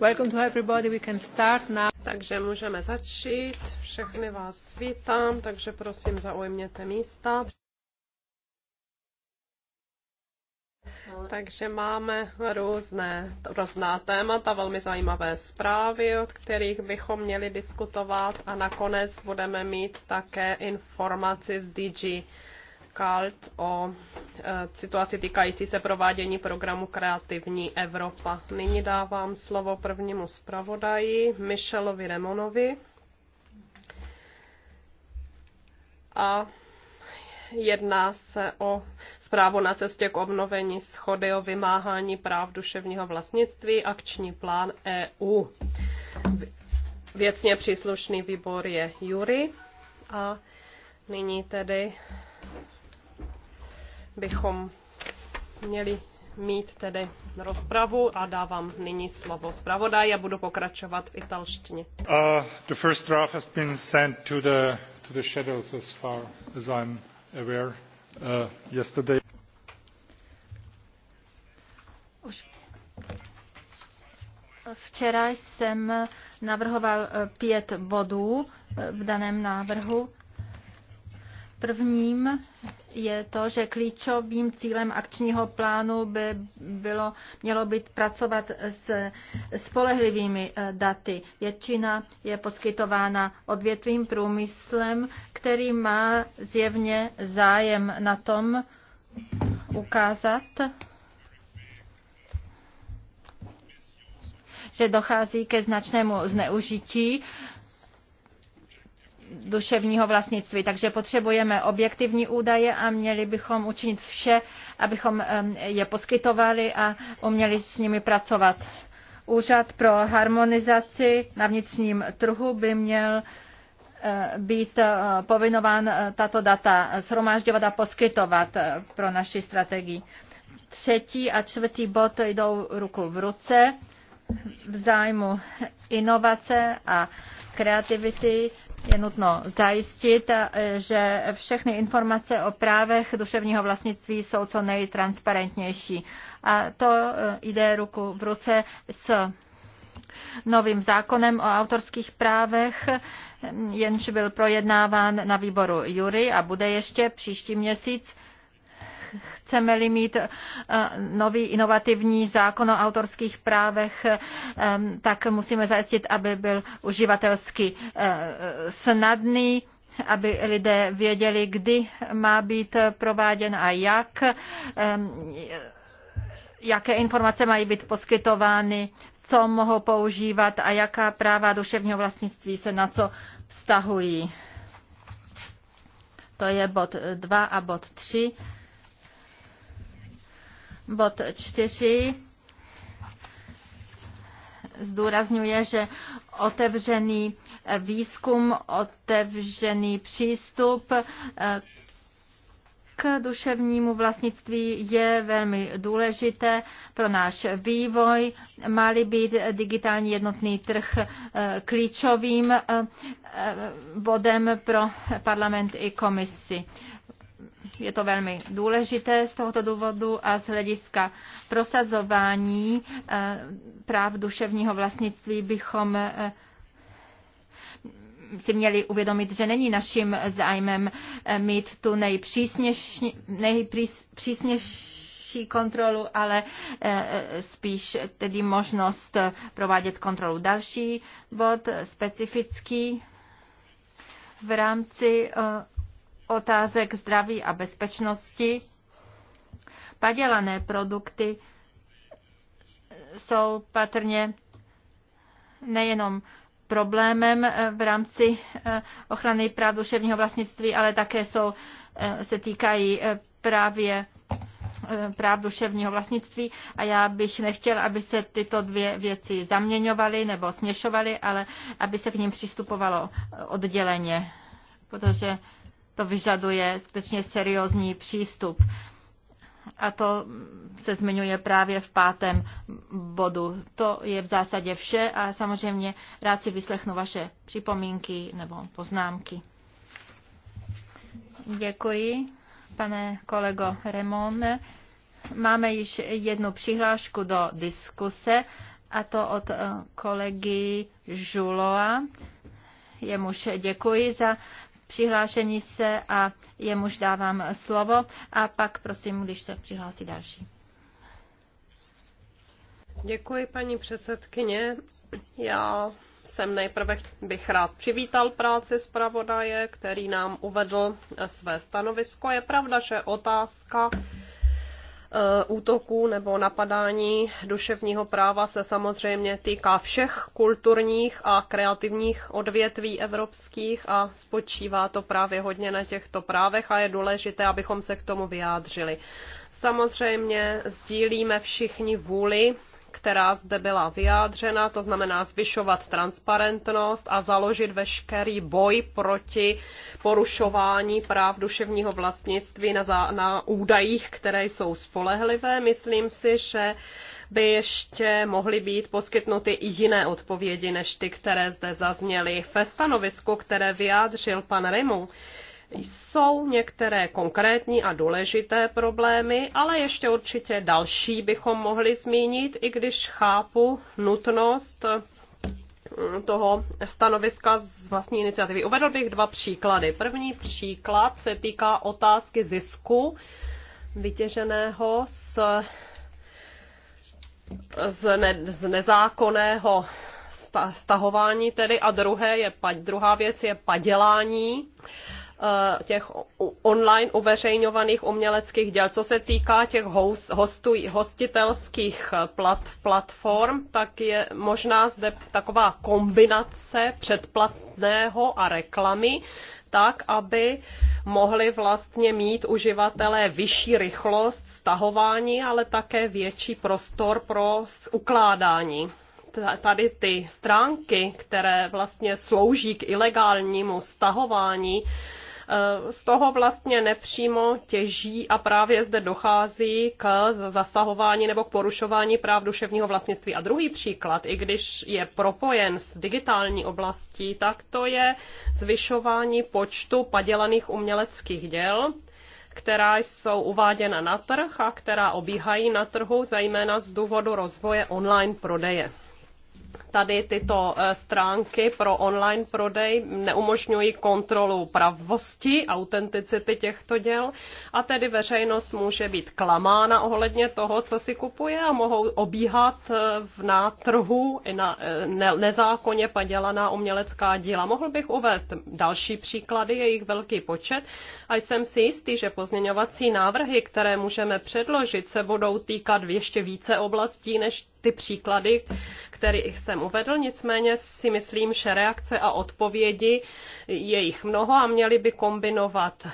Welcome to everybody. We can start now. Takže můžeme začít. Všechny vás vítám, takže prosím zaujměte místa. Takže máme různé, různá témata, velmi zajímavé zprávy, od kterých bychom měli diskutovat a nakonec budeme mít také informaci z DG Kalt o e, situaci týkající se provádění programu Kreativní Evropa. Nyní dávám slovo prvnímu zpravodaji Michelovi Remonovi. A jedná se o zprávu na cestě k obnovení schody o vymáhání práv duševního vlastnictví, akční plán EU. Věcně příslušný výbor je Jury a nyní tedy bychom měli mít tedy rozpravu a dávám nyní slovo zpravodaji a budu pokračovat v italštině. Uh, the first draft has been sent to the, to the shadows as far as I'm aware uh, yesterday. včera jsem navrhoval uh, pět bodů v daném návrhu. Prvním je to, že klíčovým cílem akčního plánu by bylo, mělo být pracovat s spolehlivými eh, daty. Většina je poskytována odvětvým průmyslem, který má zjevně zájem na tom ukázat, že dochází ke značnému zneužití duševního vlastnictví. Takže potřebujeme objektivní údaje a měli bychom učinit vše, abychom je poskytovali a uměli s nimi pracovat. Úřad pro harmonizaci na vnitřním trhu by měl eh, být eh, povinován eh, tato data shromážďovat a poskytovat pro naši strategii. Třetí a čtvrtý bod jdou ruku v ruce v zájmu inovace a kreativity je nutno zajistit, eh, že všechny informace o právech duševního vlastnictví jsou co nejtransparentnější. A to eh, jde ruku v ruce s novým zákonem o autorských právech, jenž byl projednáván na výboru Jury a bude ještě příští měsíc chceme-li mít eh, nový inovativní zákon o autorských právech, eh, tak musíme zajistit, aby byl uživatelsky eh, snadný aby lidé věděli, kdy má být prováděn a jak, jaké informace mají být poskytovány, co mohou používat a jaká práva duševního vlastnictví se na co vztahují. To je bod 2 a bod 3. Bod 4 zdůrazňuje, že otevřený eh, výzkum, otevřený přístup eh, k duševnímu vlastnictví je velmi důležité pro náš vývoj. Máli být digitální jednotný trh eh, klíčovým bodem pro parlament i komisi je to velmi důležité z tohoto důvodu a z hlediska prosazování eh, práv duševního vlastnictví bychom eh, si měli uvědomit, že není naším zájmem eh, mít tu nejpřísnější, kontrolu, ale spíš tedy možnost provádět kontrolu. Další bod specifický v rámci otázek zdraví a bezpečnosti. Padělané produkty jsou patrně nejenom problémem eh, v rámci eh, ochrany práv duševního vlastnictví, ale také jsou, eh, se týkají právě práv duševního vlastnictví a já bych nechtěl, aby se tyto dvě věci zaměňovaly nebo směšovaly, ale aby se k ním přistupovalo odděleně, protože to vyžaduje skutečně seriózní přístup. A to se zmiňuje právě v pátém bodu. To je v zásadě vše a samozřejmě rád si vyslechnu vaše připomínky nebo poznámky. Děkuji, pane kolego Remon. Máme již jednu přihlášku do diskuse, a to od eh, kolegy Žuloa jemuž děkuji za přihlášení se a jemuž dávám slovo a pak prosím, když se přihlásí další. Děkuji, paní předsedkyně. Já jsem nejprve bych rád přivítal práci zpravodaje, který nám uvedl své stanovisko. Je pravda, že otázka Eh, útoků nebo napadání duševního práva se samozřejmě týká všech kulturních a kreativních odvětví evropských a spočívá to právě hodně na těchto právech a je důležité, abychom se k tomu vyjádřili. Samozřejmě sdílíme všichni vůli která zde byla vyjádřena, to znamená zvyšovat transparentnost a založit veškerý boj proti porušování práv duševního vlastnictví na, zá, na údajích, které jsou spolehlivé. Myslím si, že by ještě mohly být poskytnuty i jiné odpovědi než ty, které zde zazněly. Ve stanovisku, které vyjádřil pan Rimu, jsou některé konkrétní a důležité problémy, ale ještě určitě další bychom mohli zmínit, i když chápu nutnost eh, toho stanoviska z vlastní iniciativy. Uvedl bych dva příklady. První příklad se týká otázky zisku vytěženého z, z, ne, z nezákonného stahování tedy a druhé je, druhá věc je padělání. Eh, těch online uveřejňovaných uměleckých děl. Co se týká těch host, hostů, hostitelských eh, plat, platform, tak je možná zde taková kombinace předplatného a reklamy, tak, aby mohli vlastně mít uživatelé vyšší rychlost stahování, ale také větší prostor pro ukládání tady ty stránky, které vlastně slouží k ilegálnímu stahování, Eh, z toho vlastně nepřímo těží a právě zde dochází k zasahování nebo k porušování práv duševního vlastnictví. A druhý příklad, i když je propojen s digitální oblastí, tak to je zvyšování počtu padělaných uměleckých děl, která jsou uváděna na trh a která obíhají na trhu, zejména z důvodu rozvoje online prodeje tady tyto eh, stránky pro online prodej neumožňují kontrolu pravosti, autenticity těchto děl a tedy veřejnost může být klamána ohledně toho, co si kupuje a mohou obíhat eh, v nátrhu i na eh, nezákonně padělaná umělecká díla. Mohl bych uvést další příklady, jejich velký počet a jsem si jistý, že pozměňovací návrhy, které můžeme předložit, se budou týkat ještě více oblastí než ty příklady, které jsem uvedl, nicméně si myslím, že reakce a odpovědi je jich mnoho a měli by kombinovat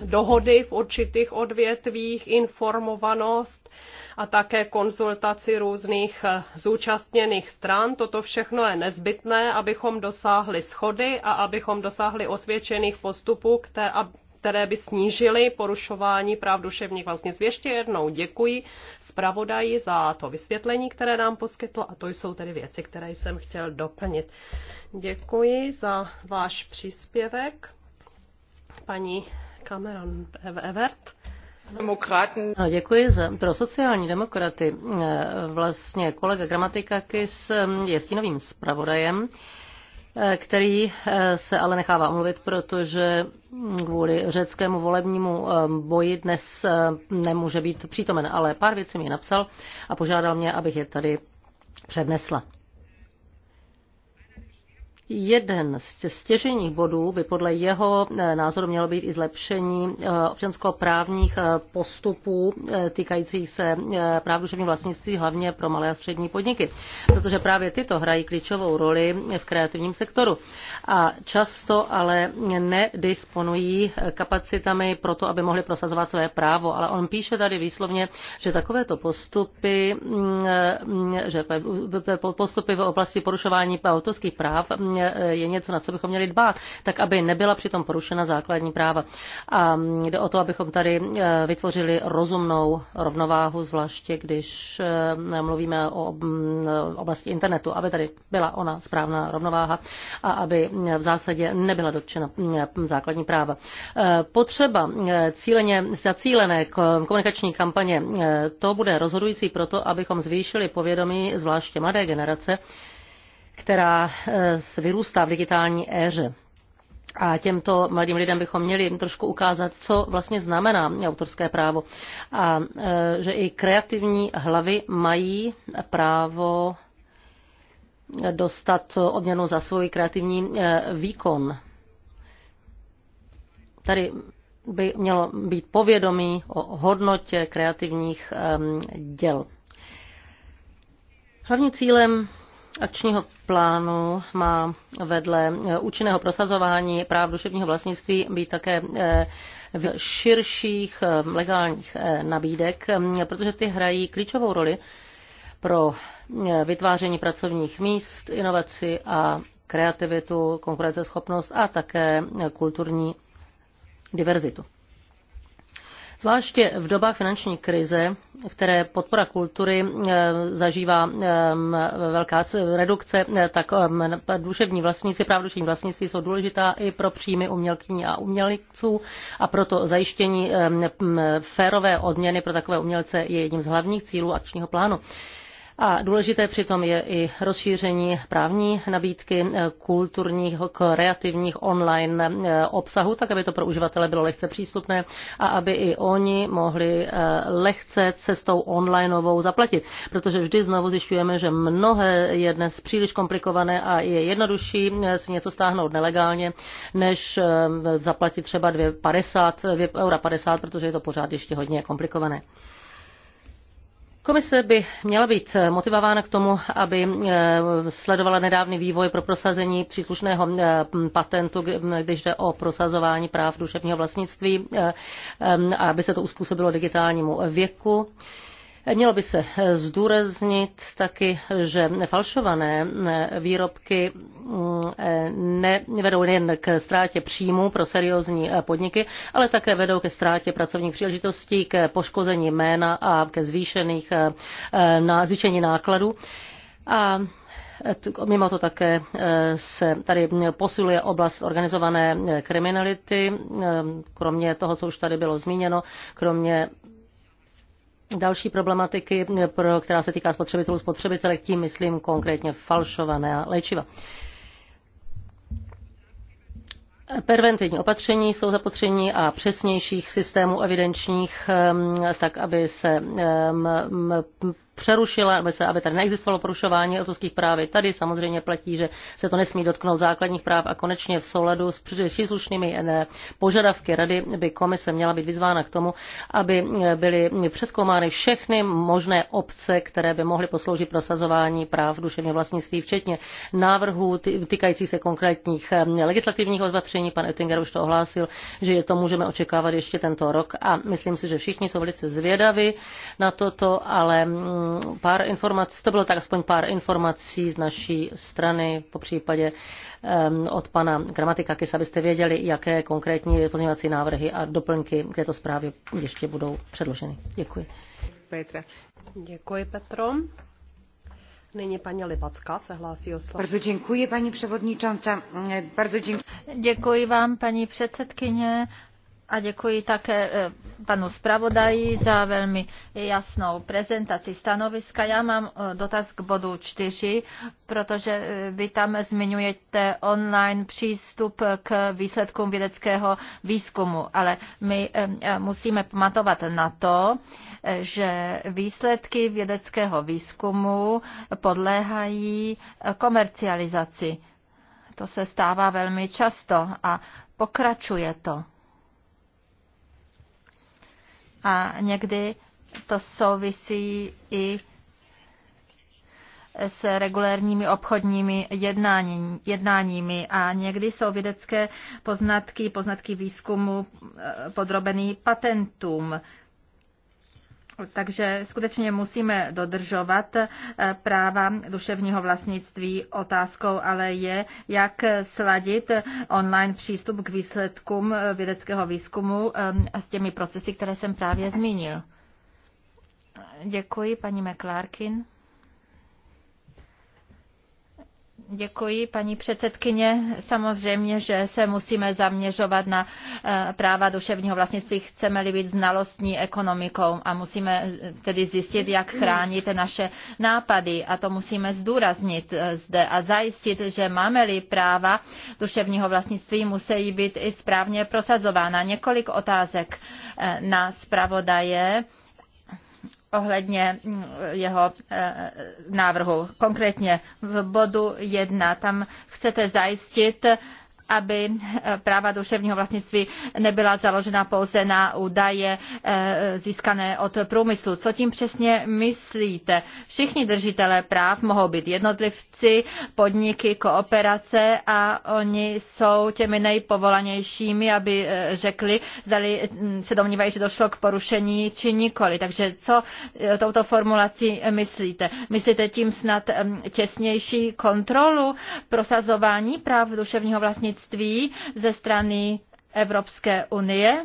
dohody v určitých odvětvích, informovanost a také konzultaci různých zúčastněných stran. Toto všechno je nezbytné, abychom dosáhli schody a abychom dosáhli osvědčených postupů, které, které by snížily porušování práv duševních vlastnictví. Ještě jednou děkuji zpravodaji za to vysvětlení, které nám poskytl a to jsou tedy věci, které jsem chtěl doplnit. Děkuji za váš příspěvek, paní Cameron Evert. Demokraten. No, děkuji za, pro sociální demokraty. E, vlastně kolega Gramatikakis e, je stínovým zpravodajem který eh, se ale nechává omluvit, protože kvůli řeckému volebnímu eh, boji dnes eh, nemůže být přítomen. Ale pár věcí mi napsal a požádal mě, abych je tady přednesla. Jeden z stěžených bodů by podle jeho eh, názoru mělo být i zlepšení eh, občanskoprávních eh, postupů týkajících se práv duševního vlastnictví hlavně pro malé a střední podniky, protože právě tyto hrají klíčovou roli v kreativním sektoru a často ale nedisponují kapacitami pro to, aby mohli prosazovat své právo. Ale on píše tady výslovně, že takovéto postupy, mm, mm, že postupy v oblasti porušování autorských práv mm, Eh, je něco, na co bychom měli dbát, tak aby nebyla přitom porušena základní práva. A mm, jde o to, abychom tady eh, vytvořili rozumnou rovnováhu, zvláště když eh, mluvíme o mm, oblasti internetu, aby tady byla ona správná rovnováha a aby v zásadě nebyla dotčena mm, základní práva. Potřeba cíleně, zacílené komunikační kampaně, to bude rozhodující proto, abychom zvýšili povědomí zvláště mladé generace, která eh, se vyrůstá v digitální éře. A těmto mladým lidem bychom měli trošku ukázat, co vlastně znamená autorské právo. A eh, že i kreativní hlavy mají právo dostat odměnu za svůj kreativní eh, výkon. Tady by mělo být povědomí o hodnotě kreativních děl. Hlavním cílem akčního plánu má vedle eh, účinného prosazování práv duševního vlastnictví být také eh, v širších eh, legálních nabídek, protože ty hrají klíčovou roli pro vytváření pracovních míst, inovaci a kreativitu, konkurenceschopnost a také kulturní diverzitu. Zvláště v dobách finanční krize, v které podpora kultury eh, zažívá eh, velká redukce, eh, tak duševní vlastníci, právě duševní vlastnictví jsou důležitá i pro příjmy umělkyní a umělců a proto zajištění férové odměny pro takové umělce je jedním z hlavních cílů akčního plánu. A důležité přitom je i rozšíření právní nabídky eh, kulturních, kreativních online eh, obsahu, tak aby to pro uživatele bylo lehce přístupné a aby i oni mohli eh, lehce cestou onlineovou zaplatit. Protože vždy znovu zjišťujeme, že mnohé je dnes příliš komplikované a je jednodušší si něco stáhnout nelegálně, než zaplatit třeba 2,50 eura, 50, protože je to pořád ještě hodně komplikované. Komise by měla být motivována k tomu, aby eh, sledovala nedávný vývoj pro prosazení příslušného eh, patentu, když jde o prosazování práv duševního vlastnictví, eh, aby se to uspůsobilo digitálnímu věku. Mělo by se zdůraznit taky, že falšované výrobky mm, e, nevedou jen k ztrátě příjmu pro seriózní podniky, ale také vedou ke ztrátě pracovních příležitostí, ke poškození jména a ke zvýšených, e, na zvýšení nákladů. A Mimo to také e, se tady posiluje oblast organizované kriminality, kromě toho, co už tady bylo zmíněno, kromě další problematiky, která se týká spotřebitelů, spotřebitelek, tím myslím konkrétně falšované léčiva. Preventivní opatření jsou zapotření a přesnějších systémů evidenčních, ehm, tak aby se ehm, přerušila, aby, se, aby tady neexistovalo porušování autorských práv. Tady samozřejmě platí, že se to nesmí dotknout základních práv a konečně v souladu s příslušnými eh, požadavky rady by komise měla být vyzvána k tomu, aby eh, byly přeskoumány všechny možné obce, které by mohly posloužit prosazování práv duševního vlastnictví, včetně návrhů týkajících se konkrétních eh, legislativních opatření. Pan Ettinger už to ohlásil, že je to můžeme očekávat ještě tento rok a myslím si, že všichni jsou velice zvědaví na toto, ale mm, pár informací, to bylo tak aspoň pár informací z naší strany, po případě od pana Gramatika Kis, abyste věděli, jaké konkrétní pozměňovací návrhy a doplňky k této zprávě ještě budou předloženy. Děkuji. Petra. Děkuji, Petro. Nyní paní Libacka se hlásí o slovo. Bardzo děkuji, paní převodničonce. Bardzo děkuji. Děkuji vám, paní předsedkyně. A děkuji také eh, panu zpravodaji za velmi jasnou prezentaci stanoviska. Já mám eh, dotaz k bodu 4, protože eh, vy tam zmiňujete online přístup k výsledkům vědeckého výzkumu, ale my musíme pamatovat na to, že výsledky vědeckého výzkumu podléhají komercializaci. To se stává velmi často a pokračuje to a někdy to souvisí i s regulérními obchodními jednání, jednáními a někdy jsou vědecké poznatky, poznatky výzkumu eh, podrobený patentům. Takže skutečně musíme dodržovat eh, práva duševního vlastnictví. Otázkou ale je, jak sladit online přístup k výsledkům eh, vědeckého výzkumu eh, s těmi procesy, které jsem právě zmínil. Děkuji, paní McClarkin. Děkuji, paní předsedkyně. Samozřejmě, že se musíme zaměřovat na eh, práva duševního vlastnictví. Chceme-li být znalostní ekonomikou a musíme eh, tedy zjistit, jak chránit naše nápady. A to musíme zdůraznit eh, zde a zajistit, že máme-li práva duševního vlastnictví, musí být i správně prosazována. Několik otázek na zpravodaje ohledně mm, jeho eh, návrhu. Konkrétně v bodu 1, tam chcete zajistit aby eh, práva duševního vlastnictví nebyla založena pouze na údaje eh, získané od průmyslu. Co tím přesně myslíte? Všichni držitelé práv mohou být jednotlivci, podniky, kooperace a oni jsou těmi nejpovolanějšími, aby eh, řekli, zdali hm, se domnívají, že došlo k porušení či nikoli. Takže co touto formulací myslíte? Myslíte tím snad hm, těsnější kontrolu prosazování práv duševního vlastnictví? předsednictví ze strany Evropské unie.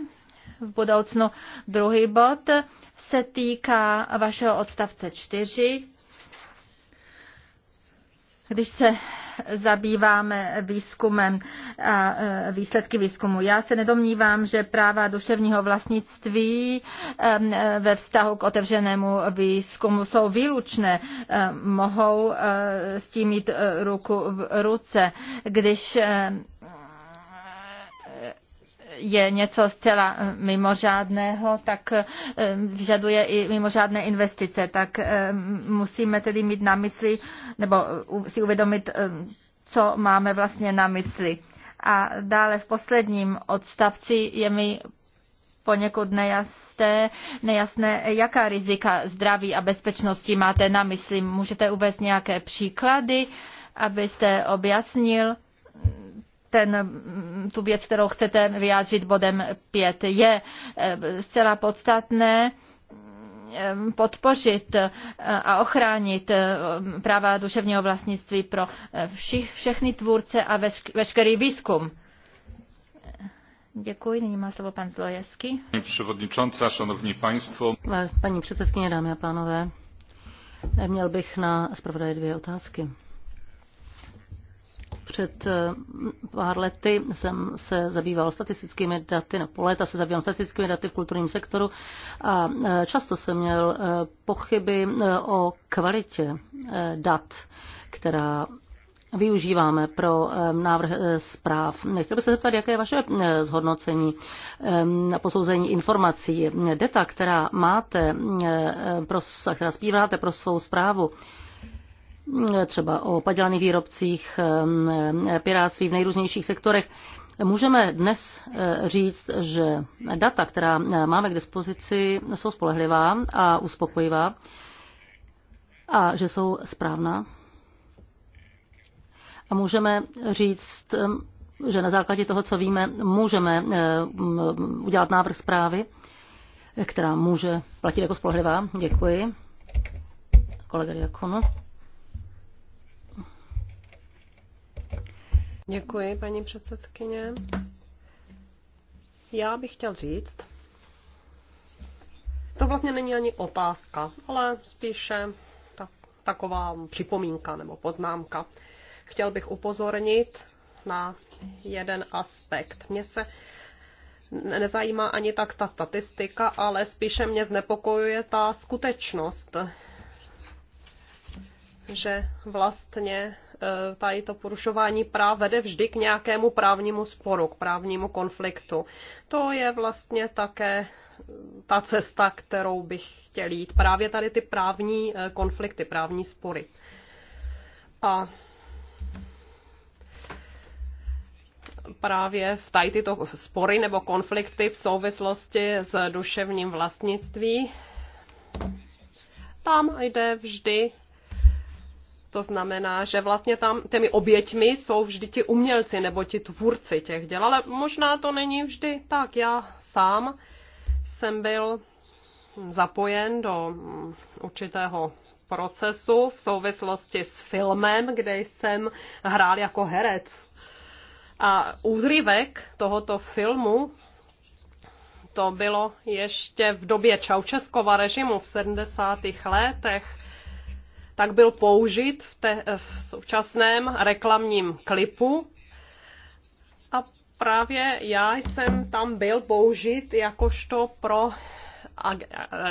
V budoucnu druhý bod se týká vašeho odstavce 4 když se zabýváme výzkumem a e, výsledky výzkumu. Já se nedomnívám, že práva duševního vlastnictví e, ve vztahu k otevřenému výzkumu jsou výlučné. E, mohou s tím mít ruku v ruce. Když je něco zcela eh, mimořádného, tak eh, vyžaduje i mimořádné investice. Tak eh, musíme tedy mít na mysli, nebo si uvědomit, co máme vlastně na mysli. A dále v posledním odstavci je mi poněkud nejasné, nejasné, jaká rizika zdraví a bezpečnosti máte na mysli. Můžete uvést nějaké příklady, abyste objasnil ten, tu věc, kterou chcete vyjádřit bodem 5. Je eh, zcela podstatné, eh, podpořit eh, a ochránit práva duševního vlastnictví pro všich, všechny tvůrce a veškerý výzkum. Děkuji. Nyní má slovo pan Zlojevský. Paní předsedkyně, šanovní państwo. Paní předsedkyně, dámy a pánové, měl bych na zpravodaj dvě otázky. Před eh, pár lety jsem se zabýval statistickými daty, na pol léta se zabývám statistickými daty v kulturním sektoru a eh, často jsem měl eh, pochyby o kvalitě dat, která využíváme pro návrh zpráv. Chtěl bych se zeptat, jaké je vaše zhodnocení na posouzení informací. Data, která máte, která zpíváte pro svou zprávu, třeba o padělaných výrobcích, pirátství v nejrůznějších sektorech. Můžeme dnes eh, říct, že data, která eh, máme k dispozici, jsou spolehlivá a uspokojivá a že jsou správná. A můžeme říct, že na základě toho, co víme, můžeme eh, udělat návrh zprávy, která může platit jako spolehlivá. Děkuji. Kolega Jakonu. Děkuji, paní předsedkyně. Já bych chtěl říct, to vlastně není ani otázka, ale spíše ta, taková připomínka nebo poznámka. Chtěl bych upozornit na jeden aspekt. Mně se nezajímá ani tak ta statistika, ale spíše mě znepokojuje ta skutečnost, že vlastně Eh, tady to porušování práv vede vždy k nějakému právnímu sporu, k právnímu konfliktu. To je vlastně také eh, ta cesta, kterou bych chtěl jít. Právě tady ty právní eh, konflikty, právní spory. A právě v tady tyto spory nebo konflikty v souvislosti s duševním vlastnictví. Tam jde vždy to znamená, že vlastně tam těmi oběťmi jsou vždy ti umělci nebo ti tvůrci těch děl, ale možná to není vždy tak. Já sám jsem byl zapojen do mm, určitého procesu v souvislosti s filmem, kde jsem hrál jako herec. A úzrivek tohoto filmu to bylo ještě v době Čaučeskova režimu v 70. letech tak byl použit v, te, v současném reklamním klipu. A právě já jsem tam byl použit jakožto pro a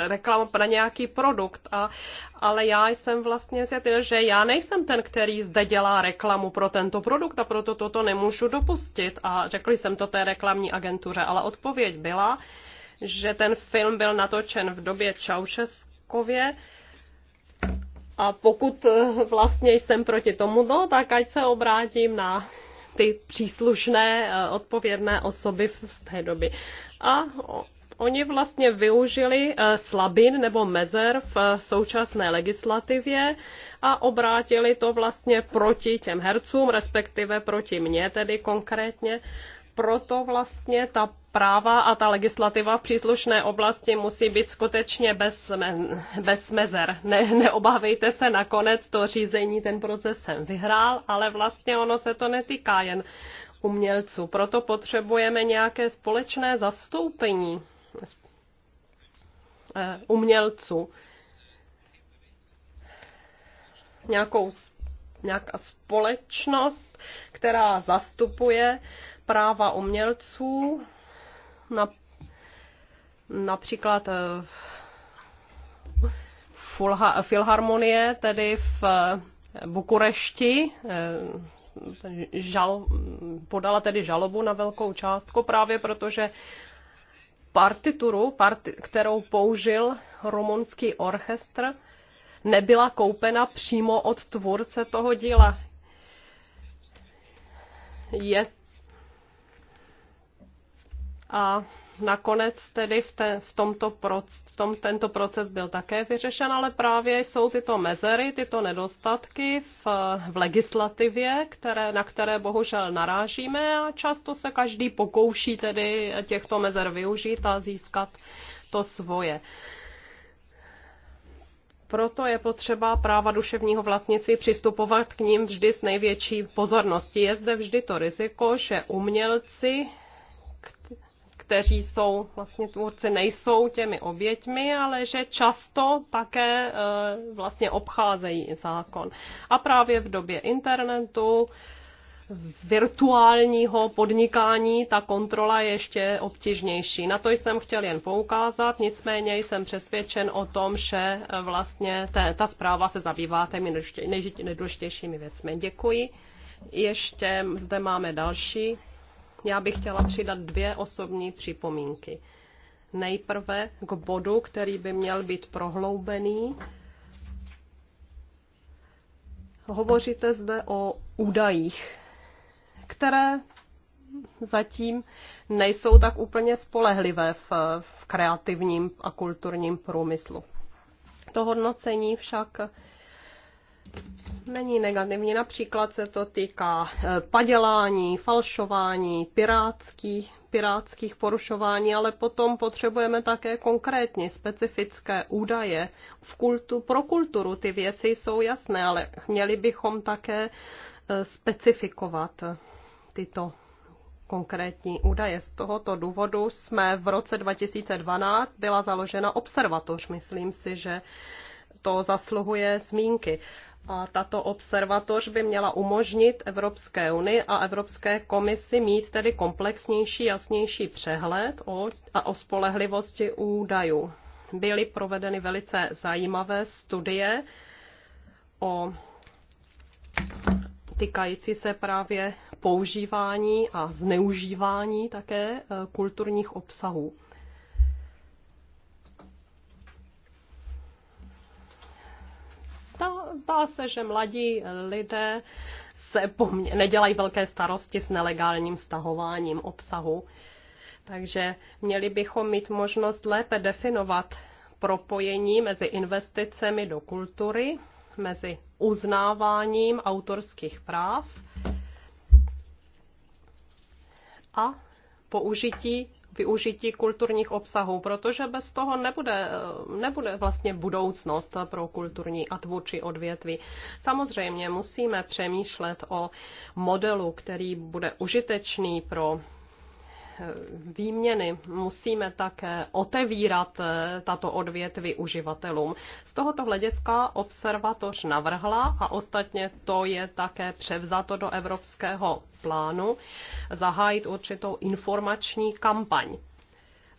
reklama na nějaký produkt, a, ale já jsem vlastně zjistil, že já nejsem ten, který zde dělá reklamu pro tento produkt a proto toto nemůžu dopustit a řekl jsem to té reklamní agentuře, ale odpověď byla, že ten film byl natočen v době Čaušeskově a pokud eh, vlastně jsem proti tomu, no, tak ať se obrátím na ty příslušné eh, odpovědné osoby v té doby. A oni vlastně využili eh, slabin nebo mezer v současné legislativě a obrátili to vlastně proti těm hercům, respektive proti mně tedy konkrétně proto vlastně ta práva a ta legislativa v příslušné oblasti musí být skutečně bez, bez mezer. Ne, neobávejte se, nakonec to řízení ten proces jsem vyhrál, ale vlastně ono se to netýká jen umělců. Proto potřebujeme nějaké společné zastoupení eh, umělců. Nějakou, nějaká společnost, která zastupuje práva umělců, na, například eh, fulha, filharmonie, tedy v eh, Bukurešti, eh, žal, podala tedy žalobu na velkou částku právě protože partituru, part, kterou použil rumunský orchestr, nebyla koupena přímo od tvůrce toho díla. Je a nakonec tedy v, te, v tomto proc, v tom, tento proces byl také vyřešen, ale právě jsou tyto mezery, tyto nedostatky v, v legislativě, které, na které bohužel narážíme a často se každý pokouší tedy těchto mezer využít a získat to svoje. Proto je potřeba práva duševního vlastnictví přistupovat k ním vždy s největší pozorností. Je zde vždy to riziko, že umělci, kteří jsou vlastně tvůrci, nejsou těmi oběťmi, ale že často také eh, vlastně obcházejí zákon. A právě v době internetu virtuálního podnikání ta kontrola je ještě obtížnější. Na to jsem chtěl jen poukázat, nicméně jsem přesvědčen o tom, že eh, vlastně ta, ta zpráva se zabývá těmi nejdůležitějšími věcmi. Děkuji. Ještě zde máme další já bych chtěla přidat dvě osobní připomínky. Nejprve k bodu, který by měl být prohloubený. Hovoříte zde o údajích, které zatím nejsou tak úplně spolehlivé v, v kreativním a kulturním průmyslu. To hodnocení však není negativní. Například se to týká eh, padělání, falšování, pirátských, pirátských porušování, ale potom potřebujeme také konkrétně specifické údaje. V kultu, pro kulturu ty věci jsou jasné, ale měli bychom také eh, specifikovat eh, tyto konkrétní údaje. Z tohoto důvodu jsme v roce 2012 byla založena observatoř. Myslím si, že to zasluhuje zmínky. A tato observatoř by měla umožnit Evropské unii a Evropské komisi mít tedy komplexnější, jasnější přehled o, a o spolehlivosti údajů. Byly provedeny velice zajímavé studie o týkající se právě používání a zneužívání také e, kulturních obsahů. zdá se, že mladí lidé se pomě- nedělají velké starosti s nelegálním stahováním obsahu. Takže měli bychom mít možnost lépe definovat propojení mezi investicemi do kultury, mezi uznáváním autorských práv a použití využití kulturních obsahů, protože bez toho nebude, nebude vlastně budoucnost pro kulturní a tvůrčí odvětví. Samozřejmě musíme přemýšlet o modelu, který bude užitečný pro výměny musíme také otevírat eh, tato odvětví uživatelům. Z tohoto hlediska observatoř navrhla a ostatně to je také převzato do evropského plánu zahájit určitou informační kampaň.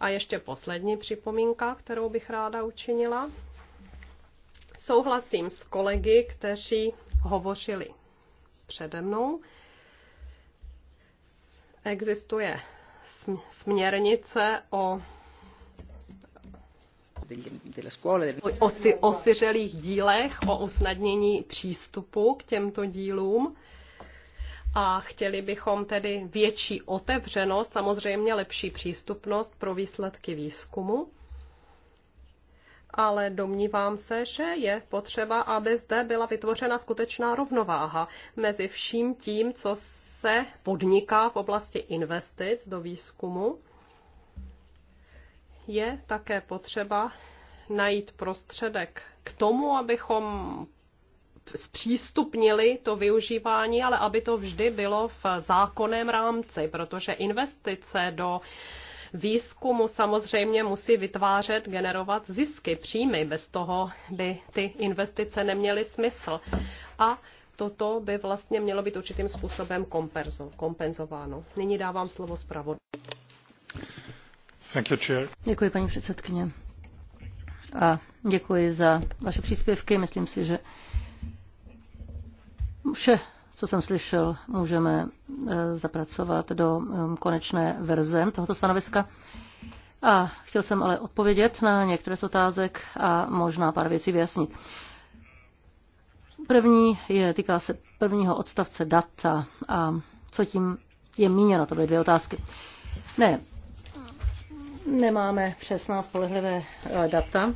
A ještě poslední připomínka, kterou bych ráda učinila. Souhlasím s kolegy, kteří hovořili přede mnou existuje směrnice o o, si, siřelých dílech, o usnadnění přístupu k těmto dílům. A chtěli bychom tedy větší otevřenost, samozřejmě lepší přístupnost pro výsledky výzkumu. Ale domnívám se, že je potřeba, aby zde byla vytvořena skutečná rovnováha mezi vším tím, co se podniká v oblasti investic do výzkumu, je také potřeba najít prostředek k tomu, abychom zpřístupnili to využívání, ale aby to vždy bylo v zákonném rámci, protože investice do výzkumu samozřejmě musí vytvářet, generovat zisky, příjmy. Bez toho by ty investice neměly smysl. A toto by vlastně mělo být určitým způsobem kompenzováno. Nyní dávám slovo zpravodaj. Děkuji, paní předsedkyně. A děkuji za vaše příspěvky. Myslím si, že vše, co jsem slyšel, můžeme e, zapracovat do e, konečné verze tohoto stanoviska. A chtěl jsem ale odpovědět na některé z otázek a možná pár věcí vyjasnit. První je, týká se prvního odstavce data a co tím je míněno, to byly dvě otázky. Ne, nemáme přesná spolehlivé eh, data,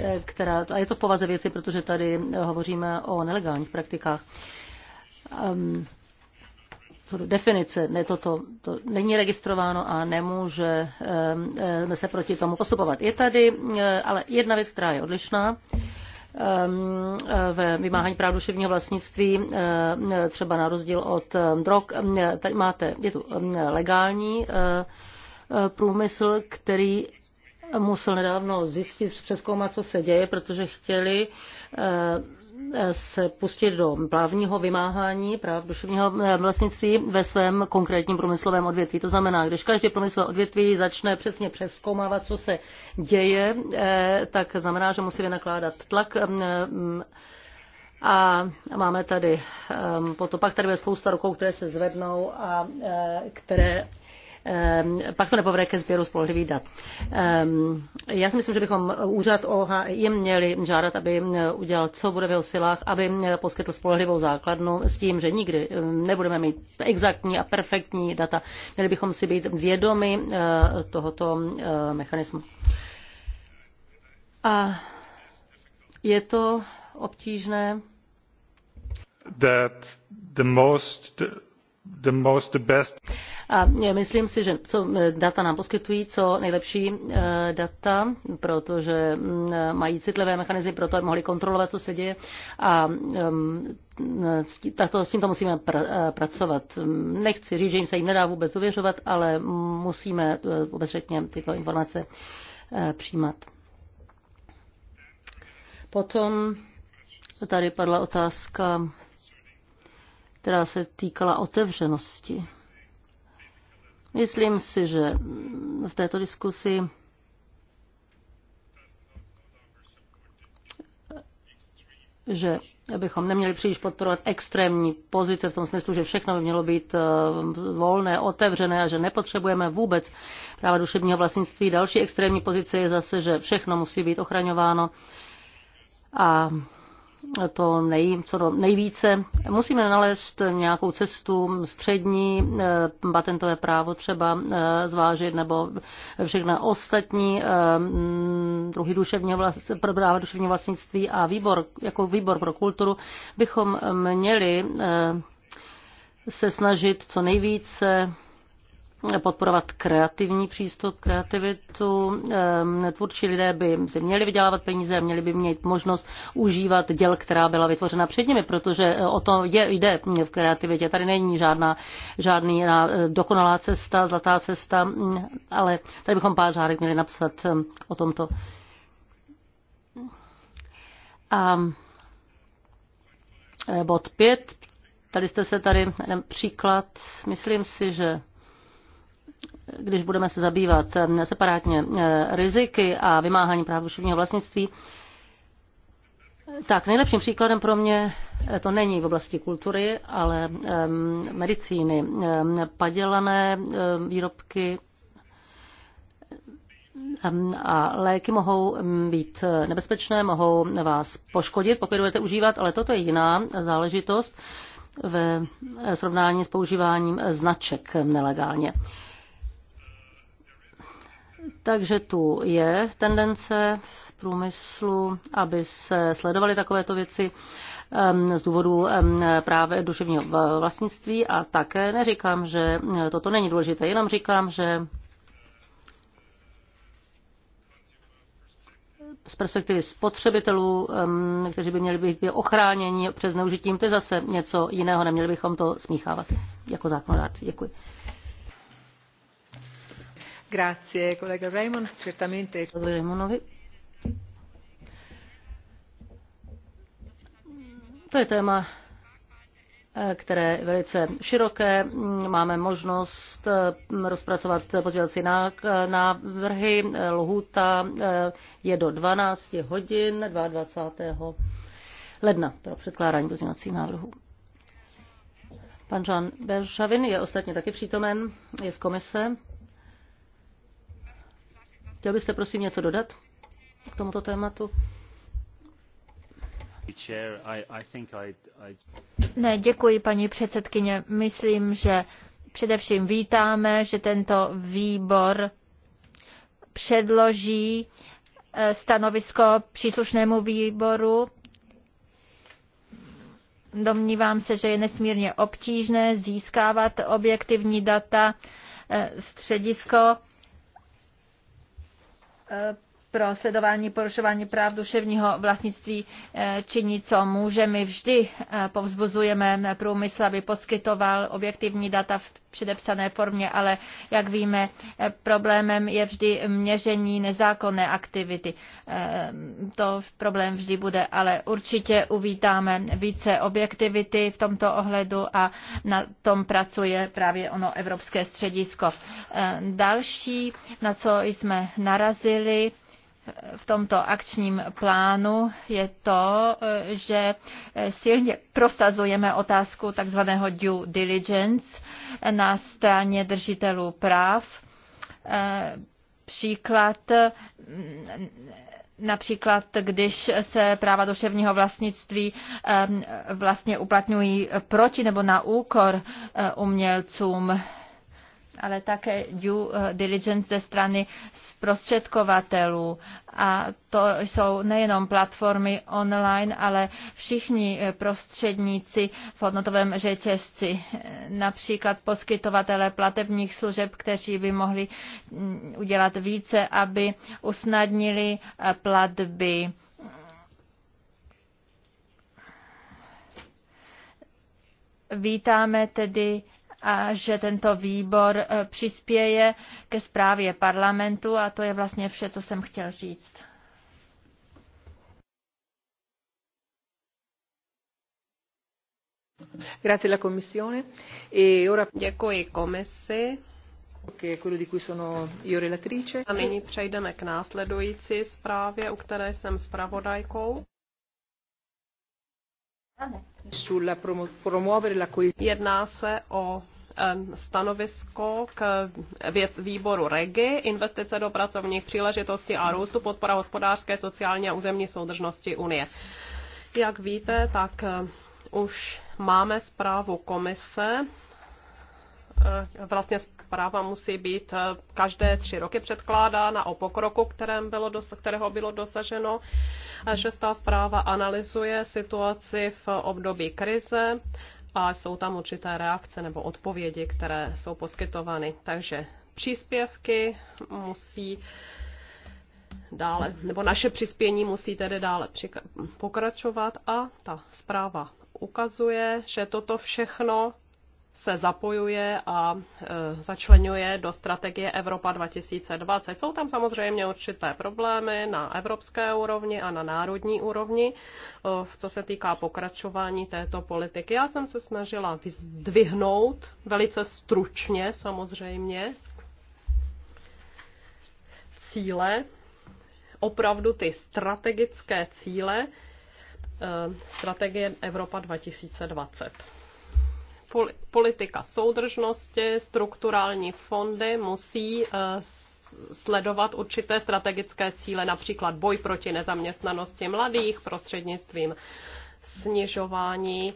eh, která, a je to v povaze věci, protože tady eh, hovoříme o nelegálních praktikách. Um, definice, ne, toto, to není registrováno a nemůže um, se proti tomu postupovat. Je tady ale jedna věc, která je odlišná. Ehm, eh, ve vymáhání práv duševního vlastnictví, eh, třeba na rozdíl od ehm, drog. Ehm, tady máte, je tu legální eh, průmysl, který musel nedávno zjistit, přeskoumat, co se děje, protože chtěli se pustit do právního vymáhání práv duševního eh, vlastnictví ve svém konkrétním průmyslovém odvětví. To znamená, když každé průmyslové odvětví začne přesně přeskoumávat, co se děje, eh, tak znamená, že musí vynakládat tlak eh, a máme tady, potom pak tady je spousta rukou, které se zvednou a které Ehm, pak to nepovede ke sběru spolehlivých dat. Ehm, já si myslím, že bychom eh, úřad OHIM měli žádat, aby eh, udělal, co bude v jeho silách, aby poskytl spolehlivou základnu s tím, že nikdy eh, nebudeme mít exaktní a perfektní data. Měli bychom si být vědomi tohoto mechanismu. A je to obtížné. That the most the most, the best. A myslím si, že co eh, data nám poskytují co nejlepší eh, data, protože mm, eh, mají citlivé mechanizmy pro to, aby mohli kontrolovat, co se děje. A mm, to s tímto musíme pr- pracovat. Mm, nechci říct, že jim se jim nedá vůbec uvěřovat, ale musíme obezřetně tyto informace přijímat. Potom tady padla otázka která se týkala otevřenosti. Myslím si, že v této diskusi že bychom neměli příliš podporovat extrémní pozice v tom smyslu, že všechno by mělo být eh, volné, otevřené a že nepotřebujeme vůbec práva duševního vlastnictví. Další extrémní pozice je zase, že všechno musí být ochraňováno a to nej, co do, nejvíce. Musíme nalézt nějakou cestu střední, eh, patentové právo třeba eh, zvážit, nebo všechna ostatní eh, mm, druhy duševního, vlast, duševní vlastnictví a výbor, jako výbor pro kulturu bychom měli se snažit co nejvíce podporovat kreativní přístup, kreativitu. Tvůrčí lidé by si měli vydělávat peníze a měli by mít možnost užívat děl, která byla vytvořena před nimi, protože e, o to je, jde v kreativitě. Tady není žádná, žádný e, dokonalá cesta, zlatá cesta, ale tady bychom pár řádek měli napsat e, o tomto. A bod pět, Tady jste se tady, jeden příklad, myslím si, že když budeme se zabývat eh, separátně eh, riziky a vymáhání práv duševního vlastnictví, tak nejlepším příkladem pro mě eh, to není v oblasti kultury, ale medicíny. Padělané výrobky a léky mohou být nebezpečné, mohou vás poškodit, pokud budete užívat, ale toto je jiná záležitost ve srovnání s používáním značek nelegálně. Takže tu je tendence v průmyslu, aby se sledovaly takovéto věci z důvodu právě duševního vlastnictví a také neříkám, že toto není důležité, jenom říkám, že z perspektivy spotřebitelů, kteří by měli být ochráněni před zneužitím, to je zase něco jiného, neměli bychom to smíchávat jako zákonodárci. Děkuji kolega Raymond, To je téma, eh, které je velice široké. Mm, máme možnost eh, rozpracovat pozdělací návrhy. Eh, Lhůta je do 12 hodin 22. ledna pro předkládání pozdělacích návrhů. Pan Jean Beršavin je ostatně taky přítomen, je z komise. Chtěl byste prosím něco dodat k tomuto tématu? Ne, děkuji, paní předsedkyně. Myslím, že především vítáme, že tento výbor předloží eh, stanovisko příslušnému výboru. Domnívám se, že je nesmírně obtížné získávat objektivní data. Eh, středisko uh, pro sledování porušování práv duševního vlastnictví eh, činí, co může. My vždy eh, povzbuzujeme průmysl, aby poskytoval objektivní data v předepsané formě, ale jak víme, eh, problémem je vždy měření nezákonné aktivity. To problém vždy bude, ale určitě uvítáme více objektivity v tomto ohledu a na tom pracuje právě ono Evropské středisko. Další, na co jsme narazili, v tomto akčním plánu je to, že silně prosazujeme otázku takzvaného due diligence na straně držitelů práv. Příklad Například, když se práva duševního vlastnictví eh, vlastně uplatňují proti nebo na úkor eh, umělcům, ale také due eh, diligence ze strany zprostředkovatelů. A to jsou nejenom platformy online, ale všichni eh, prostředníci v hodnotovém řetězci, eh, například poskytovatele platebních služeb, kteří by mohli mm, udělat více, aby usnadnili platby. Vítáme tedy a že tento výbor e, přispěje ke zprávě parlamentu a to je vlastně vše, co jsem chtěl říct. E Děkuji komisi. A nyní přejdeme k následující zprávě, u které jsem zpravodajkou. Jedná se o stanovisko k věc výboru REGI, investice do pracovních příležitostí a růstu, podpora hospodářské, sociální a územní soudržnosti Unie. Jak víte, tak už máme zprávu komise Eh, vlastně zpráva musí být eh, každé tři roky předkládána o pokroku, kterém bylo dos- kterého bylo dosaženo. Šestá zpráva analyzuje situaci v období krize a jsou tam určité reakce nebo odpovědi, které jsou poskytovány. Takže příspěvky musí dále, nebo naše přispění musí tedy dále pokračovat a ta zpráva ukazuje, že toto všechno se zapojuje a e, začlenuje do strategie Evropa 2020. Jsou tam samozřejmě určité problémy na evropské úrovni a na národní úrovni, e, co se týká pokračování této politiky. Já jsem se snažila vyzdvihnout velice stručně samozřejmě cíle, opravdu ty strategické cíle e, strategie Evropa 2020 politika soudržnosti, strukturální fondy musí eh, sledovat určité strategické cíle, například boj proti nezaměstnanosti mladých prostřednictvím snižování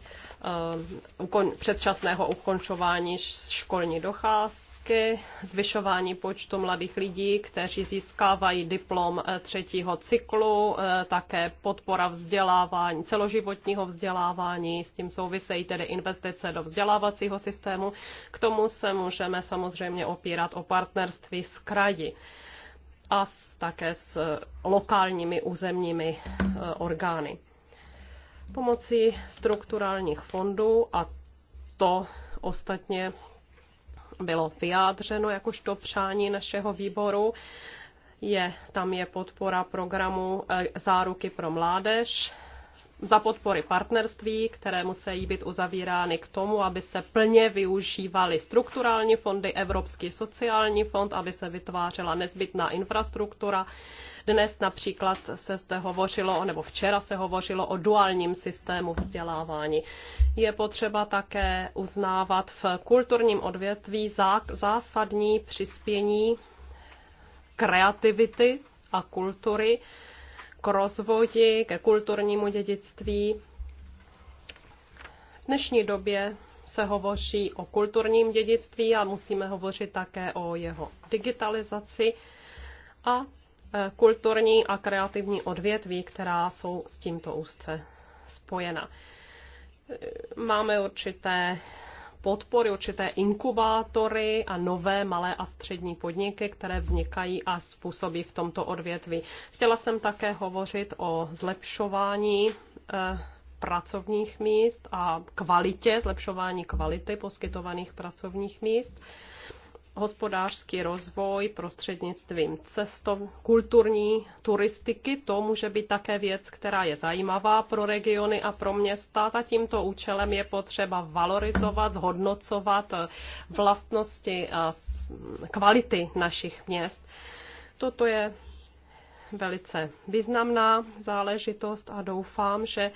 eh, předčasného ukončování školní docházky, zvyšování počtu mladých lidí, kteří získávají diplom eh, třetího cyklu, eh, také podpora vzdělávání, celoživotního vzdělávání, s tím souvisejí tedy investice do vzdělávacího systému. K tomu se můžeme samozřejmě opírat o partnerství s kraji a také s lokálními územními orgány pomocí strukturálních fondů a to ostatně bylo vyjádřeno jakožto přání našeho výboru. Je, tam je podpora programu eh, Záruky pro mládež, za podpory partnerství, které musí být uzavírány k tomu, aby se plně využívaly strukturální fondy, Evropský sociální fond, aby se vytvářela nezbytná infrastruktura. Dnes například se zde hovořilo, nebo včera se hovořilo o duálním systému vzdělávání. Je potřeba také uznávat v kulturním odvětví zásadní přispění kreativity a kultury, k rozvoji, ke kulturnímu dědictví. V dnešní době se hovoří o kulturním dědictví a musíme hovořit také o jeho digitalizaci a e, kulturní a kreativní odvětví, která jsou s tímto úzce spojena. E, máme určité podpory, určité inkubátory a nové malé a střední podniky, které vznikají a způsobí v tomto odvětví. Chtěla jsem také hovořit o zlepšování eh, pracovních míst a kvalitě, zlepšování kvality poskytovaných pracovních míst hospodářský rozvoj prostřednictvím cestov, kulturní turistiky. To může být také věc, která je zajímavá pro regiony a pro města. Za tímto účelem je potřeba valorizovat, zhodnocovat vlastnosti a kvality našich měst. Toto je velice významná záležitost a doufám, že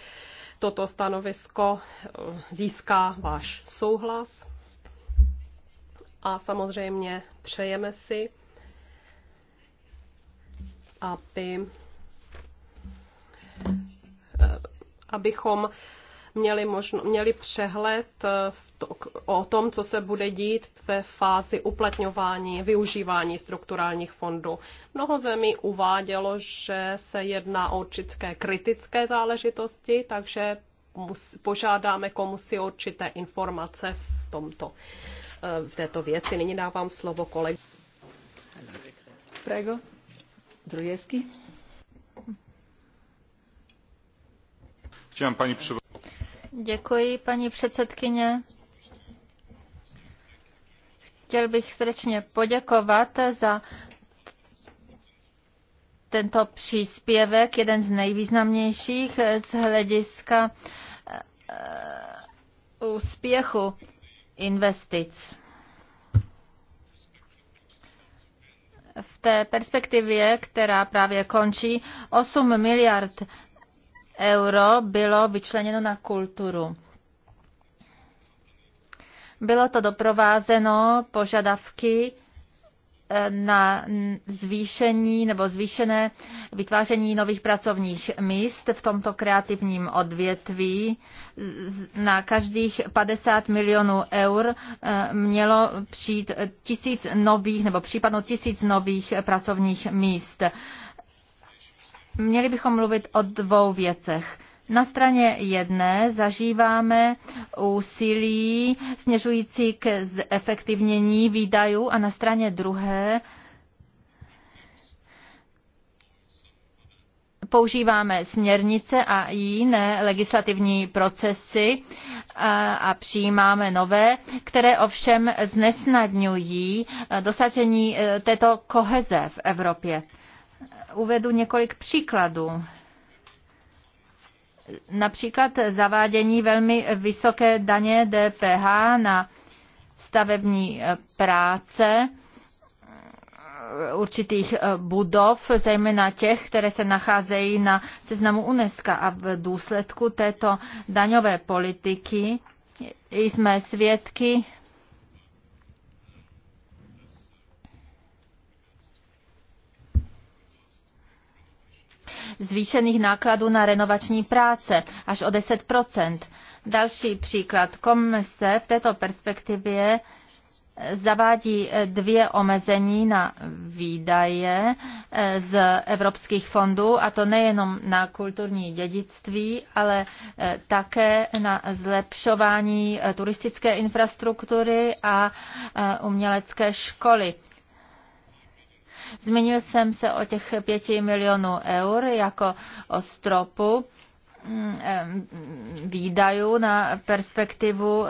toto stanovisko eh, získá váš souhlas a samozřejmě přejeme si, aby, eh, abychom měli, možno, měli přehled eh, o tom, co se bude dít ve fázi uplatňování, využívání strukturálních fondů. Mnoho zemí uvádělo, že se jedná o určité kritické záležitosti, takže požádáme požádáme si určité informace v tomto v této věci. Nyní dávám slovo kolegu. Prego, Drujevský. Chciałem pani przewodnicząca. Děkuji, paní předsedkyně. Chtěl bych srdečně poděkovat za tento příspěvek, jeden z nejvýznamnějších z hlediska eh, úspěchu investic. V té perspektivě, která právě končí, 8 miliard euro bylo vyčleněno na kulturu. Bylo to doprovázeno požadavky na zvýšení nebo zvýšené vytváření nových pracovních míst v tomto kreativním odvětví. Na každých 50 milionů eur eh, mělo přijít tisíc nových nebo případno tisíc nových pracovních míst. Měli bychom mluvit o dvou věcech. Na straně jedné zažíváme úsilí směřující k zefektivnění výdajů a na straně druhé používáme směrnice a jiné legislativní procesy a přijímáme nové, které ovšem znesnadňují eh, dosažení eh, této koheze v Evropě. Uvedu několik příkladů Například zavádění velmi vysoké daně DPH na stavební eh, práce eh, určitých eh, budov, zejména těch, které se nacházejí na seznamu UNESCO. A v důsledku této daňové politiky jsme svědky zvýšených nákladů na renovační práce až o 10 Další příklad. Komise v této perspektivě zavádí dvě omezení na výdaje eh, z evropských fondů, a to nejenom na kulturní dědictví, ale eh, také na zlepšování eh, turistické infrastruktury a umělecké školy. Zmínil jsem se o těch pěti milionů eur jako o stropu mm, výdajů na perspektivu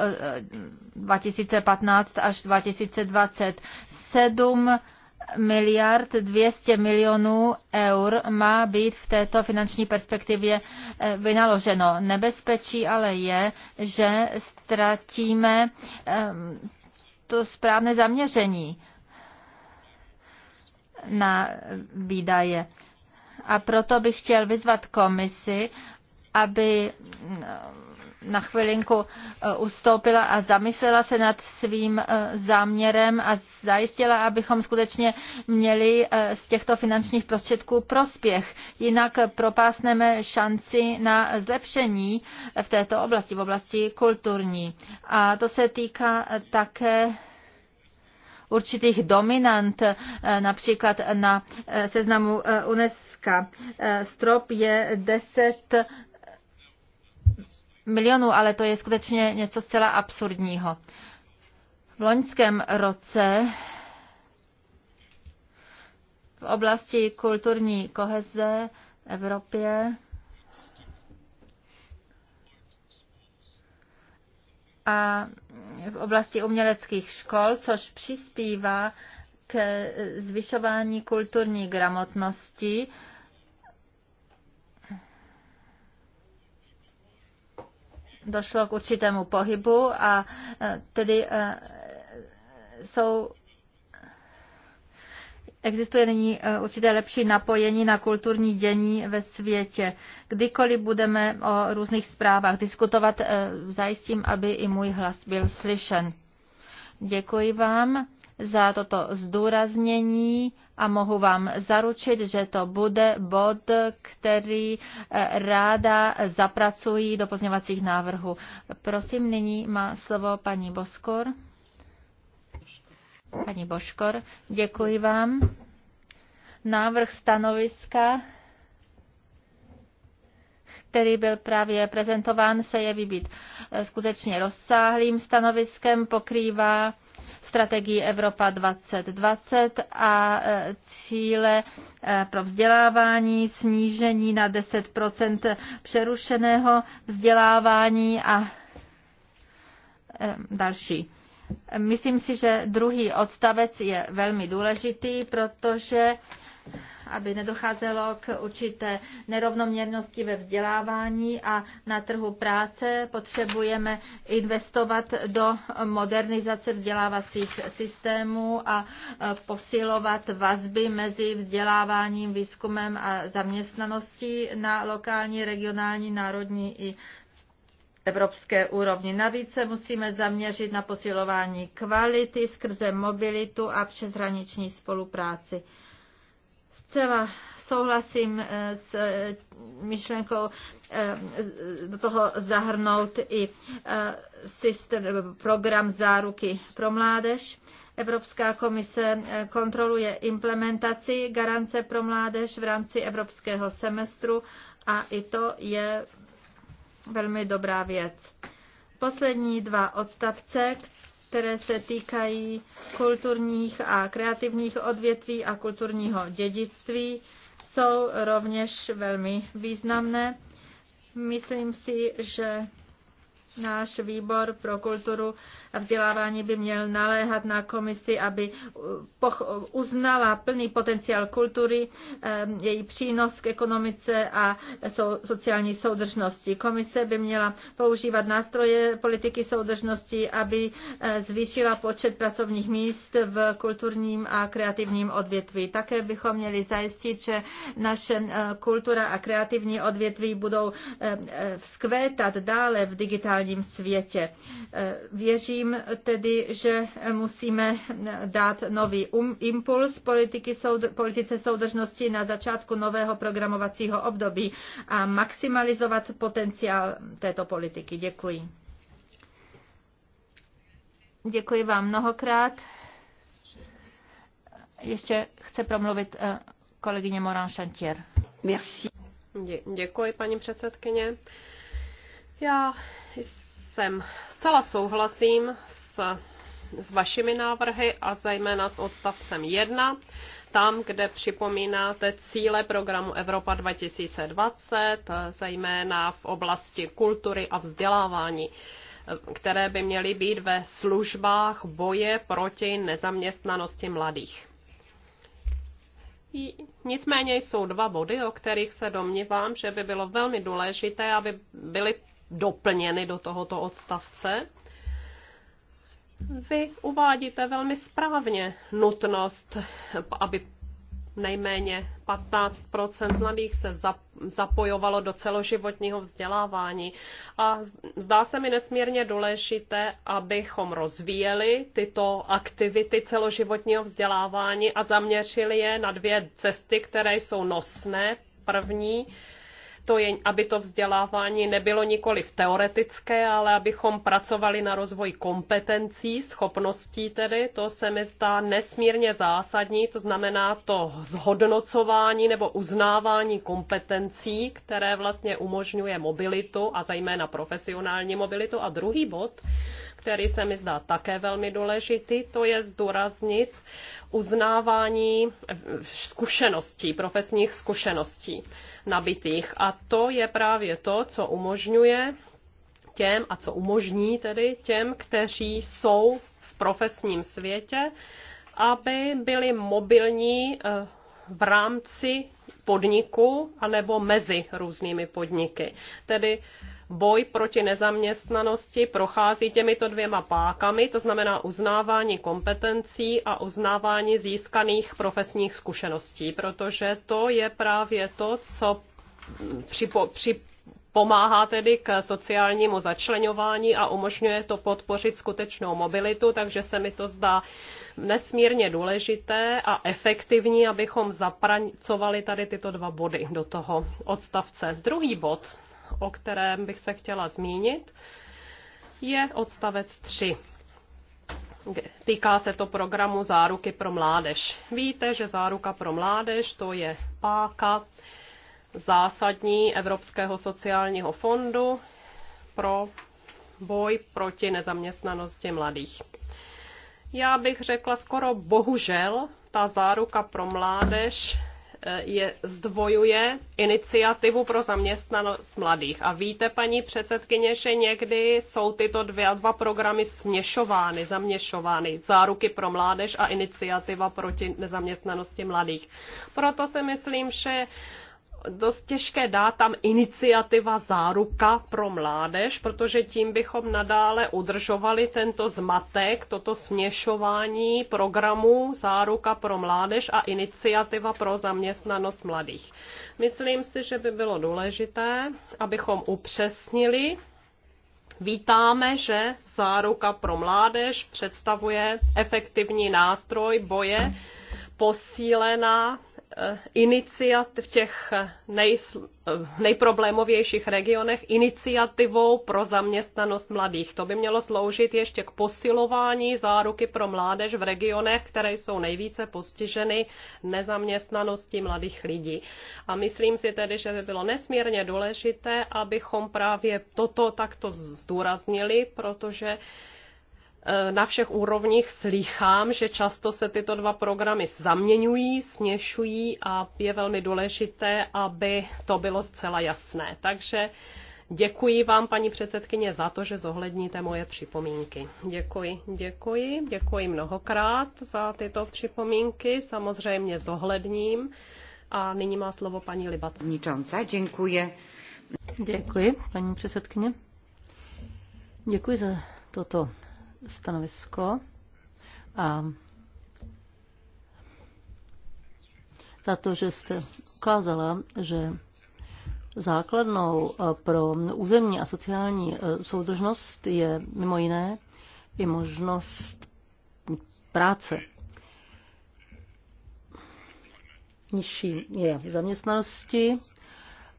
2015 eh, až 2020. 7 miliard 200 milionů eur má být v této finanční perspektivě eh, vynaloženo. Nebezpečí ale je, že ztratíme to správné zaměření na výdaje. A proto bych chtěl vyzvat komisi, aby mm, na chvilinku uh, ustoupila a zamyslela se nad svým uh, záměrem a zajistila, abychom skutečně měli uh, z těchto finančních prostředků prospěch. Jinak propásneme šanci na zlepšení v této oblasti, v oblasti kulturní. A to se týká také určitých dominant, eh, například na eh, seznamu eh, UNESCO. Strop je 10 milionů, ale to je skutečně něco zcela absurdního. V loňském roce v oblasti kulturní koheze v Evropě a v oblasti uměleckých škol, což přispívá k zvyšování kulturní gramotnosti. Došlo k určitému pohybu a e, tedy e, jsou Existuje nyní eh, určité lepší napojení na kulturní dění ve světě. Kdykoliv budeme o různých zprávách diskutovat, eh, zajistím, aby i můj hlas byl slyšen. Děkuji vám za toto zdůraznění a mohu vám zaručit, že to bude bod, který eh, ráda zapracují do pozněvacích návrhů. Prosím, nyní má slovo paní Boskor. Pani Boškor, děkuji vám. Návrh stanoviska, který byl právě prezentován, se jeví být eh, skutečně rozsáhlým stanoviskem, pokrývá strategii Evropa 2020 a eh, cíle eh, pro vzdělávání, snížení na 10 přerušeného vzdělávání a další. Myslím si, že druhý odstavec je velmi důležitý, protože aby nedocházelo k určité nerovnoměrnosti ve vzdělávání a na trhu práce potřebujeme investovat do modernizace vzdělávacích systémů a e, posilovat vazby mezi vzděláváním, výzkumem a zaměstnaností na lokální, regionální, národní i evropské úrovni. Navíc se musíme zaměřit na posilování kvality skrze mobilitu a přeshraniční spolupráci. Zcela souhlasím eh, s eh, myšlenkou eh, do toho zahrnout i systém, program záruky pro mládež. Evropská komise kontroluje implementaci garance pro mládež v rámci evropského semestru a i to je velmi dobrá věc. Poslední dva odstavce, které se týkají kulturních a kreativních odvětví a kulturního dědictví, jsou rovněž velmi významné. Myslím si, že Náš výbor pro kulturu a vzdělávání by měl naléhat na komisi, aby uh, uh, uznala plný potenciál kultury, um, její přínos k ekonomice a sociální soudržnosti. Komise by měla používat nástroje politiky soudržnosti, aby uh, zvýšila počet pracovních míst v kulturním a kreativním odvětví. Také bychom měli zajistit, že naše kultura a kreativní odvětví budou um, vzkvétat dále v digitální celém světě. E, věřím tedy, že musíme dát nový um, impuls politiky soud, politice soudržnosti na začátku nového programovacího období a maximalizovat potenciál této politiky. Děkuji. Děkuji vám mnohokrát. Ještě chce promluvit e, kolegyně Moran Šantier. Merci. Děkuji, paní předsedkyně. Já jsem zcela souhlasím s, s vašimi návrhy a zejména s odstavcem 1, tam, kde připomínáte cíle programu Evropa 2020, zejména v oblasti kultury a vzdělávání které by měly být ve službách boje proti nezaměstnanosti mladých. Nicméně jsou dva body, o kterých se domnívám, že by bylo velmi důležité, aby byly doplněny do tohoto odstavce. Vy uvádíte velmi správně nutnost, aby nejméně 15 mladých se zapojovalo do celoživotního vzdělávání. A zdá se mi nesmírně důležité, abychom rozvíjeli tyto aktivity celoživotního vzdělávání a zaměřili je na dvě cesty, které jsou nosné. První to je, aby to vzdělávání nebylo nikoli v teoretické, ale abychom pracovali na rozvoji kompetencí, schopností tedy, to se mi zdá nesmírně zásadní, to znamená to zhodnocování nebo uznávání kompetencí, které vlastně umožňuje mobilitu a zejména profesionální mobilitu. A druhý bod, který se mi zdá také velmi důležitý, to je zdůraznit uznávání zkušeností, profesních zkušeností nabitých. A to je právě to, co umožňuje těm, a co umožní tedy těm, kteří jsou v profesním světě, aby byli mobilní eh, v rámci podniku anebo mezi různými podniky. Tedy boj proti nezaměstnanosti prochází těmito dvěma pákami, to znamená uznávání kompetencí a uznávání získaných profesních zkušeností, protože to je právě to, co připo, při, pomáhá tedy k sociálnímu začlenování a umožňuje to podpořit skutečnou mobilitu, takže se mi to zdá nesmírně důležité a efektivní, abychom zapracovali tady tyto dva body do toho odstavce. Druhý bod o kterém bych se chtěla zmínit, je odstavec 3. Týká se to programu Záruky pro mládež. Víte, že záruka pro mládež to je páka zásadní Evropského sociálního fondu pro boj proti nezaměstnanosti mladých. Já bych řekla skoro bohužel, ta záruka pro mládež Eh, je, zdvojuje iniciativu pro zaměstnanost mladých. A víte, paní předsedkyně, že někdy jsou tyto dvě, dva programy směšovány, zaměšovány. Záruky pro mládež a iniciativa proti nezaměstnanosti mladých. Proto si myslím, že dost těžké dát tam iniciativa záruka pro mládež, protože tím bychom nadále udržovali tento zmatek, toto směšování programů záruka pro mládež a iniciativa pro zaměstnanost mladých. Myslím si, že by bylo důležité, abychom upřesnili Vítáme, že záruka pro mládež představuje efektivní nástroj boje posílená Eh, iniciativ v těch eh, nej, eh, nejproblémovějších regionech iniciativou pro zaměstnanost mladých. To by mělo sloužit ještě k posilování záruky pro mládež v regionech, které jsou nejvíce postiženy nezaměstnaností mladých lidí. A myslím si tedy, že by bylo nesmírně důležité, abychom právě toto takto zdůraznili, protože Eh, na všech úrovních slýchám, že často se tyto dva programy zaměňují, směšují a je velmi důležité, aby to bylo zcela jasné. Takže děkuji vám, paní předsedkyně, za to, že zohledníte moje připomínky. Děkuji, děkuji, děkuji mnohokrát za tyto připomínky, samozřejmě zohledním. A nyní má slovo paní Libac. Děkuji. Děkuji, paní předsedkyně. Děkuji za toto stanovisko a za to, že jste ukázala, že základnou eh, pro územní a sociální eh, soudržnost je mimo jiné i možnost práce. Nižší je zaměstnanosti,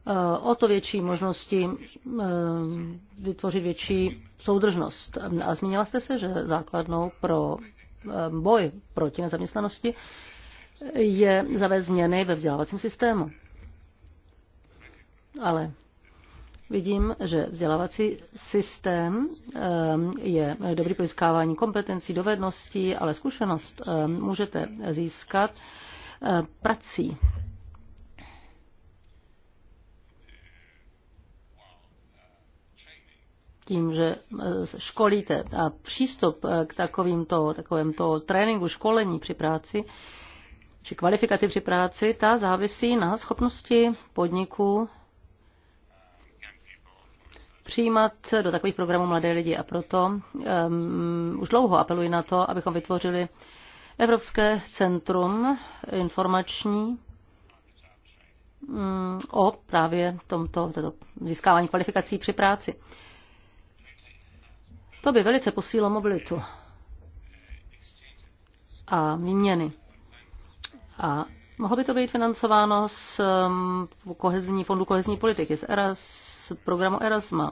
Eh, o to větší možnosti eh, vytvořit větší soudržnost. A zmínila jste se, že základnou pro eh, boj proti nezaměstnanosti je zavést změny ve vzdělávacím systému. Ale vidím, že vzdělávací systém je dobrý pro získávání kompetencí, dovedností, ale zkušenost můžete získat prací tím, že eh, školíte a přístup eh, k takovýmto, takovémto tréninku, školení při práci, či kvalifikaci při práci, ta závisí na schopnosti podniků přijímat do takových programů mladé lidi. A proto um, už dlouho apeluji na to, abychom vytvořili Evropské centrum informační um, o právě tomto, toto získávání kvalifikací při práci. To by velice posílilo mobilitu a výměny. A mohlo by to být financováno z um, kohezní, fondu kohezní politiky, z, Eras, z programu Erasma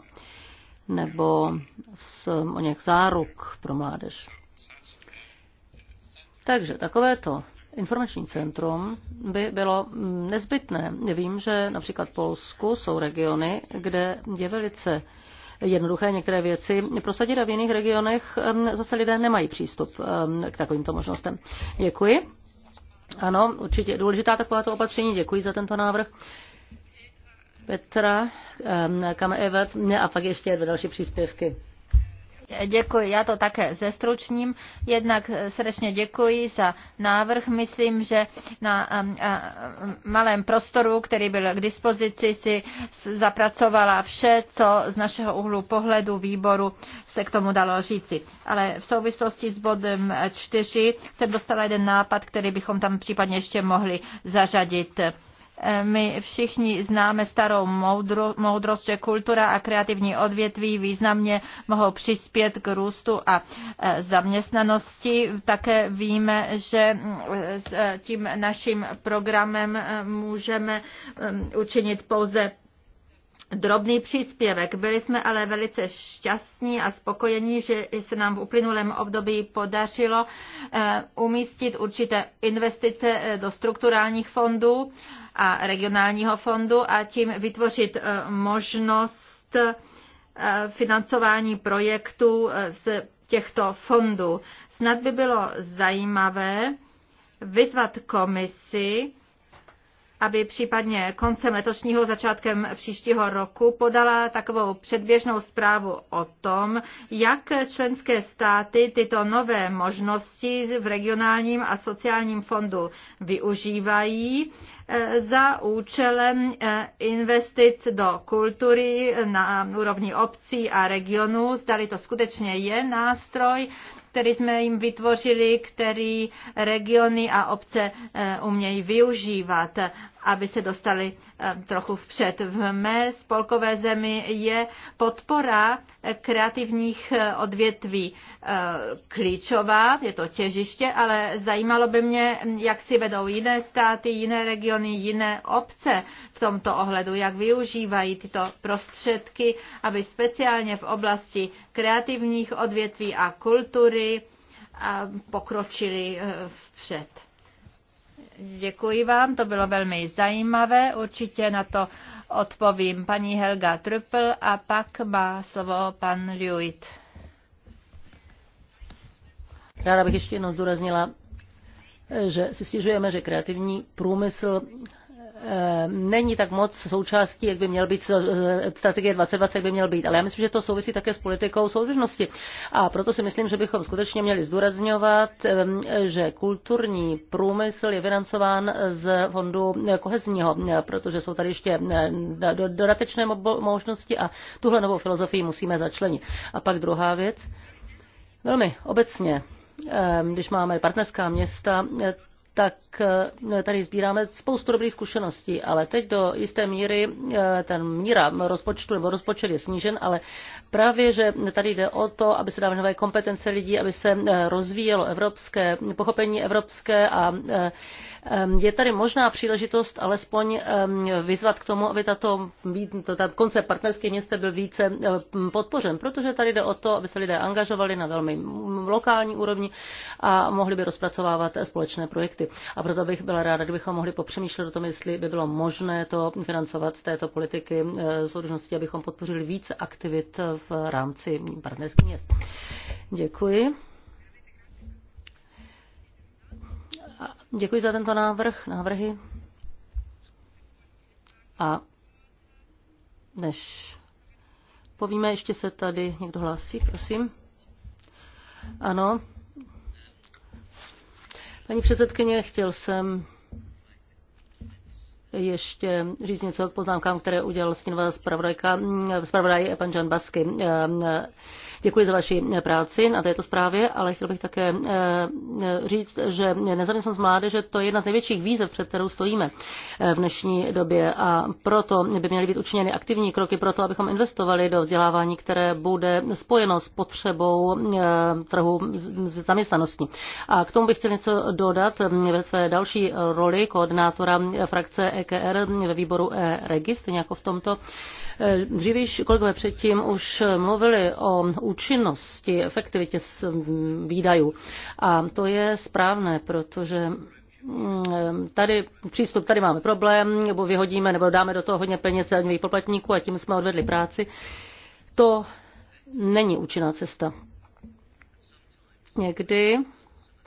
nebo z um, o něch záruk pro mládež. Takže takovéto informační centrum by bylo mm, nezbytné. Vím, že například v Polsku jsou regiony, kde je velice jednoduché některé věci prosadit a v jiných regionech zase lidé nemají přístup k takovýmto možnostem. Děkuji. Ano, určitě důležitá takováto opatření. Děkuji za tento návrh. Petra, Kam Evert a pak ještě dva další příspěvky. Děkuji, já to také zestručním. Jednak srdečně děkuji za návrh. Myslím, že na malém prostoru, který byl k dispozici, si zapracovala vše, co z našeho úhlu pohledu výboru se k tomu dalo říci. Ale v souvislosti s bodem 4 jsem dostala jeden nápad, který bychom tam případně ještě mohli zařadit my všichni známe starou moudrost, že kultura a kreativní odvětví významně mohou přispět k růstu a e, zaměstnanosti. Také víme, že s e, tím naším programem e, můžeme učinit pouze drobný příspěvek. Byli jsme ale velice šťastní a spokojení, že se nám v uplynulém období podařilo eh, umístit určité investice eh, do strukturálních fondů a regionálního fondu a tím vytvořit eh, možnost financování projektů z těchto fondů. Snad by bylo zajímavé vyzvat komisi, aby případně koncem letošního, začátkem příštího roku podala takovou předběžnou zprávu o tom, jak členské státy tyto nové možnosti v regionálním a sociálním fondu využívají eh, za účelem eh, investic do kultury na úrovni obcí a regionů. Zdali to skutečně je nástroj, který jsme jim vytvořili, který regiony a obce eh, umějí využívat aby se dostali eh, trochu vpřed. V mé spolkové zemi je podpora eh, kreativních eh, odvětví klíčová, je to těžiště, ale zajímalo by mě, jak si vedou jiné státy, jiné regiony, jiné obce v tomto ohledu, jak využívají tyto prostředky, aby speciálně v oblasti kreativních odvětví a kultury pokročili vpřed. Děkuji vám, to bylo velmi zajímavé, určitě na to odpovím paní Helga Trupl a pak má slovo pan Ruit. Ráda bych ještě jednou zdůraznila, že si stěžujeme, že kreativní průmysl Ehm, není tak moc součástí, jak by měl být eh, strategie 2020, jak by měl být. Ale já myslím, že to souvisí také s politikou soudržnosti. A proto si myslím, že bychom skutečně měli zdůrazňovat, ehm, že kulturní průmysl je financován z fondu kohezního, eh, protože jsou tady ještě eh, dodatečné možnosti a tuhle novou filozofii musíme začlenit. A pak druhá věc. Velmi obecně ehm, když máme partnerská města, tak eh, tady sbíráme spoustu dobrých zkušeností, ale teď do jisté míry eh, ten míra rozpočtu nebo rozpočet je snížen, ale právě, že tady jde o to, aby se dávaly nové kompetence lidí, aby se eh, rozvíjelo evropské, pochopení evropské a je tady možná příležitost alespoň vyzvat k tomu, aby tato, tato koncept partnerské města byl více podpořen, protože tady jde o to, aby se lidé angažovali na velmi lokální úrovni a mohli by rozpracovávat společné projekty. A proto bych byla ráda, kdybychom mohli popřemýšlet o tom, jestli by bylo možné to financovat z této politiky eh, soudržnosti, abychom podpořili více aktivit v rámci partnerských měst. Děkuji. Děkuji za tento návrh, návrhy. A než povíme, ještě se tady někdo hlásí, prosím. Ano. Paní předsedkyně, chtěl jsem ještě říct něco k poznámkám, které udělal stínová zpravodajka, zpravodaj pan Jan Basky. Děkuji za vaši eh, práci na této zprávě, ale chtěl bych také eh, eh, říct, že nezaměstnanost mládeže to je jedna z největších výzev, před kterou stojíme v dnešní době a proto by měly být učiněny aktivní kroky pro to, abychom investovali do vzdělávání, které bude spojeno s potřebou trhu zaměstnanosti. A k tomu bych chtěl něco dodat ve své další roli koordinátora frakce EKR ve výboru e Regis, jako v tomto Eh, dřívější kolegové předtím už mluvili o účinnosti, efektivitě mm, výdajů. A to je správné, protože mm, eh, tady přístup, tady máme problém, nebo vyhodíme, nebo dáme do toho hodně peněz daňových poplatníků a tím jsme odvedli práci. To není účinná cesta. Někdy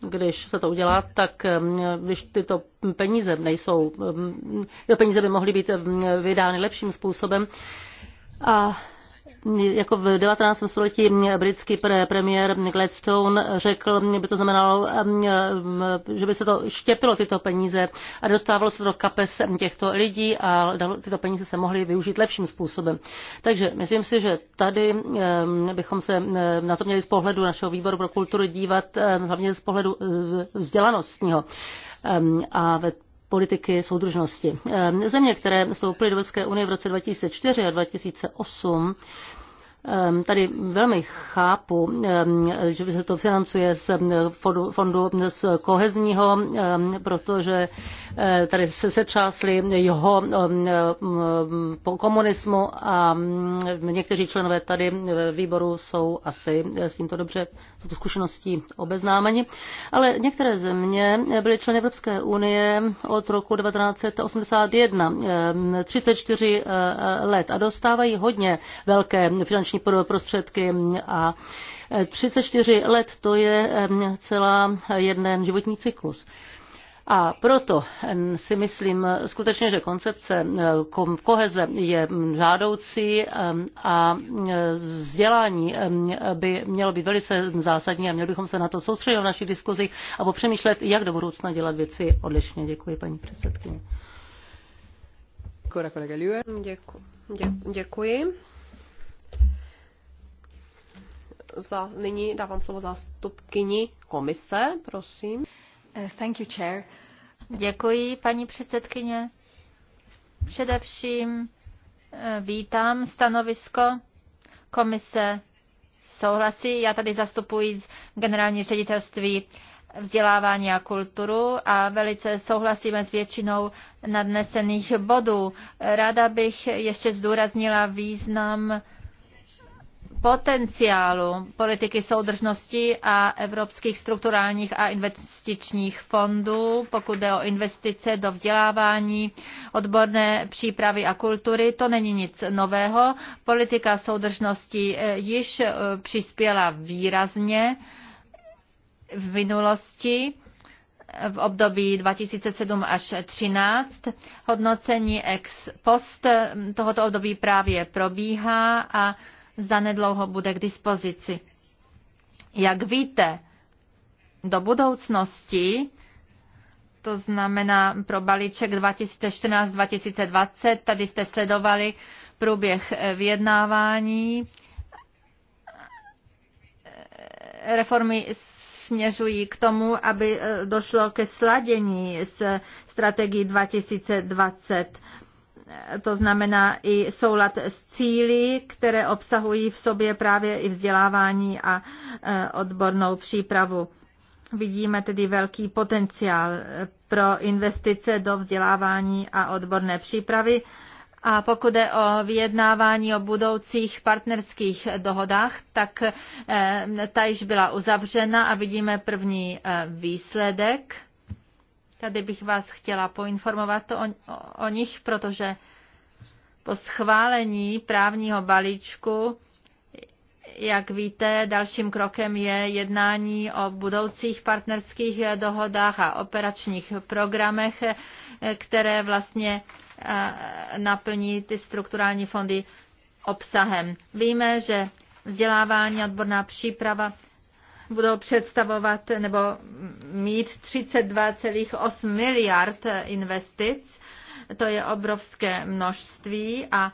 když se to udělá, tak mm, když tyto peníze nejsou, mm, ty peníze by mohly být mm, vydány lepším způsobem. A jako v 19. století britský premiér Gladstone řekl, by to znamenalo, že by se to štěpilo tyto peníze a dostávalo se do kapes těchto lidí a tyto peníze se mohly využít lepším způsobem. Takže myslím si, že tady bychom se na to měli z pohledu našeho výboru pro kulturu dívat hlavně z pohledu eh, vzdělanostního. A ve politiky soudržnosti. Ehm, země, které vstoupily do Evropské unie v roce 2004 a 2008, Ehm, tady velmi chápu, ehm, že se to financuje z eh, fondu, fondu z kohezního, ehm, protože eh, tady se setřásli jeho po komunismu a mm, někteří členové tady ve výboru jsou asi s tímto dobře tuto zkušeností obeznámeni. Ale některé země byly členy Evropské unie od roku 1981, 34 eh, let a dostávají hodně velké finanční finanční prostředky a 34 eh, let to je eh, celá jeden životní cyklus. A proto eh, si myslím skutečně, že koncepce koheze je mm, žádoucí a vzdělání by mělo být velice zásadní a měli bychom se na to soustředit v našich diskuzích a popřemýšlet, jak do budoucna dělat věci odlišně. Děkuji, paní předsedkyně. Děkuji. Děkuji za, nyní dávám slovo zástupkyni komise, prosím. Eh, thank you, chair. Děkuji, paní předsedkyně. Především eh, vítám stanovisko komise souhlasí. Já tady zastupuji generální ředitelství vzdělávání a kulturu a velice souhlasíme s většinou nadnesených bodů. Ráda bych ještě zdůraznila význam potenciálu politiky soudržnosti a evropských strukturálních a investičních fondů, pokud jde o investice do vzdělávání, odborné přípravy a kultury. To není nic nového. Politika soudržnosti eh, již eh, přispěla výrazně v minulosti eh, v období 2007 až 2013. Hodnocení ex post tohoto období právě probíhá a zanedlouho bude k dispozici. Jak víte, do budoucnosti, to znamená pro balíček 2014-2020, tady jste sledovali průběh eh, vyjednávání. Eh, reformy směřují k tomu, aby eh, došlo ke sladění s strategií 2020 to znamená i soulad s cíly, které obsahují v sobě právě i vzdělávání a e, odbornou přípravu. Vidíme tedy velký potenciál e, pro investice do vzdělávání a odborné přípravy. A pokud je o vyjednávání o budoucích partnerských dohodách, tak e, ta již byla uzavřena a vidíme první výsledek Tady bych vás chtěla poinformovat o, o, o nich, protože po schválení právního balíčku, jak víte, dalším krokem je jednání o budoucích partnerských dohodách a operačních programech, které vlastně naplní ty strukturální fondy obsahem. Víme, že vzdělávání, odborná příprava budou představovat nebo mít 32,8 miliard investic. To je obrovské množství a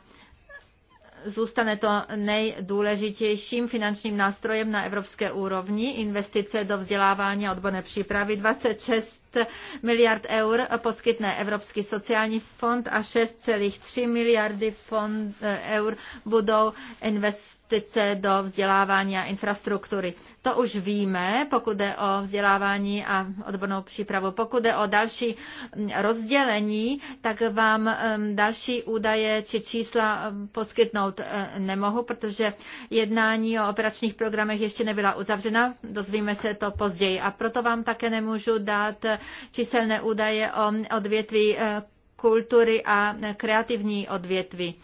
zůstane to nejdůležitějším finančním nástrojem na evropské úrovni. Investice do vzdělávání a odborné přípravy 26 miliard eur poskytne Evropský sociální fond a 6,3 miliardy fond, eh, eur budou invest investice do vzdělávání a infrastruktury. To už víme, pokud jde o vzdělávání a odbornou přípravu. Pokud jde o další mm, rozdělení, tak vám mm, další údaje či čísla mm, poskytnout e, nemohu, protože jednání o operačních programech ještě nebyla uzavřena. Dozvíme se to později. A proto vám také nemůžu dát e, číselné údaje o odvětví e, kultury a kreativní odvětví.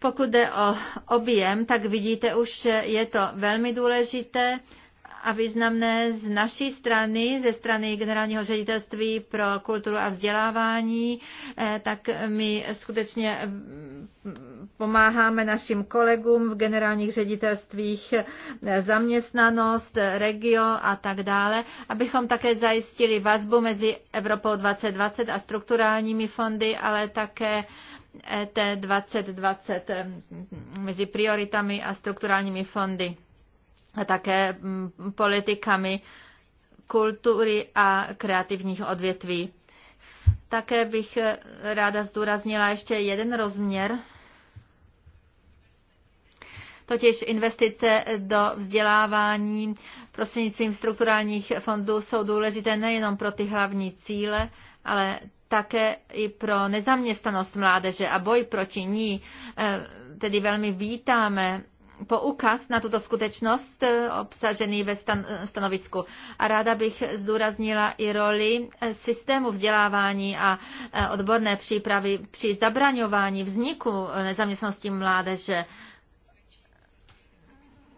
Pokud jde o objem, tak vidíte už, že je to velmi důležité a významné z naší strany, ze strany Generálního ředitelství pro kulturu a vzdělávání, eh, tak my skutečně mm, pomáháme našim kolegům v generálních ředitelstvích eh, zaměstnanost, regio a tak dále, abychom také zajistili vazbu mezi Evropou 2020 a strukturálními fondy, ale také E ET 2020 mm, mezi prioritami a strukturálními fondy a také mm, politikami kultury a kreativních odvětví. Také bych ráda zdůraznila ještě jeden rozměr, totiž investice do vzdělávání prostřednictvím strukturálních fondů jsou důležité nejenom pro ty hlavní cíle, ale také i pro nezaměstnanost mládeže a boj proti ní. Eh, tedy velmi vítáme poukaz na tuto skutečnost eh, obsažený ve stanovisku. A ráda bych zdůraznila i roli eh, systému vzdělávání a odborné přípravy při zabraňování vzniku nezaměstnanosti mládeže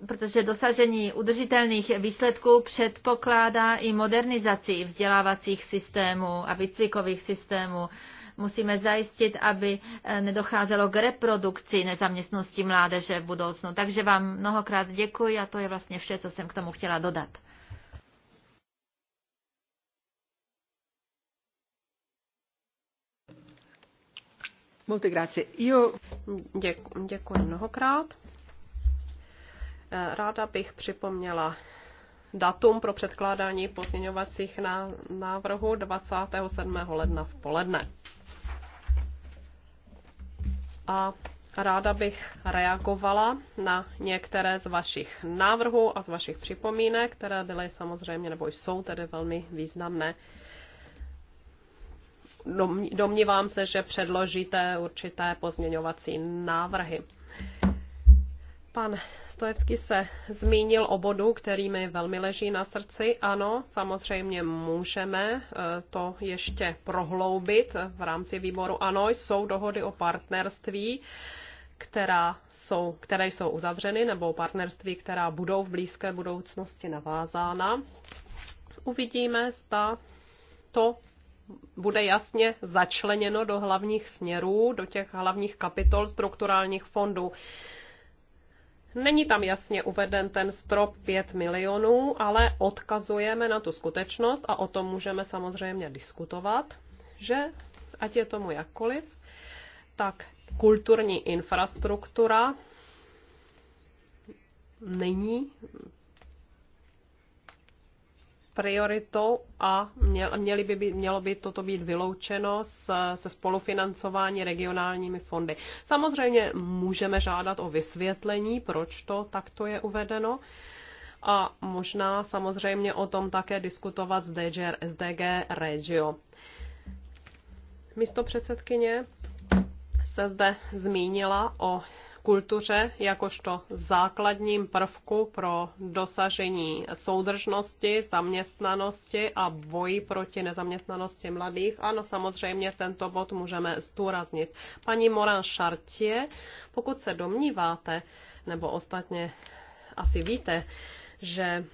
protože dosažení udržitelných výsledků předpokládá i modernizaci vzdělávacích systémů a výcvikových systémů. Musíme zajistit, aby eh, nedocházelo k reprodukci nezaměstnosti mládeže v budoucnu. Takže vám mnohokrát děkuji a to je vlastně vše, co jsem k tomu chtěla dodat. Molte grazie. Io... Děkuji mnohokrát. Eh, ráda bych připomněla datum pro předkládání pozměňovacích návrhů 27. ledna v poledne. A ráda bych reagovala na některé z vašich návrhů a z vašich připomínek, které byly samozřejmě nebo jsou tedy velmi významné. Domnívám se, že předložíte určité pozměňovací návrhy. Pan Dostojevský se zmínil o bodu, který mi velmi leží na srdci. Ano, samozřejmě můžeme e, to ještě prohloubit v rámci výboru. Ano, jsou dohody o partnerství, která jsou, které jsou uzavřeny, nebo o partnerství, která budou v blízké budoucnosti navázána. Uvidíme, zda to bude jasně začleněno do hlavních směrů, do těch hlavních kapitol strukturálních fondů. Není tam jasně uveden ten strop 5 milionů, ale odkazujeme na tu skutečnost a o tom můžeme samozřejmě diskutovat, že ať je tomu jakkoliv, tak kulturní infrastruktura není prioritou a měli by být, mělo by toto být vyloučeno se spolufinancování regionálními fondy. Samozřejmě můžeme žádat o vysvětlení, proč to takto je uvedeno a možná samozřejmě o tom také diskutovat s DG, SDG Regio. Místo předsedkyně se zde zmínila o kultuře jakožto základním prvku pro dosažení soudržnosti, zaměstnanosti a boji proti nezaměstnanosti mladých. Ano, samozřejmě tento bod můžeme zdůraznit. Paní Moran Chartier, pokud se domníváte, nebo ostatně asi víte, že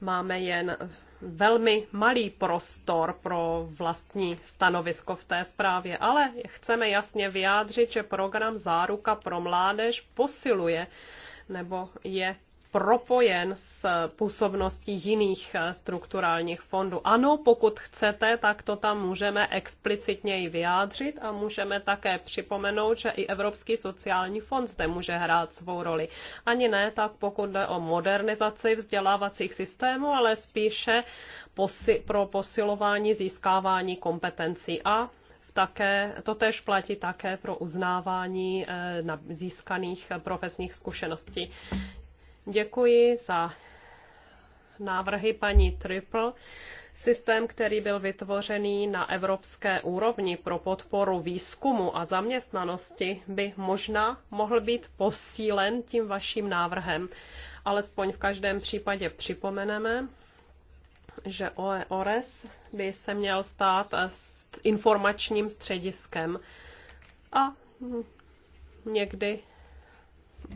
máme jen velmi malý prostor pro vlastní stanovisko v té zprávě, ale chceme jasně vyjádřit, že program Záruka pro mládež posiluje nebo je propojen s působností jiných eh, strukturálních fondů. Ano, pokud chcete, tak to tam můžeme explicitněji vyjádřit a můžeme také připomenout, že i Evropský sociální fond zde může hrát svou roli. Ani ne tak, pokud jde o modernizaci vzdělávacích systémů, ale spíše posi- pro posilování získávání kompetencí a také, to tež platí také pro uznávání eh, získaných eh, profesních zkušeností. Děkuji za návrhy paní Triple. Systém, který byl vytvořený na evropské úrovni pro podporu výzkumu a zaměstnanosti, by možná mohl být posílen tím vaším návrhem. Alespoň v každém případě připomeneme, že ORES e by se měl stát informačním střediskem. A někdy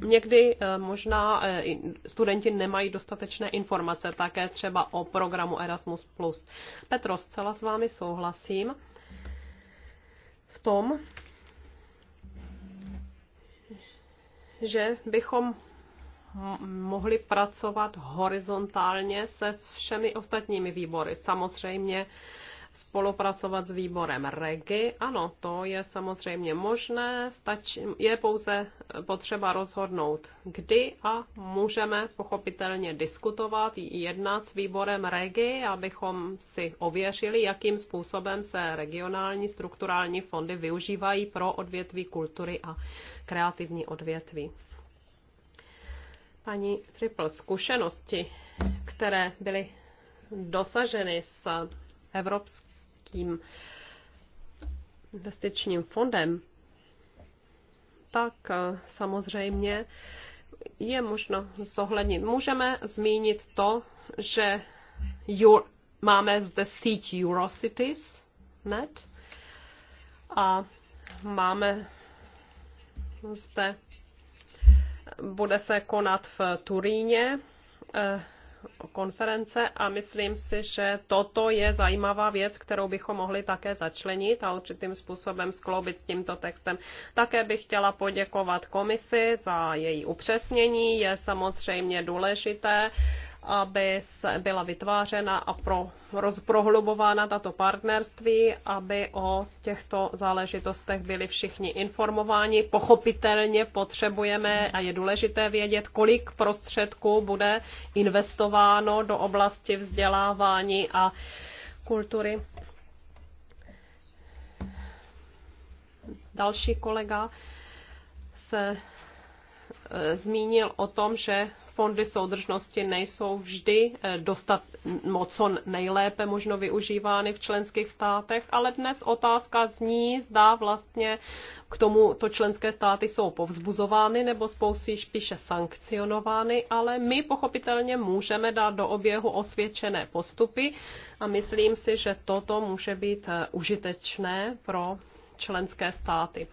Někdy eh, možná eh, studenti nemají dostatečné informace také třeba o programu Erasmus+. Petro, zcela s vámi souhlasím v tom, že bychom mohli pracovat horizontálně se všemi ostatními výbory. Samozřejmě spolupracovat s výborem REGI. Ano, to je samozřejmě možné, stačí, je pouze potřeba rozhodnout, kdy a můžeme pochopitelně diskutovat, jednat s výborem REGI, abychom si ověřili, jakým způsobem se regionální strukturální fondy využívají pro odvětví kultury a kreativní odvětví. Paní Triple, zkušenosti, které byly dosaženy s Evropským investičním fondem, tak eh, samozřejmě je možno zohlednit. Můžeme zmínit to, že máme zde síť Eurocities net a máme zde, bude se konat v Turíně eh, konference a myslím si, že toto je zajímavá věc, kterou bychom mohli také začlenit a určitým způsobem skloubit s tímto textem. Také bych chtěla poděkovat komisi za její upřesnění. Je samozřejmě důležité, aby se byla vytvářena a pro, rozprohlubována tato partnerství, aby o těchto záležitostech byli všichni informováni. Pochopitelně potřebujeme a je důležité vědět, kolik prostředků bude investováno do oblasti vzdělávání a kultury. Další kolega se e, zmínil o tom, že fondy soudržnosti nejsou vždy eh, dostat co nejlépe možno využívány v členských státech, ale dnes otázka zní, zda vlastně k tomu to členské státy jsou povzbuzovány nebo spousí píše sankcionovány, ale my pochopitelně můžeme dát do oběhu osvědčené postupy a myslím si, že toto může být eh, užitečné pro členské státy.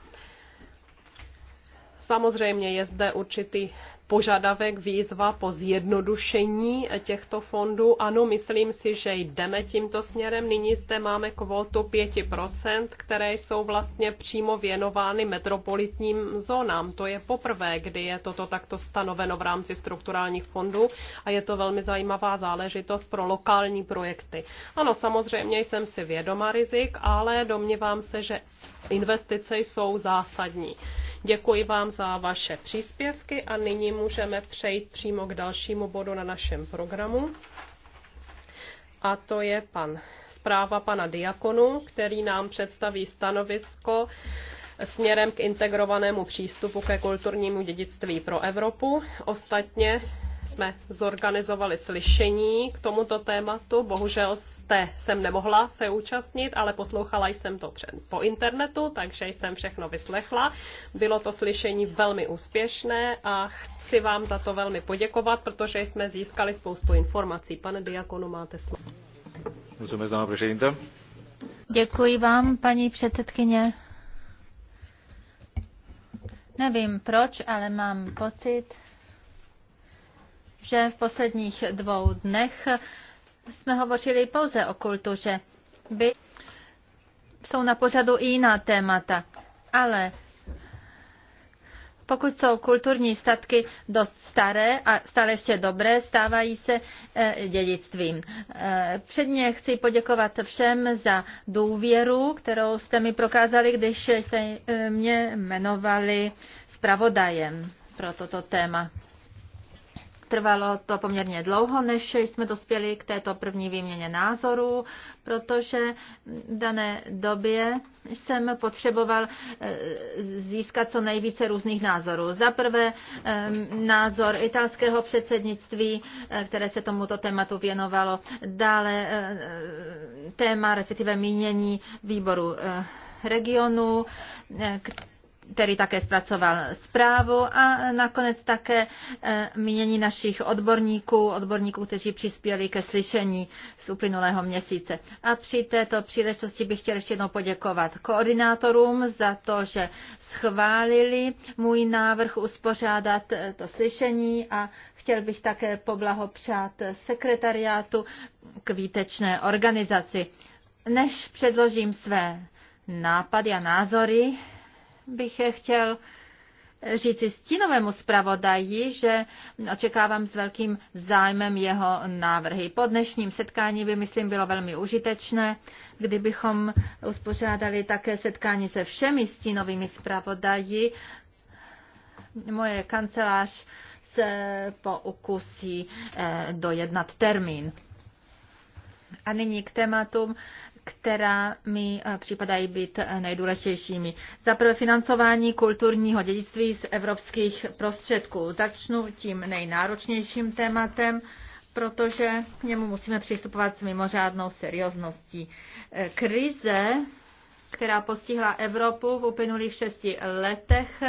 Samozřejmě je zde určitý požadavek, výzva po zjednodušení těchto fondů. Ano, myslím si, že jdeme tímto směrem. Nyní zde máme kvótu 5%, které jsou vlastně přímo věnovány metropolitním zónám. To je poprvé, kdy je toto takto stanoveno v rámci strukturálních fondů a je to velmi zajímavá záležitost pro lokální projekty. Ano, samozřejmě jsem si vědoma rizik, ale domnívám se, že investice jsou zásadní. Děkuji vám za vaše příspěvky a nyní můžeme přejít přímo k dalšímu bodu na našem programu. A to je pan, zpráva pana Diakonu, který nám představí stanovisko směrem k integrovanému přístupu ke kulturnímu dědictví pro Evropu. Ostatně jsme zorganizovali slyšení k tomuto tématu. Bohužel té jsem nemohla se účastnit, ale poslouchala jsem to před, po internetu, takže jsem všechno vyslechla. Bylo to slyšení velmi úspěšné a chci vám za to velmi poděkovat, protože jsme získali spoustu informací. Pane Diakonu, máte slovo. Děkuji vám, paní předsedkyně. Nevím proč, ale mám pocit, že v posledních dvou dnech jsme hovořili pouze o kultuře. By jsou na pořadu i jiná témata, ale pokud jsou kulturní statky dost staré a stále ještě dobré, stávají se eh, dědictvím. Eh, předně chci poděkovat všem za důvěru, kterou jste mi prokázali, když jste eh, mě jmenovali zpravodajem pro toto téma. Trvalo to poměrně dlouho, než jsme dospěli k této první výměně názorů, protože v dané době jsem potřeboval eh, získat co nejvíce různých názorů. Za prvé eh, názor italského předsednictví, eh, které se tomuto tématu věnovalo, dále téma, respektive mínění výboru regionu, který také zpracoval zprávu a nakonec také eh, mínění našich odborníků, odborníků, kteří přispěli ke slyšení z uplynulého měsíce. A při této příležitosti bych chtěl ještě jednou poděkovat koordinátorům za to, že schválili můj návrh uspořádat eh, to slyšení a chtěl bych také poblahopřát sekretariátu k výtečné organizaci. Než předložím své nápady a názory, bych chtěl říci stínovému zpravodaji, že očekávám s velkým zájmem jeho návrhy. Po dnešním setkání by, myslím, bylo velmi užitečné, kdybychom uspořádali také setkání se všemi stínovými zpravodaji. Moje kancelář se poukusí eh, dojednat termín. A nyní k tématům, která mi eh, připadají být eh, nejdůležitějšími. Za prvé financování kulturního dědictví z evropských prostředků. Začnu tím nejnáročnějším tématem, protože k němu musíme přistupovat s mimořádnou seriózností. Eh, krize která postihla Evropu v uplynulých šesti letech,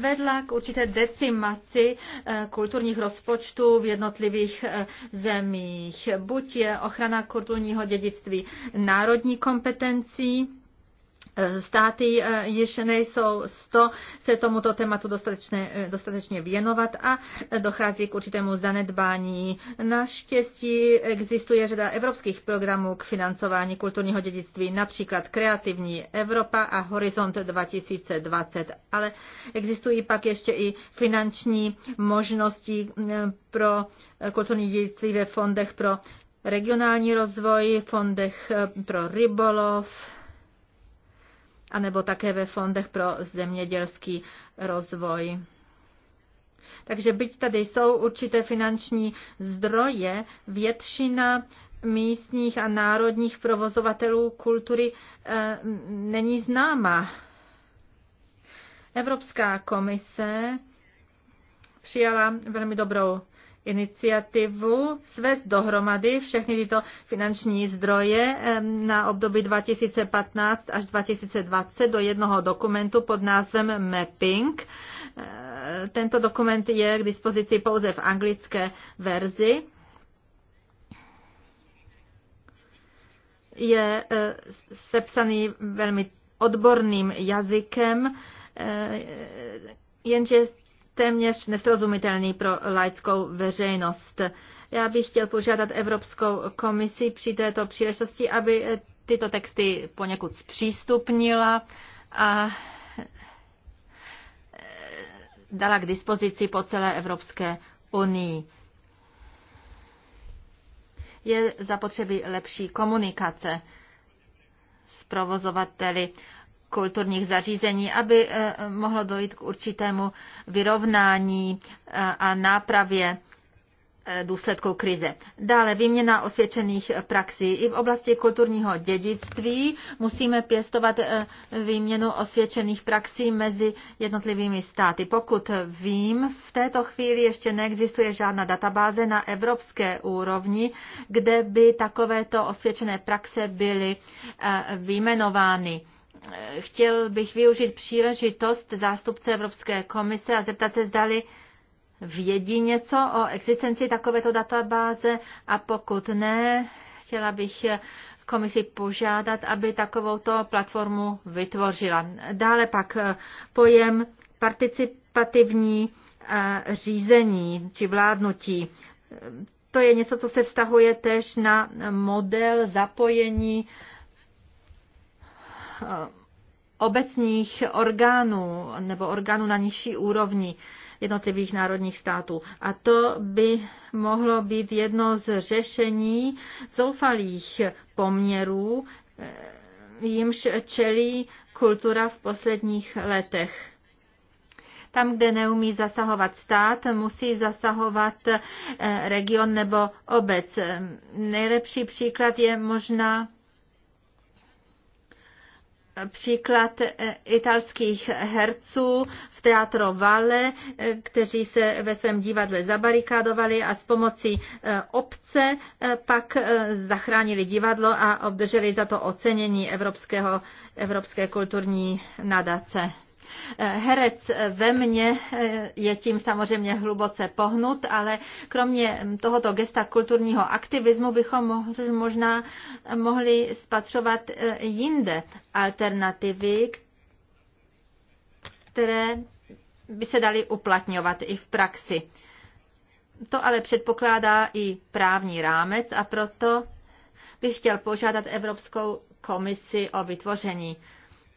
vedla k určité decimaci eh, kulturních rozpočtů v jednotlivých eh, zemích. Buď je ochrana kulturního dědictví národní kompetencí, státy eh, již nejsou 100 se tomuto tématu dostatečně, eh, dostatečně věnovat a dochází k určitému zanedbání. Naštěstí existuje řada evropských programů k financování kulturního dědictví, například Kreativní Evropa a Horizont 2020, ale existují pak ještě i finanční možnosti eh, pro kulturní dědictví ve fondech pro regionální rozvoj, fondech pro rybolov, anebo také ve fondech pro zemědělský rozvoj. Takže byť tady jsou určité finanční zdroje, většina místních a národních provozovatelů kultury e, není známa. Evropská komise přijala velmi dobrou iniciativu svést dohromady všechny tyto finanční zdroje na období 2015 až 2020 do jednoho dokumentu pod názvem Mapping. E, tento dokument je k dispozici pouze v anglické verzi. Je e, sepsaný velmi odborným jazykem, e, jenže téměř nesrozumitelný pro laickou veřejnost. Já bych chtěl požádat Evropskou komisi při této příležitosti, aby tyto texty poněkud zpřístupnila a dala k dispozici po celé Evropské unii. Je zapotřebí lepší komunikace s provozovateli kulturních zařízení, aby eh, mohlo dojít k určitému vyrovnání eh, a nápravě eh, důsledků krize. Dále výměna osvědčených praxí. I v oblasti kulturního dědictví musíme pěstovat výměnu osvědčených praxí mezi jednotlivými státy. Pokud vím, v této chvíli ještě neexistuje žádná databáze na evropské úrovni, kde by takovéto osvědčené praxe byly vyjmenovány chtěl bych využít příležitost zástupce Evropské komise a zeptat se, zdali vědí něco o existenci takovéto databáze a pokud ne, chtěla bych komisi požádat, aby takovouto platformu vytvořila. Dále pak eh, pojem participativní eh, řízení či vládnutí. Eh, to je něco, co se vztahuje tež na model zapojení Eh, obecních orgánů nebo orgánů na nižší úrovni jednotlivých národních států. A to by mohlo být jedno z řešení zoufalých poměrů, eh, jimž čelí kultura v posledních letech. Tam, kde neumí zasahovat stát, musí zasahovat eh, region nebo obec. Nejlepší příklad je možná příklad eh, italských herců v Teatro Valle, eh, kteří se ve svém divadle zabarikádovali a s pomocí eh, obce pak zachránili divadlo a obdrželi za to ocenění Evropského, Evropské kulturní nadace. Herec ve mně eh, je tím samozřejmě hluboce pohnut, ale kromě tohoto gesta kulturního aktivismu bychom možná mohli spatřovat eh, jinde alternativy, které by se daly uplatňovat i v praxi. To ale předpokládá i právní rámec a proto bych chtěl požádat Evropskou komisi o vytvoření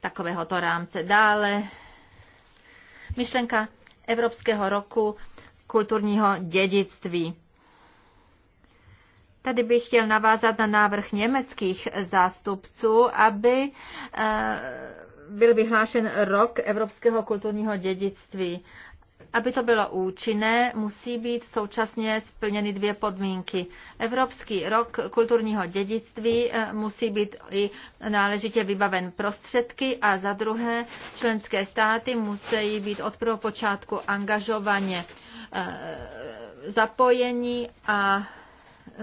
takovéhoto rámce. Dále myšlenka Evropského roku kulturního dědictví. Tady bych chtěl navázat na návrh německých zástupců, aby eh, byl vyhlášen rok evropského kulturního dědictví. Aby to bylo účinné, musí být současně splněny dvě podmínky. Evropský rok kulturního dědictví eh, musí být i náležitě vybaven prostředky a za druhé členské státy musí být od prvopočátku angažovaně eh, zapojení a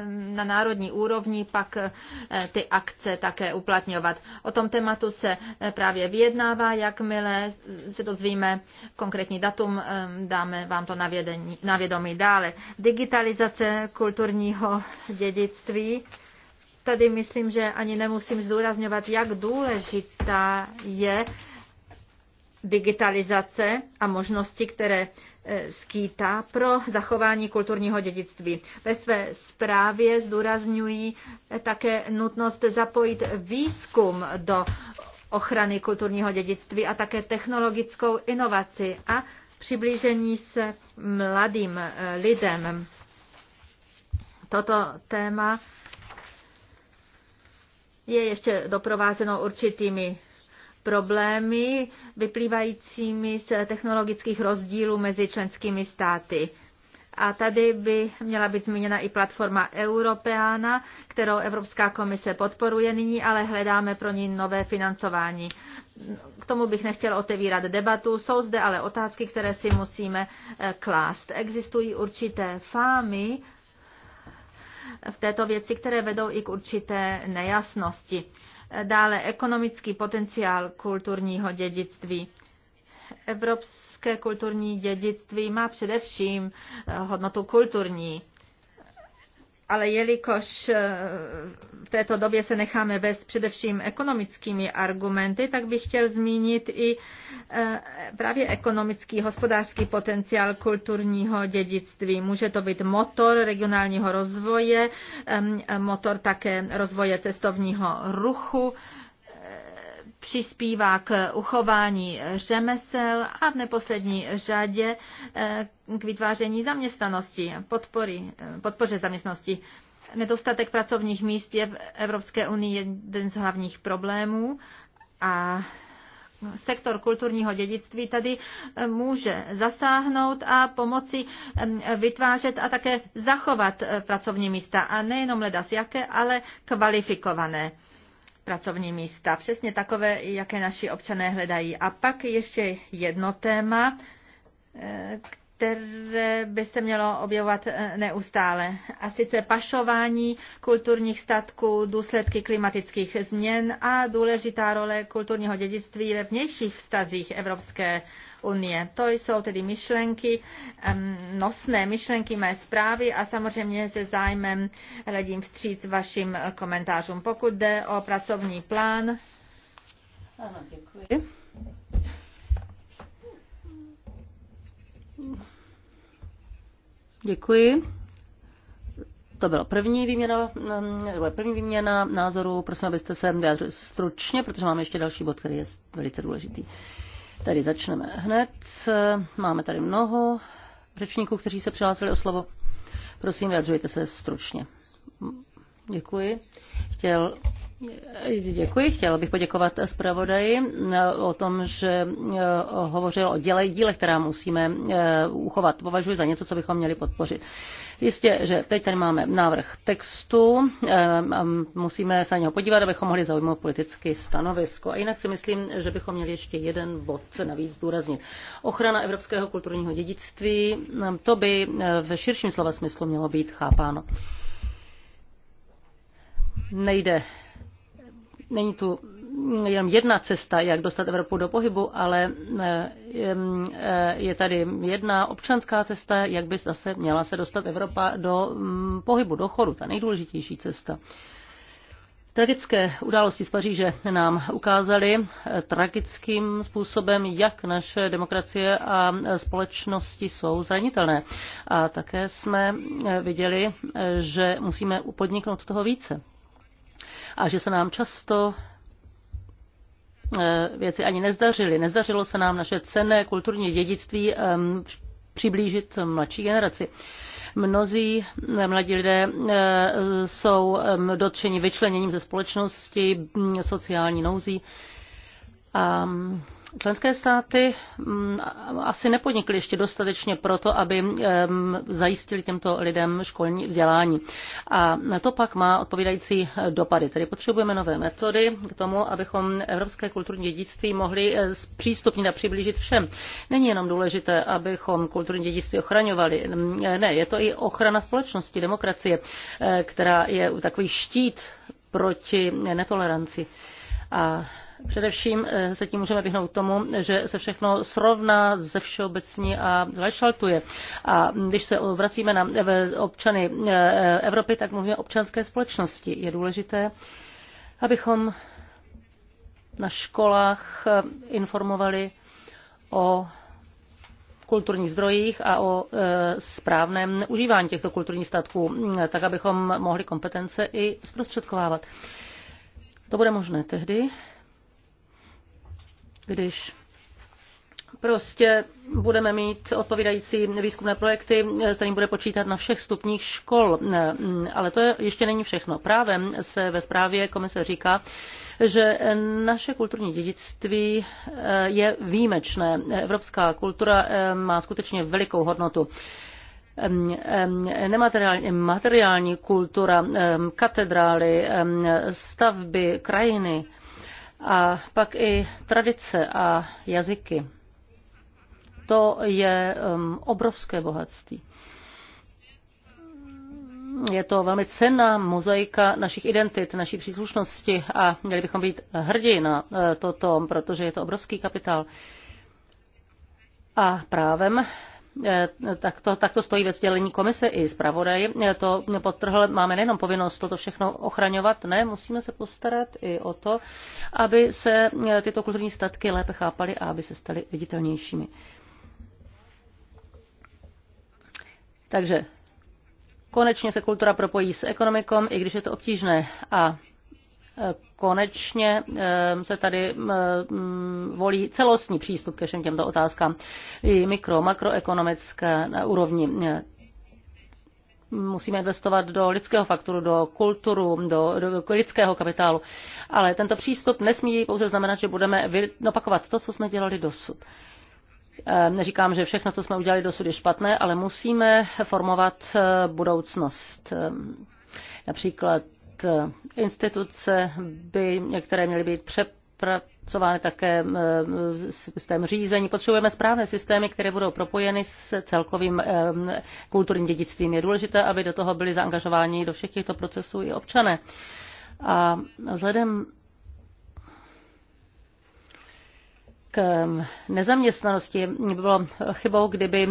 na národní úrovni pak eh, ty akce také uplatňovat. O tom tématu se eh, právě vyjednává, jakmile se dozvíme konkrétní datum, eh, dáme vám to na vědomí dále. Digitalizace kulturního dědictví tady myslím, že ani nemusím zdůrazňovat, jak důležitá je digitalizace a možnosti, které eh, skýtá pro zachování kulturního dědictví. Ve své zprávě zdůrazňují eh, také nutnost zapojit výzkum do ochrany kulturního dědictví a také technologickou inovaci a přiblížení se mladým eh, lidem. Toto téma je ještě doprovázeno určitými problémy vyplývajícími z technologických rozdílů mezi členskými státy. A tady by měla být zmíněna i platforma Europeana, kterou Evropská komise podporuje nyní, ale hledáme pro ní nové financování. K tomu bych nechtěl otevírat debatu. Jsou zde ale otázky, které si musíme eh, klást. Existují určité fámy eh, v této věci, které vedou i k určité nejasnosti. Dále ekonomický potenciál kulturního dědictví. Evropské kulturní dědictví má především eh, hodnotu kulturní ale jelikož eh, v této době se necháme vést především ekonomickými argumenty, tak bych chtěl zmínit i eh, právě ekonomický, hospodářský potenciál kulturního dědictví. Může to být motor regionálního rozvoje, motor také rozvoje cestovního ruchu, přispívá k uchování řemesel a v neposlední řadě eh, k vytváření zaměstnanosti, podpory, eh, podpoře zaměstnanosti. Nedostatek pracovních míst je v Evropské unii jeden z hlavních problémů a sektor kulturního dědictví tady eh, může zasáhnout a pomoci vytvářet a také zachovat pracovní místa. A nejenom ledas jaké, ale kvalifikované pracovní místa. Přesně takové, jaké naši občané hledají. A pak ještě jedno téma, eh, které by se mělo objevovat eh, neustále. A sice pašování kulturních statků, důsledky klimatických změn a důležitá role kulturního dědictví ve vnějších vztazích Evropské unie. To jsou tedy myšlenky, nosné myšlenky mé zprávy a samozřejmě se zájmem hledím vstříc vašim komentářům. Pokud jde o pracovní plán. Ano, děkuji. Děkuji. To byla první výměna, byla první výměna názorů. Prosím, abyste se vyjádřili stručně, protože máme ještě další bod, který je velice důležitý. Tady začneme hned. Máme tady mnoho řečníků, kteří se přihlásili o slovo. Prosím, vyjadřujte se stručně. Děkuji. Chtěl Děkuji. Chtěla bych poděkovat zpravodaji eh, o tom, že eh, hovořil o díle, díle, která musíme eh, uchovat. Považuji za něco, co bychom měli podpořit. Jistě, že teď tady máme návrh textu, musíme se na něho podívat, abychom mohli zaujmout politické stanovisko. A jinak si myslím, že bychom měli ještě jeden bod navíc zdůraznit. Ochrana evropského kulturního dědictví, to by ve širším slova smyslu mělo být chápáno. Nejde Není tu jenom jedna cesta, jak dostat Evropu do pohybu, ale eh, eh, je tady jedna občanská cesta, jak by zase měla se dostat Evropa do mm, pohybu, do chodu, ta nejdůležitější cesta. Tragické události z Paříže nám ukázaly eh, tragickým způsobem, jak naše demokracie a společnosti jsou zranitelné. A také jsme viděli, že musíme podniknout toho více a že se nám často eh, věci ani nezdařily. Nezdařilo se nám naše cenné kulturní dědictví ehm, přiblížit mladší generaci. Mnozí eh, mladí lidé eh, jsou ehm, dotčeni vyčleněním ze společnosti, mm, sociální nouzí a mm, Členské státy mm, asi nepodnikly ještě dostatečně proto, aby zajistili těmto lidem školní vzdělání. A to pak má odpovídající dopady. Tedy potřebujeme nové metody k tomu, abychom evropské kulturní dědictví mohli eh, zpřístupnit a přiblížit všem. Není jenom důležité, abychom kulturní dědictví ochraňovali. Eh, ne, je to i ochrana společnosti, demokracie, eh, která je takový štít proti netoleranci. A Především eh, se tím můžeme vyhnout tomu, že se všechno srovná ze všeobecní a zvašaltuje. A když se vracíme na eh, občany eh, Evropy, tak mluvíme o občanské společnosti. Je důležité, abychom na školách informovali o kulturních zdrojích a o správném užívání těchto kulturních statků, mm, tak abychom mohli kompetence i zprostředkovávat. To bude možné tehdy, když prostě budeme mít odpovídající výzkumné projekty, s kterým bude počítat na všech stupních škol. Ale to je, ještě není všechno. Právem se ve zprávě komise říká, že naše kulturní dědictví eh, je výjimečné. Evropská kultura eh, má skutečně velikou hodnotu ehm, ehm, nemateriální materiální kultura, ehm, katedrály, stavby, krajiny, a pak i tradice a jazyky. To je um, obrovské bohatství. Je to velmi cenná mozaika našich identit, naší příslušnosti a měli bychom být hrdí na eh, toto, protože je to obrovský kapitál. A právem Eh, tak to, tak to stojí ve sdělení komise i zpravodaj. Eh, to podtrhl, máme nejenom povinnost toto všechno ochraňovat, ne, musíme se postarat i o to, aby se eh, tyto kulturní statky lépe chápaly a aby se staly viditelnějšími. Takže konečně se kultura propojí s ekonomikou, i když je to obtížné. A konečně eh, se tady eh, mm, volí celostní přístup ke všem těmto otázkám i mikro, makroekonomické úrovni. Musíme investovat do lidského faktoru, do kulturu, do, do lidského kapitálu. Ale tento přístup nesmí pouze znamenat, že budeme opakovat to, co jsme dělali dosud. Eh, neříkám, že všechno, co jsme udělali dosud, je špatné, ale musíme formovat budoucnost. Ehm, například Instituce by některé měly být přepracovány také eh, systém řízení. Potřebujeme správné systémy, které budou propojeny s celkovým eh, kulturním dědictvím. Je důležité, aby do toho byli zaangažováni do všech těchto procesů i občané. A vzhledem k eh, nezaměstnanosti by bylo chybou, kdyby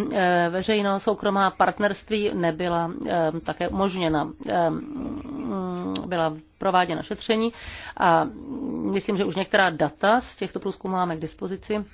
veřejno-soukromá partnerství nebyla také umožněna byla prováděna šetření a myslím, že už některá data z těchto průzkumů máme k dispozici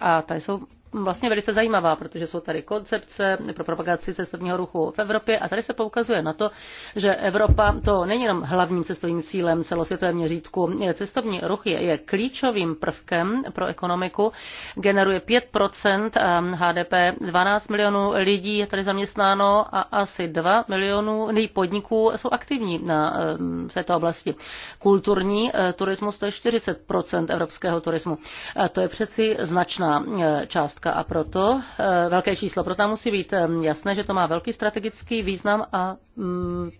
a ta jsou vlastně velice zajímavá, protože jsou tady koncepce pro propagaci cestovního ruchu v Evropě a tady se poukazuje na to, že Evropa to není jenom hlavním cestovním cílem celosvětové měřítku. Cestovní ruch je, je klíčovým prvkem pro ekonomiku, generuje 5% HDP, 12 milionů lidí je tady zaměstnáno a asi 2 milionů podniků jsou aktivní na ehm, této oblasti. Kulturní eh, turismus to je 40% evropského turismu. A to je přeci značná eh, část částka a proto eh, velké číslo. Proto musí být eh, jasné, že to má velký strategický význam a mm,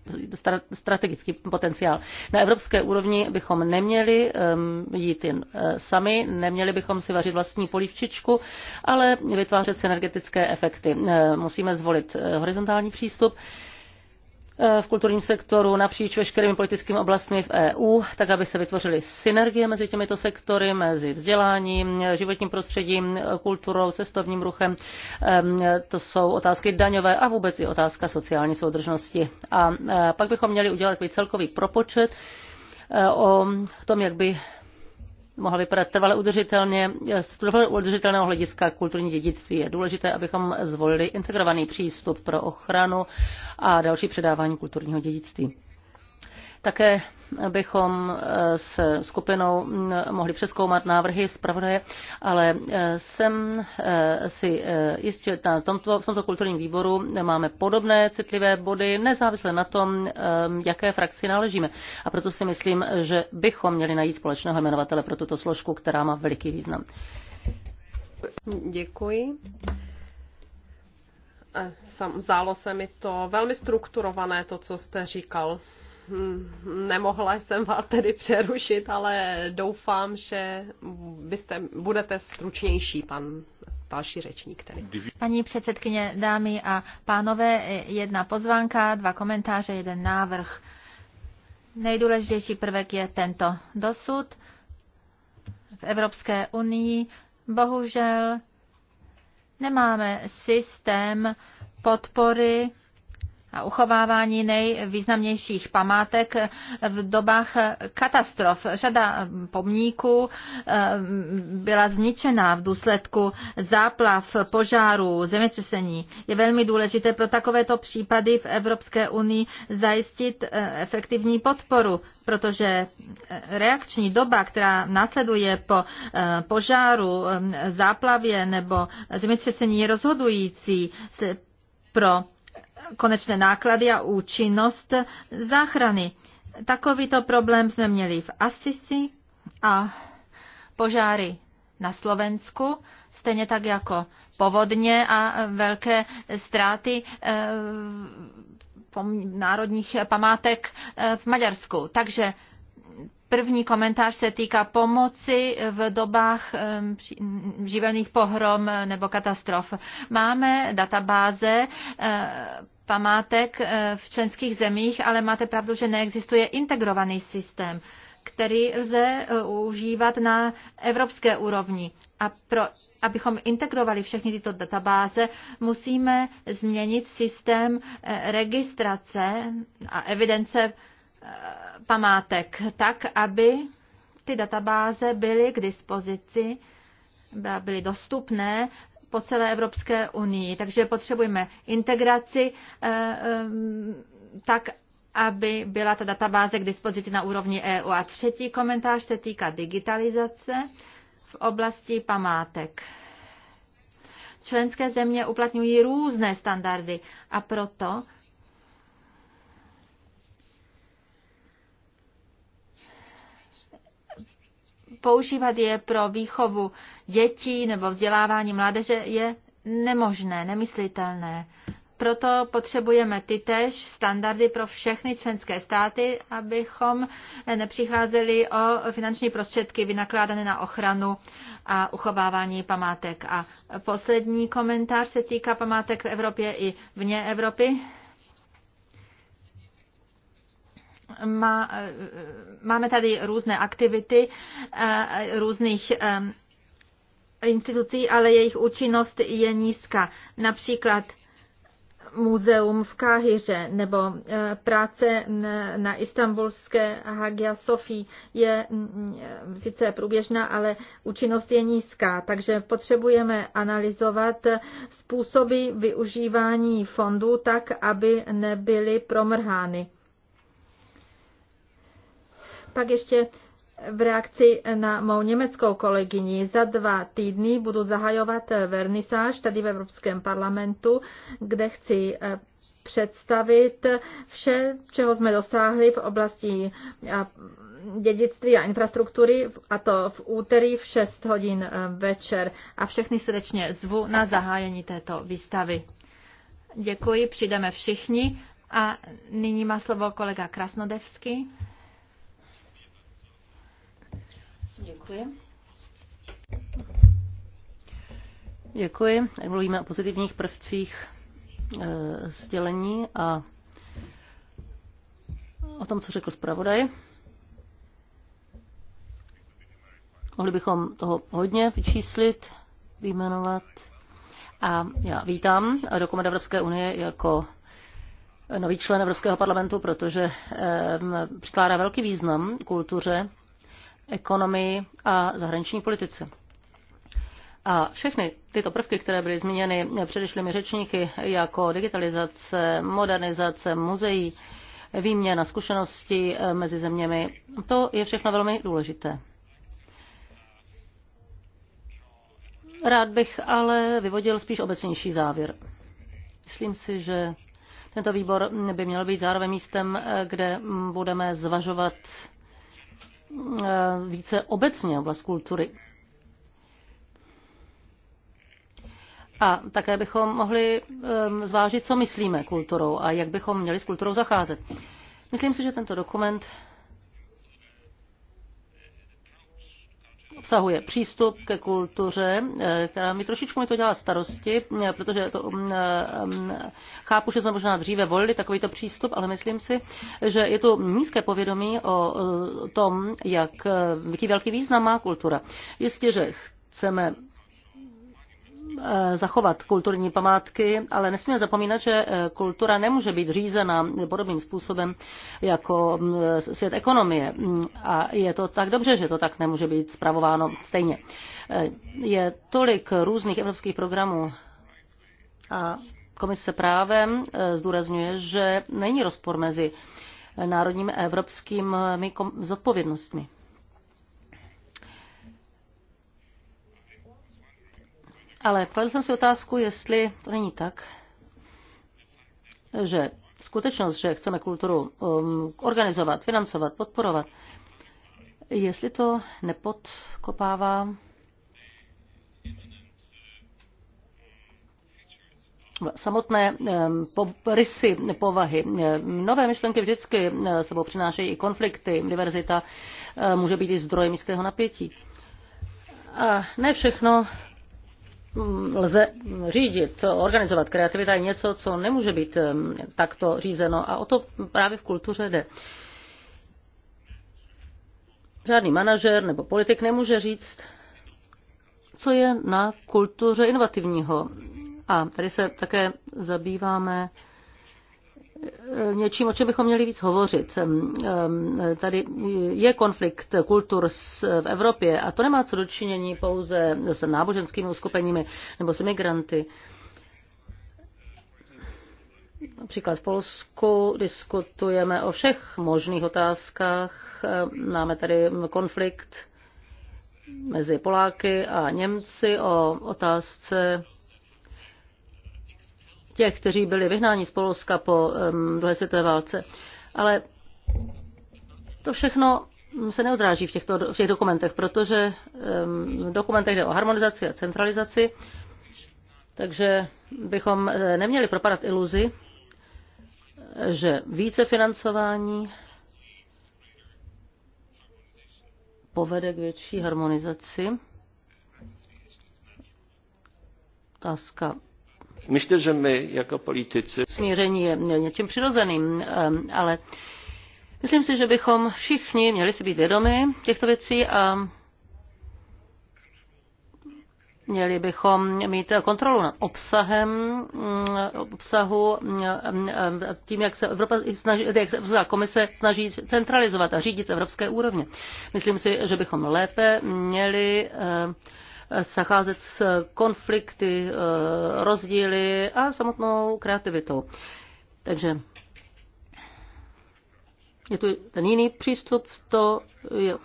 strategický potenciál. Na evropské úrovni bychom neměli ehm, jít jen eh, sami, neměli bychom si vařit vlastní polívčičku, ale vytvářet synergetické efekty. Musíme zvolit horizontální přístup v kulturním sektoru napříč veškerými politickými oblastmi v EU, tak aby se vytvořily synergie mezi těmito sektory, mezi vzděláním, životním prostředím, kulturou, cestovním ruchem. To jsou otázky daňové a vůbec i otázka sociální soudržnosti. A e, pak bychom měli udělat takový celkový propočet e, o tom, jak by mohla vypadat trvale udržitelně. Z trvale udržitelného hlediska kulturní dědictví je důležité, abychom zvolili integrovaný přístup pro ochranu a další předávání kulturního dědictví. Také bychom eh, s skupinou mohli přeskoumat návrhy zpravodaje, ale eh, jsem eh, si jistě, že na tomto, v tomto kulturním výboru máme podobné citlivé body, nezávisle na tom, jaké frakci náležíme. A proto si myslím, že bychom měli najít společného jmenovatele pro tuto složku, která má veliký význam. Děkuji. Sam, zálo se mi to velmi strukturované, to, co jste říkal. Hm, nemohla jsem vás tedy přerušit, ale doufám, že byste, budete stručnější, pan další řečník tedy. Paní předsedkyně, dámy a pánové, jedna pozvánka, dva komentáře, jeden návrh. Nejdůležitější prvek je tento dosud. V Evropské unii bohužel nemáme systém podpory a uchovávání nejvýznamnějších památek v dobách katastrof. Řada pomníků eh, byla zničena v důsledku záplav, požáru, zemětřesení. Je velmi důležité pro takovéto případy v Evropské unii zajistit eh, efektivní podporu, protože eh, reakční doba, která následuje po požáru, záplavě nebo zemětřesení je rozhodující pro konečné náklady a účinnost záchrany. Takovýto problém jsme měli v Assisi a požáry na Slovensku, stejně tak jako povodně a velké ztráty eh, národních památek eh, v Maďarsku. Takže První komentář se týká pomoci v dobách eh, živelných pohrom nebo katastrof. Máme databáze památek eh, v členských zemích, ale máte pravdu, že neexistuje integrovaný systém, který lze eh, užívat na evropské úrovni. A pro, abychom integrovali všechny tyto databáze, musíme změnit systém eh, registrace a evidence památek tak, aby ty databáze byly k dispozici byly dostupné po celé Evropské unii. Takže potřebujeme integraci eh, eh, tak, aby byla ta databáze k dispozici na úrovni EU. A třetí komentář se týká digitalizace v oblasti památek. Členské země uplatňují různé standardy a proto používat je pro výchovu dětí nebo vzdělávání mládeže je nemožné, nemyslitelné. Proto potřebujeme tež standardy pro všechny členské státy, abychom nepřicházeli o finanční prostředky vynakládané na ochranu a uchovávání památek. A poslední komentář se týká památek v Evropě i vně Evropy. má, máme tady různé aktivity eh, různých eh, institucí, ale jejich účinnost je nízká. Například muzeum v Káhyře nebo eh, práce na istambulské Hagia Sofii je mm, sice průběžná, ale účinnost je nízká, takže potřebujeme analyzovat způsoby využívání fondů tak, aby nebyly promrhány pak ještě v reakci na mou německou kolegyni za dva týdny budu zahajovat vernisáž tady v Evropském parlamentu, kde chci eh, představit vše, čeho jsme dosáhli v oblasti eh, dědictví a infrastruktury, a to v úterý v 6 hodin eh, večer. A všechny srdečně zvu na zahájení této výstavy. Děkuji, přijdeme všichni. A nyní má slovo kolega Krasnodevský. Děkuji. Děkuji. Mluvíme o pozitivních prvcích e, sdělení a o tom, co řekl zpravodaj. Mohli bychom toho hodně vyčíslit, vyjmenovat. A já vítám dokument Evropské unie jako nový člen Evropského parlamentu, protože eh, přikládá velký význam kultuře ekonomii a zahraniční politice. A všechny tyto prvky, které byly zmíněny předešlými řečníky, jako digitalizace, modernizace muzeí, výměna zkušeností eh, mezi zeměmi, to je všechno velmi důležité. Rád bych ale vyvodil spíš obecnější závěr. Myslím si, že tento výbor by měl být zároveň místem, eh, kde mm, budeme zvažovat Eh, více obecně oblast kultury. A také bychom mohli eh, zvážit, co myslíme kulturou a jak bychom měli s kulturou zacházet. Myslím si, že tento dokument obsahuje přístup ke kultuře, eh, která mi trošičku mi to dělá starosti, eh, protože to, mm, eh, mm, chápu, že jsme možná dříve volili takovýto přístup, ale myslím si, že je to nízké povědomí o tom, jak, jaký velký význam má kultura. Jistě, že chceme Eh, zachovat kulturní památky, ale nesmíme zapomínat, že eh, kultura nemůže být řízena podobným způsobem jako mm, svět ekonomie. Mm, a je to tak dobře, že to tak nemůže být zpravováno stejně. Eh, je tolik různých evropských programů a komise právem zdůrazňuje, že není rozpor mezi národními a evropskými zodpovědnostmi. Ale kladl jsem si otázku, jestli to není tak, že skutečnost, že chceme kulturu um, organizovat, financovat, podporovat, jestli to nepodkopává samotné um, rysy povahy. Nové myšlenky vždycky uh, sebou přinášejí i konflikty. Diverzita uh, může být i zdrojem jistého napětí. A ne všechno lze řídit, organizovat. Kreativita je něco, co nemůže být takto řízeno a o to právě v kultuře jde. Žádný manažer nebo politik nemůže říct, co je na kultuře inovativního. A tady se také zabýváme něčím, o čem bychom měli víc hovořit. Tady je konflikt kultur v Evropě a to nemá co dočinění pouze s náboženskými uskupeními nebo s migranty. Například v Polsku diskutujeme o všech možných otázkách. Máme tady konflikt mezi Poláky a Němci o otázce těch, kteří byli vyhnáni z Polska po druhé světové válce. Ale to všechno se neodráží v, těchto, v těch dokumentech, protože v dokumentech jde o harmonizaci a centralizaci, takže bychom eh, neměli propadat iluzi, že více financování povede k větší harmonizaci. Otázka Myslím, že my jako politici... Smíření je něčím přirozeným, ehm, ale myslím si, že bychom všichni měli si být vědomi těchto věcí a Měli bychom mít kontrolu nad obsahem, mm, obsahu, mm, mm, tím, jak se, Evropa snaží, jak se Evropská komise snaží centralizovat a řídit z evropské úrovně. Myslím si, že bychom lépe měli ehm, zacházet s konflikty, eh, rozdíly a samotnou kreativitou. Takže je to ten jiný přístup, to je,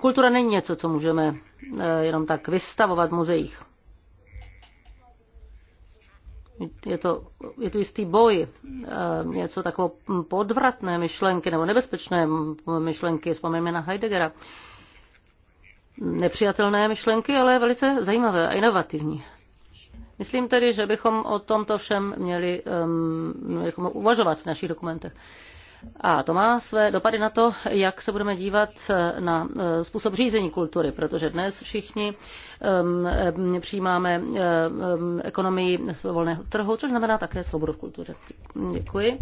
kultura není něco, co můžeme eh, jenom tak vystavovat v muzeích. Je, to, je to jistý boj, eh, něco takové podvratné myšlenky nebo nebezpečné myšlenky, vzpomeňme na Heideggera nepřijatelné myšlenky, ale velice zajímavé a inovativní. Myslím tedy, že bychom o tomto všem měli um, uvažovat v našich dokumentech. A to má své dopady na to, jak se budeme dívat na eh, způsob řízení kultury, protože dnes všichni um, eh, přijímáme eh, um, ekonomii volného trhu, což znamená také svobodu v kultuře. Děkuji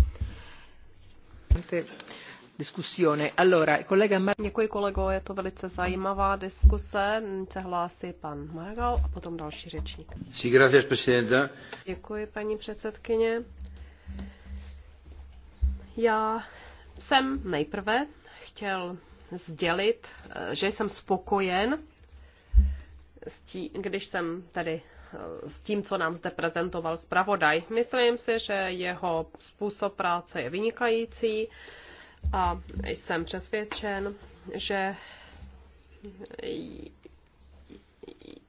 diskusione. Allora, kolega Mar- Děkuji kolego, je to velice zajímavá diskuse. Se hlásí pan Margal a potom další řečník. Sí, gracias, presidenta. Děkuji, paní předsedkyně. Já jsem nejprve chtěl sdělit, eh, že jsem spokojen, s tím, když jsem tady eh, s tím, co nám zde prezentoval zpravodaj. Myslím si, že jeho způsob práce je vynikající. A jsem přesvědčen, že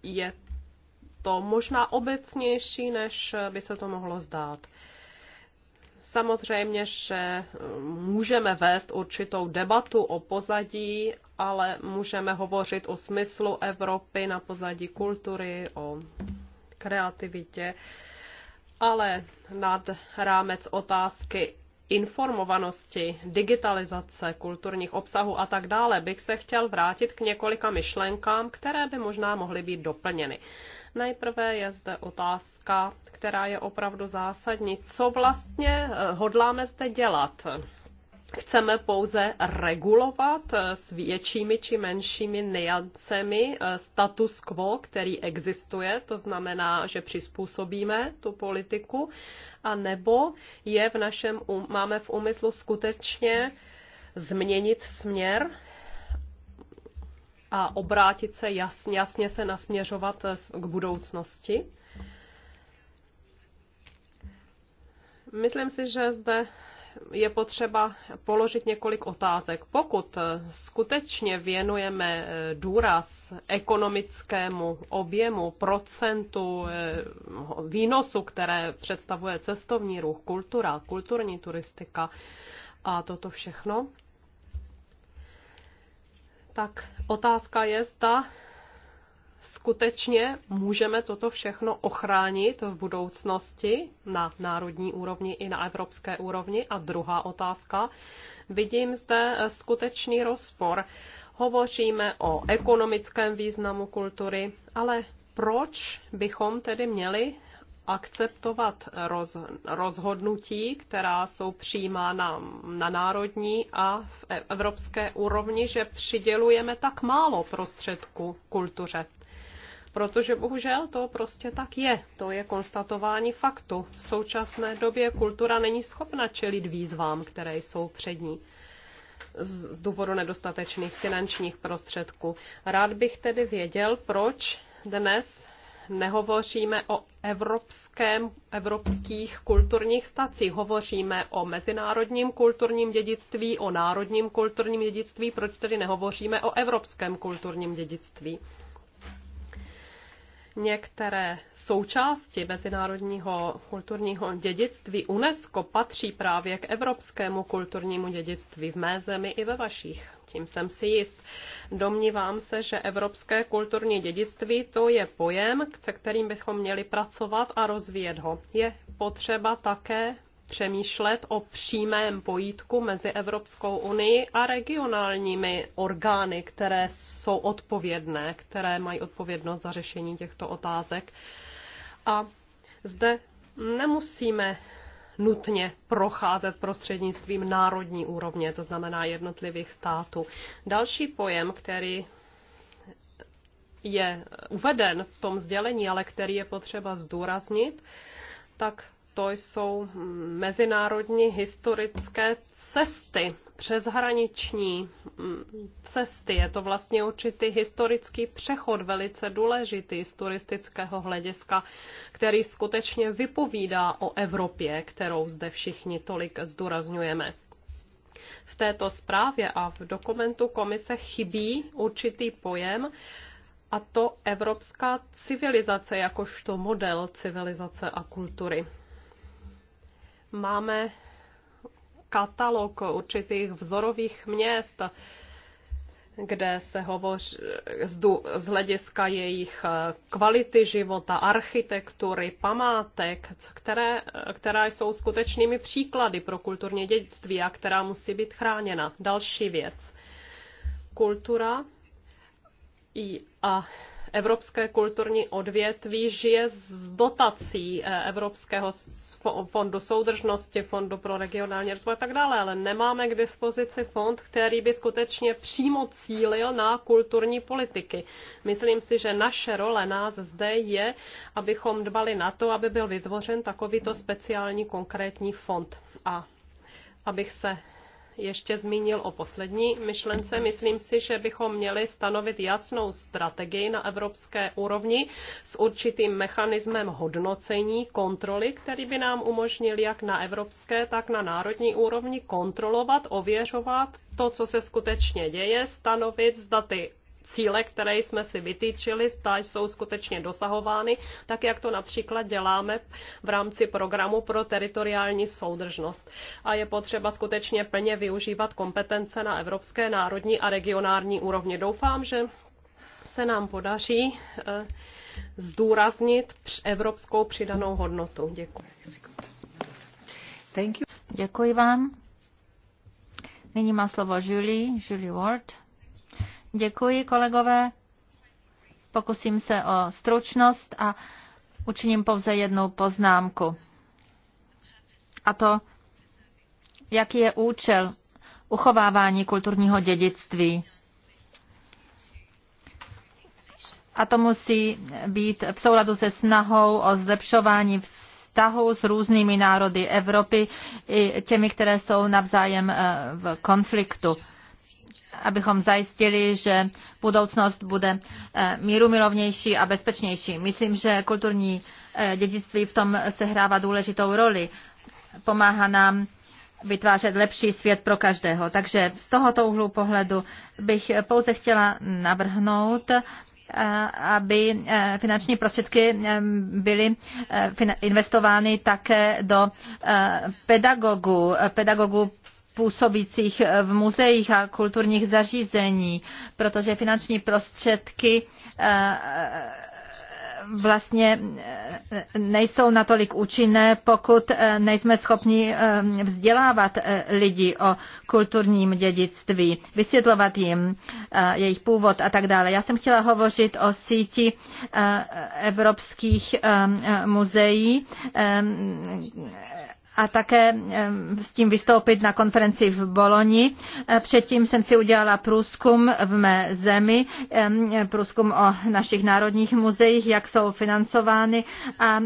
je to možná obecnější, než by se to mohlo zdát. Samozřejmě, že můžeme vést určitou debatu o pozadí, ale můžeme hovořit o smyslu Evropy na pozadí kultury, o kreativitě, ale nad rámec otázky informovanosti, digitalizace kulturních obsahů a tak dále, bych se chtěl vrátit k několika myšlenkám, které by možná mohly být doplněny. Nejprve je zde otázka, která je opravdu zásadní. Co vlastně eh, hodláme zde dělat? chceme pouze regulovat eh, s většími či menšími nejancemi eh, status quo, který existuje, to znamená, že přizpůsobíme tu politiku, a nebo je v našem, um, máme v úmyslu skutečně změnit směr a obrátit se jasně, jasně se nasměřovat eh, k budoucnosti. Myslím si, že zde je potřeba položit několik otázek. Pokud skutečně věnujeme eh, důraz ekonomickému objemu, procentu eh, výnosu, které představuje cestovní ruch, kultura, kulturní turistika a toto všechno, tak otázka je, zda skutečně můžeme toto všechno ochránit v budoucnosti na národní úrovni i na evropské úrovni? A druhá otázka. Vidím zde eh, skutečný rozpor. Hovoříme o ekonomickém významu kultury, ale proč bychom tedy měli akceptovat roz, rozhodnutí, která jsou přijímána na národní a v e, evropské úrovni, že přidělujeme tak málo prostředků kultuře. Protože bohužel to prostě tak je. To je konstatování faktu. V současné době kultura není schopna čelit výzvám, které jsou před ní z důvodu nedostatečných finančních prostředků. Rád bych tedy věděl, proč dnes nehovoříme o evropském, evropských kulturních stacích. Hovoříme o mezinárodním kulturním dědictví, o národním kulturním dědictví, proč tedy nehovoříme o evropském kulturním dědictví. Některé součásti mezinárodního kulturního dědictví UNESCO patří právě k evropskému kulturnímu dědictví v mé zemi i ve vašich. Tím jsem si jist. Domnívám se, že evropské kulturní dědictví to je pojem, se kterým bychom měli pracovat a rozvíjet ho. Je potřeba také přemýšlet o přímém pojítku mezi Evropskou unii a regionálními orgány, které jsou odpovědné, které mají odpovědnost za řešení těchto otázek. A zde nemusíme nutně procházet prostřednictvím národní úrovně, to znamená jednotlivých států. Další pojem, který je uveden v tom sdělení, ale který je potřeba zdůraznit, tak to jsou mezinárodní historické cesty, přeshraniční mm, cesty. Je to vlastně určitý historický přechod, velice důležitý z turistického hlediska, který skutečně vypovídá o Evropě, kterou zde všichni tolik zdůrazňujeme. V této zprávě a v dokumentu komise chybí určitý pojem, a to evropská civilizace jakožto model civilizace a kultury. Máme katalog určitých vzorových měst, kde se hovoří z hlediska jejich eh, kvality života, architektury, památek, které, které jsou skutečnými příklady pro kulturní dědictví a která musí být chráněna. Další věc. Kultura a evropské kulturní odvětví žije z dotací eh, Evropského fondu soudržnosti, fondu pro regionální rozvoj a tak dále, ale nemáme k dispozici fond, který by skutečně přímo cílil na kulturní politiky. Myslím si, že naše role nás zde je, abychom dbali na to, aby byl vytvořen takovýto speciální konkrétní fond. A abych se ještě zmínil o poslední myšlence. Myslím si, že bychom měli stanovit jasnou strategii na evropské úrovni s určitým mechanismem hodnocení, kontroly, který by nám umožnil jak na evropské, tak na národní úrovni kontrolovat, ověřovat to, co se skutečně děje, stanovit, zda ty cíle, které jsme si vytýčili, ta jsou skutečně dosahovány, tak jak to například děláme v rámci programu pro teritoriální soudržnost. A je potřeba skutečně plně využívat kompetence na evropské, národní a regionální úrovni. Doufám, že se nám podaří eh, zdůraznit evropskou přidanou hodnotu. Děkuji. Thank you. Děkuji vám. Nyní má slovo Julie, Julie Ward. Děkuji, kolegové. Pokusím se o stručnost a učiním pouze jednu poznámku. A to, jaký je účel uchovávání kulturního dědictví. A to musí být v souladu se snahou o zlepšování vztahu s různými národy Evropy i těmi, které jsou navzájem eh, v konfliktu abychom zajistili, že budoucnost bude eh, mírumilovnější a bezpečnější. Myslím, že kulturní eh, dědictví v tom sehrává důležitou roli. Pomáhá nám vytvářet lepší svět pro každého. Takže z tohoto úhlu pohledu bych pouze chtěla navrhnout, eh, aby finanční prostředky byly investovány také do pedagogů, pedagogů působících v muzeích a kulturních zařízení, protože finanční prostředky eh, eh, vlastně eh, nejsou natolik účinné, pokud nejsme schopni vzdělávat lidi o kulturním dědictví, vysvětlovat jim jejich původ a tak dále. Já jsem chtěla hovořit o síti evropských muzeí a také s tím vystoupit na konferenci v Boloni. E, předtím jsem si udělala průzkum v mé zemi, průzkum o našich národních muzeích, jak jsou financovány a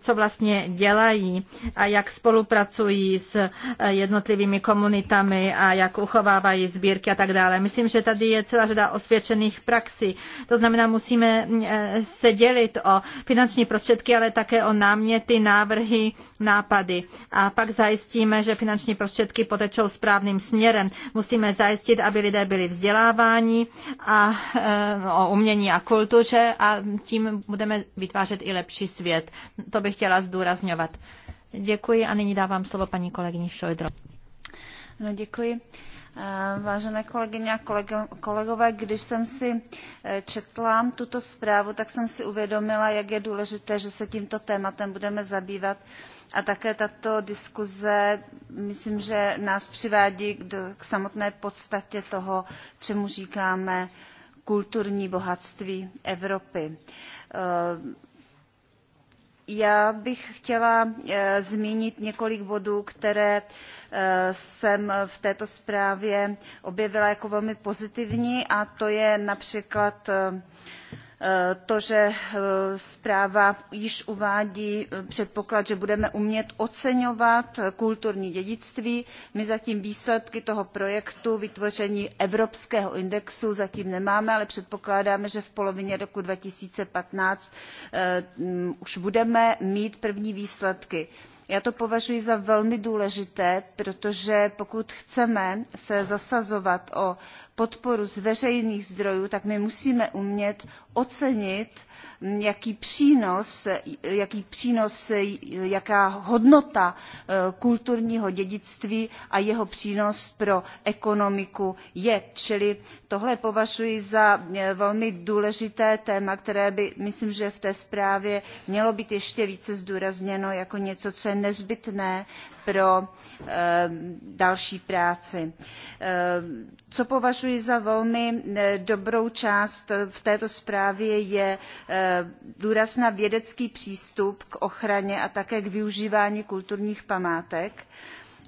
co vlastně dělají a jak spolupracují s e, jednotlivými komunitami a jak uchovávají sbírky a tak dále. Myslím, že tady je celá řada osvědčených praxí. To znamená, musíme e, se dělit o finanční prostředky, ale také o náměty, návrhy, nápady. A pak zajistíme, že finanční prostředky potečou správným směrem. Musíme zajistit, aby lidé byli vzděláváni a, e, o umění a kultuře a tím budeme vytvářet i lepší svět. To bych chtěla zdůrazňovat. Děkuji a nyní dávám slovo paní kolegyni Šojdro. No, děkuji. E, vážené kolegyně a kolegové, když jsem si e, četla tuto zprávu, tak jsem si uvědomila, jak je důležité, že se tímto tématem budeme zabývat a také tato diskuze myslím že nás přivádí k samotné podstatě toho čemu říkáme kulturní bohatství evropy. Eh, já bych chtěla eh, zmínit několik bodů které eh, jsem v této zprávě objevila jako velmi pozitivní a to je například Eh, to že eh, zpráva již uvádí eh, předpoklad že budeme umět oceňovat kulturní dědictví my zatím výsledky toho projektu vytvoření evropského indexu zatím nemáme ale předpokládáme že v polovině roku two thousand and fifteen už budeme mít první výsledky já to považuji za velmi důležité protože pokud chceme se zasazovat o podporu z veřejných zdrojů tak my musíme umět ocenit jaký přínos, jaký přínos jaká hodnota eh, kulturního dědictví a jeho přínos pro ekonomiku je. čili tohle považuji za eh, velmi důležité téma které by myslím že v té zprávě mělo být ještě více zdůrazněno jako něco co nezbytné pro eh, další práci. Eh, co považuji za velmi eh, dobrou část v této zprávě je důraz na vědecký přístup k ochraně a také k využívání kulturních památek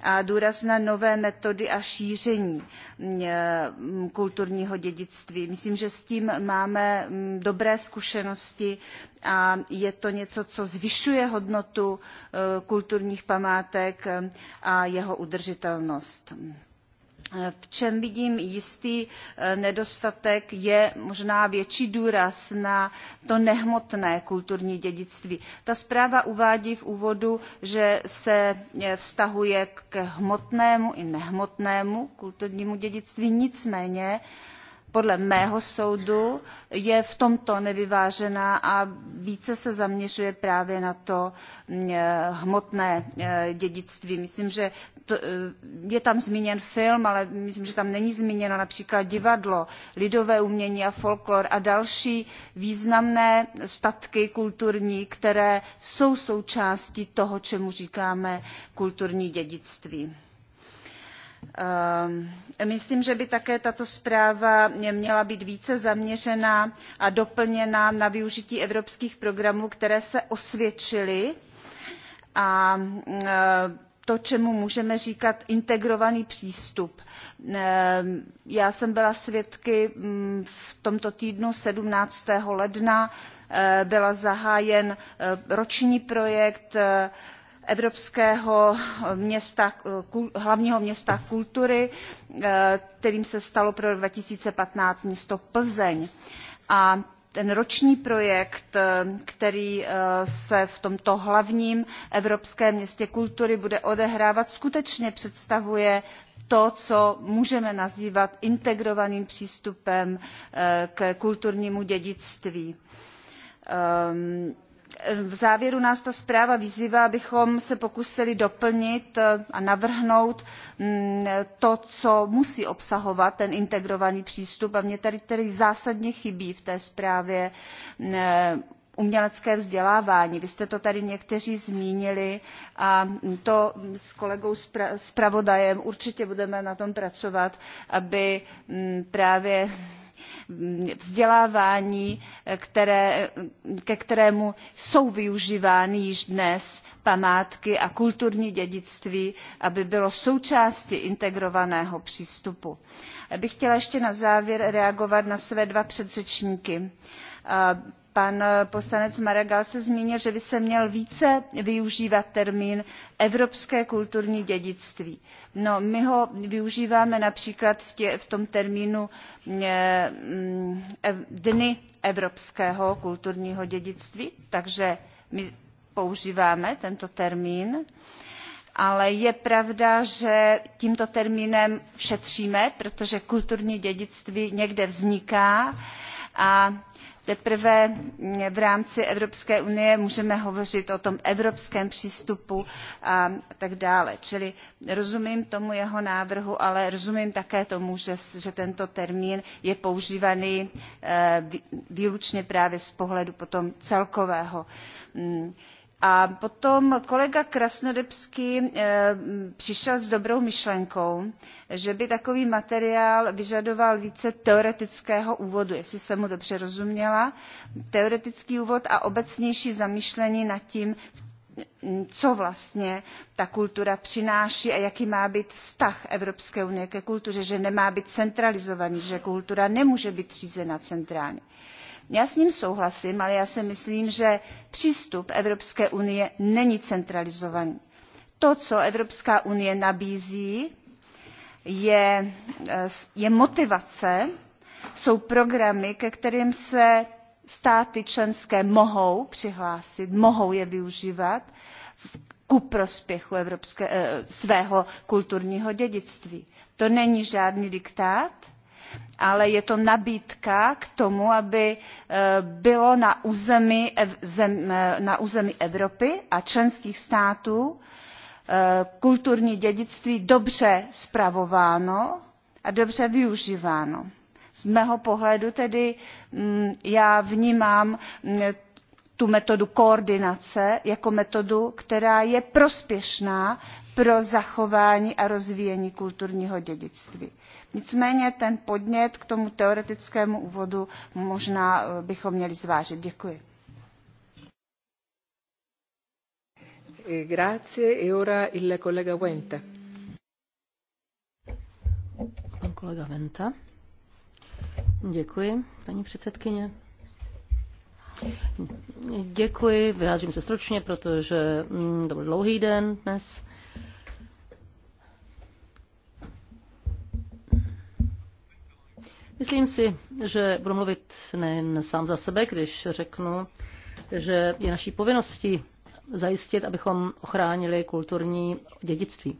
a důraz na nové metody a šíření mm, e, mm, kulturního dědictví. myslím že s tím máme mm, dobré zkušenosti a je to něco co zvyšuje hodnotu e, kulturních památek e, a jejich udržitelnost v čem vidím jistý eh, nedostatek je možná větší důraz na to nehmotné kulturní dědictví. ta zpráva uvádí v úvodu že se eh, vztahuje k hmotnému i nehmotnému kulturnímu dědictví nicméně podle mého soudu je v tomto nevyvážená a více se zaměřuje právě na to mm, eh, hmotné eh, dědictví. myslím že to, eh, je tam zmíněn film ale myslím že tam není zmíněno například divadlo lidové umění a folklor a další významné statky kulturní které jsou součástí toho čemu říkáme kulturní dědictví Ehm, myslím že by také tato zpráva měla být více zaměřena a doplněna na využití evropských programů které se osvědčily a eh, to čemu můžeme říkat integrovaný přístup. Ehm, já jsem byla svědky hm, v tomto týdnu. seventeen ledna eh, byl zahájen eh, roční projekt evropského hlavního města kultury eh, kterým se stalo pro rok two thousand and fifteen město plzeň a ten roční projekt eh, který eh, se v tomto hlavním evropském městě kultury bude odehrávat skutečně představuje to co můžeme nazývat integrovaným přístupem ke kulturnímu dědictví. Ehm, v závěru nás ta zpráva vyzývá abychom se pokusili doplnit eh, a navrhnout mm, to co musí obsahovat ten integrovaný přístup a mně tady tedy zásadně chybí v té zprávě mm, eh, umělecké vzdělávání. Vy jste to tady někteří zmínili a to s kolegou zpravodajem určitě budeme na tom pracovat, aby mm, právě vzdělávání které, ke kterému jsou využívány již dnes památky a kulturní dědictví aby bylo součástí integrovaného přístupu. bych chtěla ještě na závěr reagovat na své dva předřečníky pan eh, poslanec maragall se zmínil že by se měl více využívat termín evropské kulturní dědictví. no my ho využíváme například v, v tom termínu eh, mm, dny evropského kulturního dědictví takže my používáme tento termín ale je pravda že tímto termínem šetříme protože kulturní dědictví někde vzniká a teprve mm, v rámci evropské unie můžeme hovořit o tom evropském přístupu a tak dále. čili rozumím tomu jeho návrhu ale rozumím také tomu že, že tento termín je používaný eh, výlučně právě z pohledu potom celkového mm, a potom kolega Krasnodebský eh, přišel s dobrou myšlenkou, že by takový materiál vyžadoval více teoretického úvodu, jestli jsem mu dobře rozuměla, teoretický úvod a obecnější zamýšlení nad tím, co vlastně ta kultura přináší a jaký má být vztah Evropské unie ke kultuře, že nemá být centralizovaný, že kultura nemůže být řízena centrálně. Já s ním souhlasím, ale já si myslím, že přístup Evropské unie není centralizovaný. To, co Evropská unie nabízí, je, eh, je motivace, jsou programy, ke kterým se státy členské mohou přihlásit, mohou je využívat ku prospěchu evropské, eh, svého kulturního dědictví. To není žádný diktát, ale je to nabídka k tomu aby eh, bylo na území, eh, na území evropy a členských států eh, kulturní dědictví dobře spravováno a dobře využíváno. z mého pohledu tedy mm, já vnímám mm, tu metodu koordinace jako metodu která je prospěšná pro zachování a rozvíjení kulturního dědictví. nicméně ten podnět k tomu teoretickému úvodu možná eh, bychom měli zvážit. děkuji. Eh, grazie, e ora il collega Wenta. Děkuji, paní předsedkyně. Děkuji, vyjádřím se stručně, protože mm, to byl dlouhý den dnes. Myslím si, že budu mluvit nejen sám za sebe, když řeknu, že je naší povinností zajistit, abychom ochránili kulturní dědictví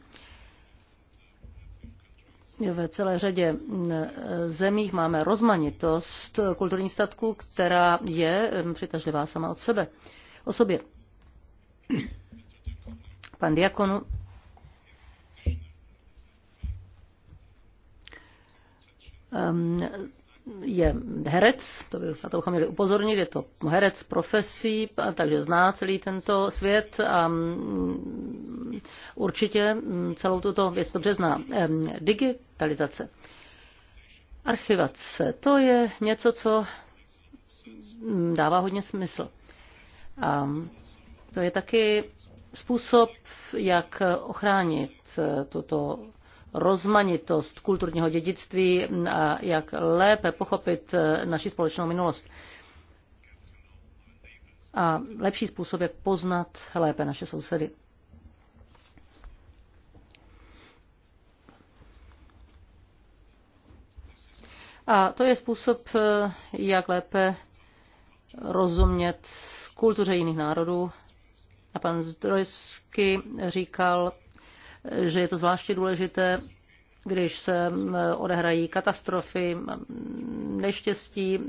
v celé řadě mm, zemích máme rozmanitost kulturních statků, která je mm, přitažlivá sama od sebe, o sobě. Pan Diakonu. Um, je herec, to bych na to bychom měli upozornit, je to herec profesí, takže zná celý tento svět a mm, určitě mm, celou tuto věc dobře zná. Digitalizace. Archivace, to je něco, co mm, dává hodně smysl. A to je taky způsob, jak ochránit eh, tuto rozmanitost kulturního dědictví a jak lépe pochopit eh, naši společnou minulost. A lepší způsob, jak poznat lépe naše sousedy. A to je způsob, eh, jak lépe rozumět kultuře jiných národů. A pan Zdrojsky říkal, že je to zvláště důležité, když se odehrají katastrofy, neštěstí,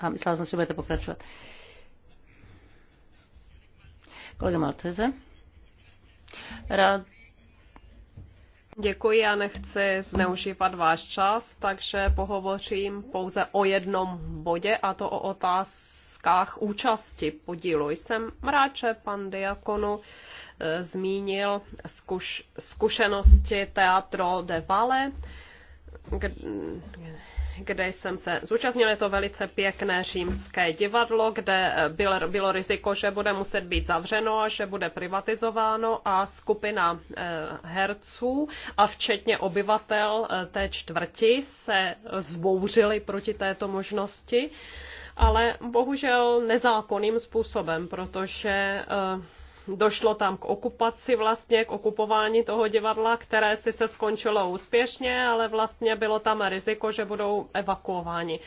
A myslela jsem, že budete pokračovat. Kolega Malteze. Rád Děkuji, já nechci zneužívat váš čas, takže pohovořím pouze o jednom bodě, a to o otázkách účasti podílu. Jsem rád, že pan Diakonu e, zmínil zkuš, zkušenosti Teatro de Valle, kde jsem se zúčastnila. Je to velice pěkné římské divadlo, kde eh, bylo, bylo riziko, že bude muset být zavřeno a že bude privatizováno a skupina eh, herců a včetně obyvatel eh, té čtvrti se zbouřili proti této možnosti, ale bohužel nezákonným způsobem, protože došlo tam k okupaci vlastně, k okupování toho divadla, které sice skončilo úspěšně, ale vlastně bylo tam riziko, že budou evakuováni.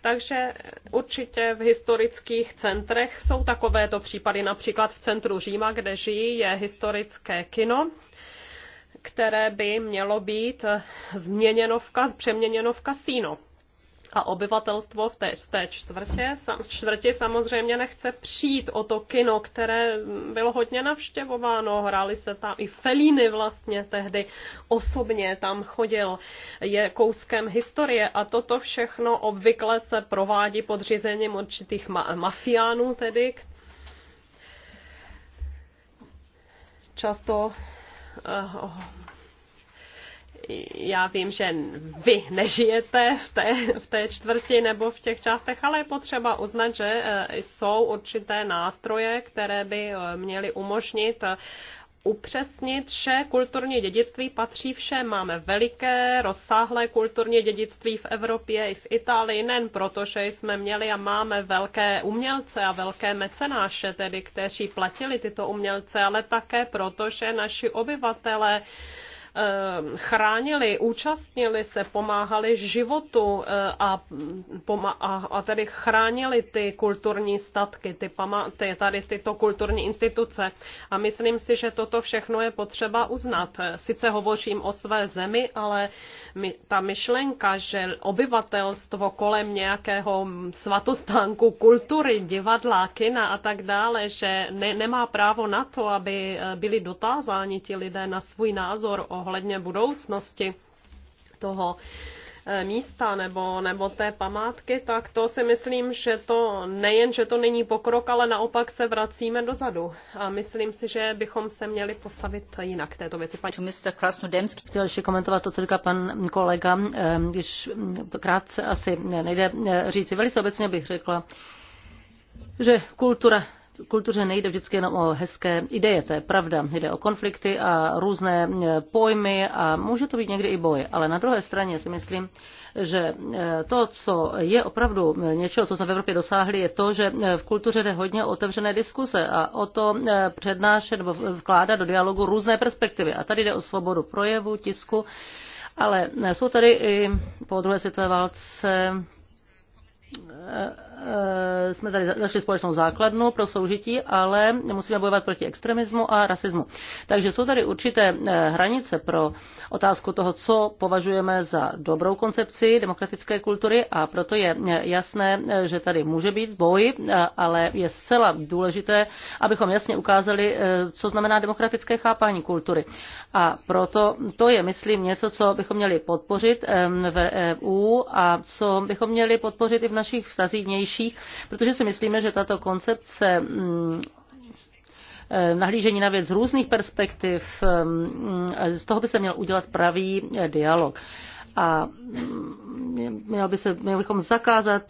Takže určitě v historických centrech jsou takovéto případy. Například v centru Říma, kde žijí, je historické kino, které by mělo být změněno v kas, přeměněno v kasíno a obyvatelstvo v té, z té čtvrtě, sam, čtvrti samozřejmě nechce přijít o to kino, které bylo hodně navštěvováno, hráli se tam i Felíny vlastně tehdy osobně tam chodil, je kouskem historie a toto všechno obvykle se provádí pod řízením určitých ma- mafiánů tedy, často uh, já vím, že vy nežijete v té, v té čtvrti nebo v těch částech, ale je potřeba uznat, že e, jsou určité nástroje, které by e, měly umožnit e, upřesnit, že kulturní dědictví patří všem. Máme veliké, rozsáhlé kulturní dědictví v Evropě i v Itálii, nejen proto, že jsme měli a máme velké umělce a velké mecenáše, tedy kteří platili tyto umělce, ale také proto, že naši obyvatele Eh, chránili, účastnili se, pomáhali životu eh, a, a, a tedy chránili ty kulturní statky, ty ty, tady tyto kulturní instituce. A myslím si, že toto všechno je potřeba uznat. Sice hovořím o své zemi, ale ta myšlenka, že obyvatelstvo kolem nějakého svatostánku kultury, divadla, kina a tak dále, že ne, nemá právo na to, aby eh, byli dotázáni ti lidé na svůj názor ohledně budoucnosti toho Eh, místa nebo, nebo té památky, tak to si myslím, že to nejen, že to není pokrok, ale naopak se vracíme dozadu. A myslím si, že bychom se měli postavit jinak této věci. Pan... Mr. Krasnodemský chtěl ještě komentovat to, co říká pan kolega, eh, když to krátce asi nejde eh, říci. Velice obecně bych řekla, že kultura kultuře nejde vždycky jenom o hezké ideje, to je pravda. Jde o konflikty a různé eh, pojmy a může to být někdy i boj. Ale na druhé straně si myslím, že eh, to, co je opravdu eh, něčeho, co jsme v Evropě dosáhli, je to, že v kultuře jde hodně otevřené diskuse a o to přednášet nebo vkládat do dialogu různé perspektivy. A tady jde o svobodu projevu, tisku, ale jsou tady i po druhé světové válce Eh, jsme tady našli společnou základnu pro soužití, ale musíme bojovat proti extremismu a rasismu. Takže jsou tady určité eh, hranice pro otázku toho, co považujeme za dobrou koncepci demokratické kultury a proto je eh, jasné, že tady může být boj, ale je zcela důležité, abychom jasně ukázali, co znamená demokratické chápání kultury. A proto to je, myslím, něco, co bychom měli podpořit v EU a co bychom měli podpořit i v našich vztazích vnějších nejrůznějších, protože si myslíme, že tato koncepce mm, eh, nahlížení na věc z různých perspektiv, mm, eh, z toho by se měl udělat pravý eh, dialog a mm, měl by se, měl bychom zakázat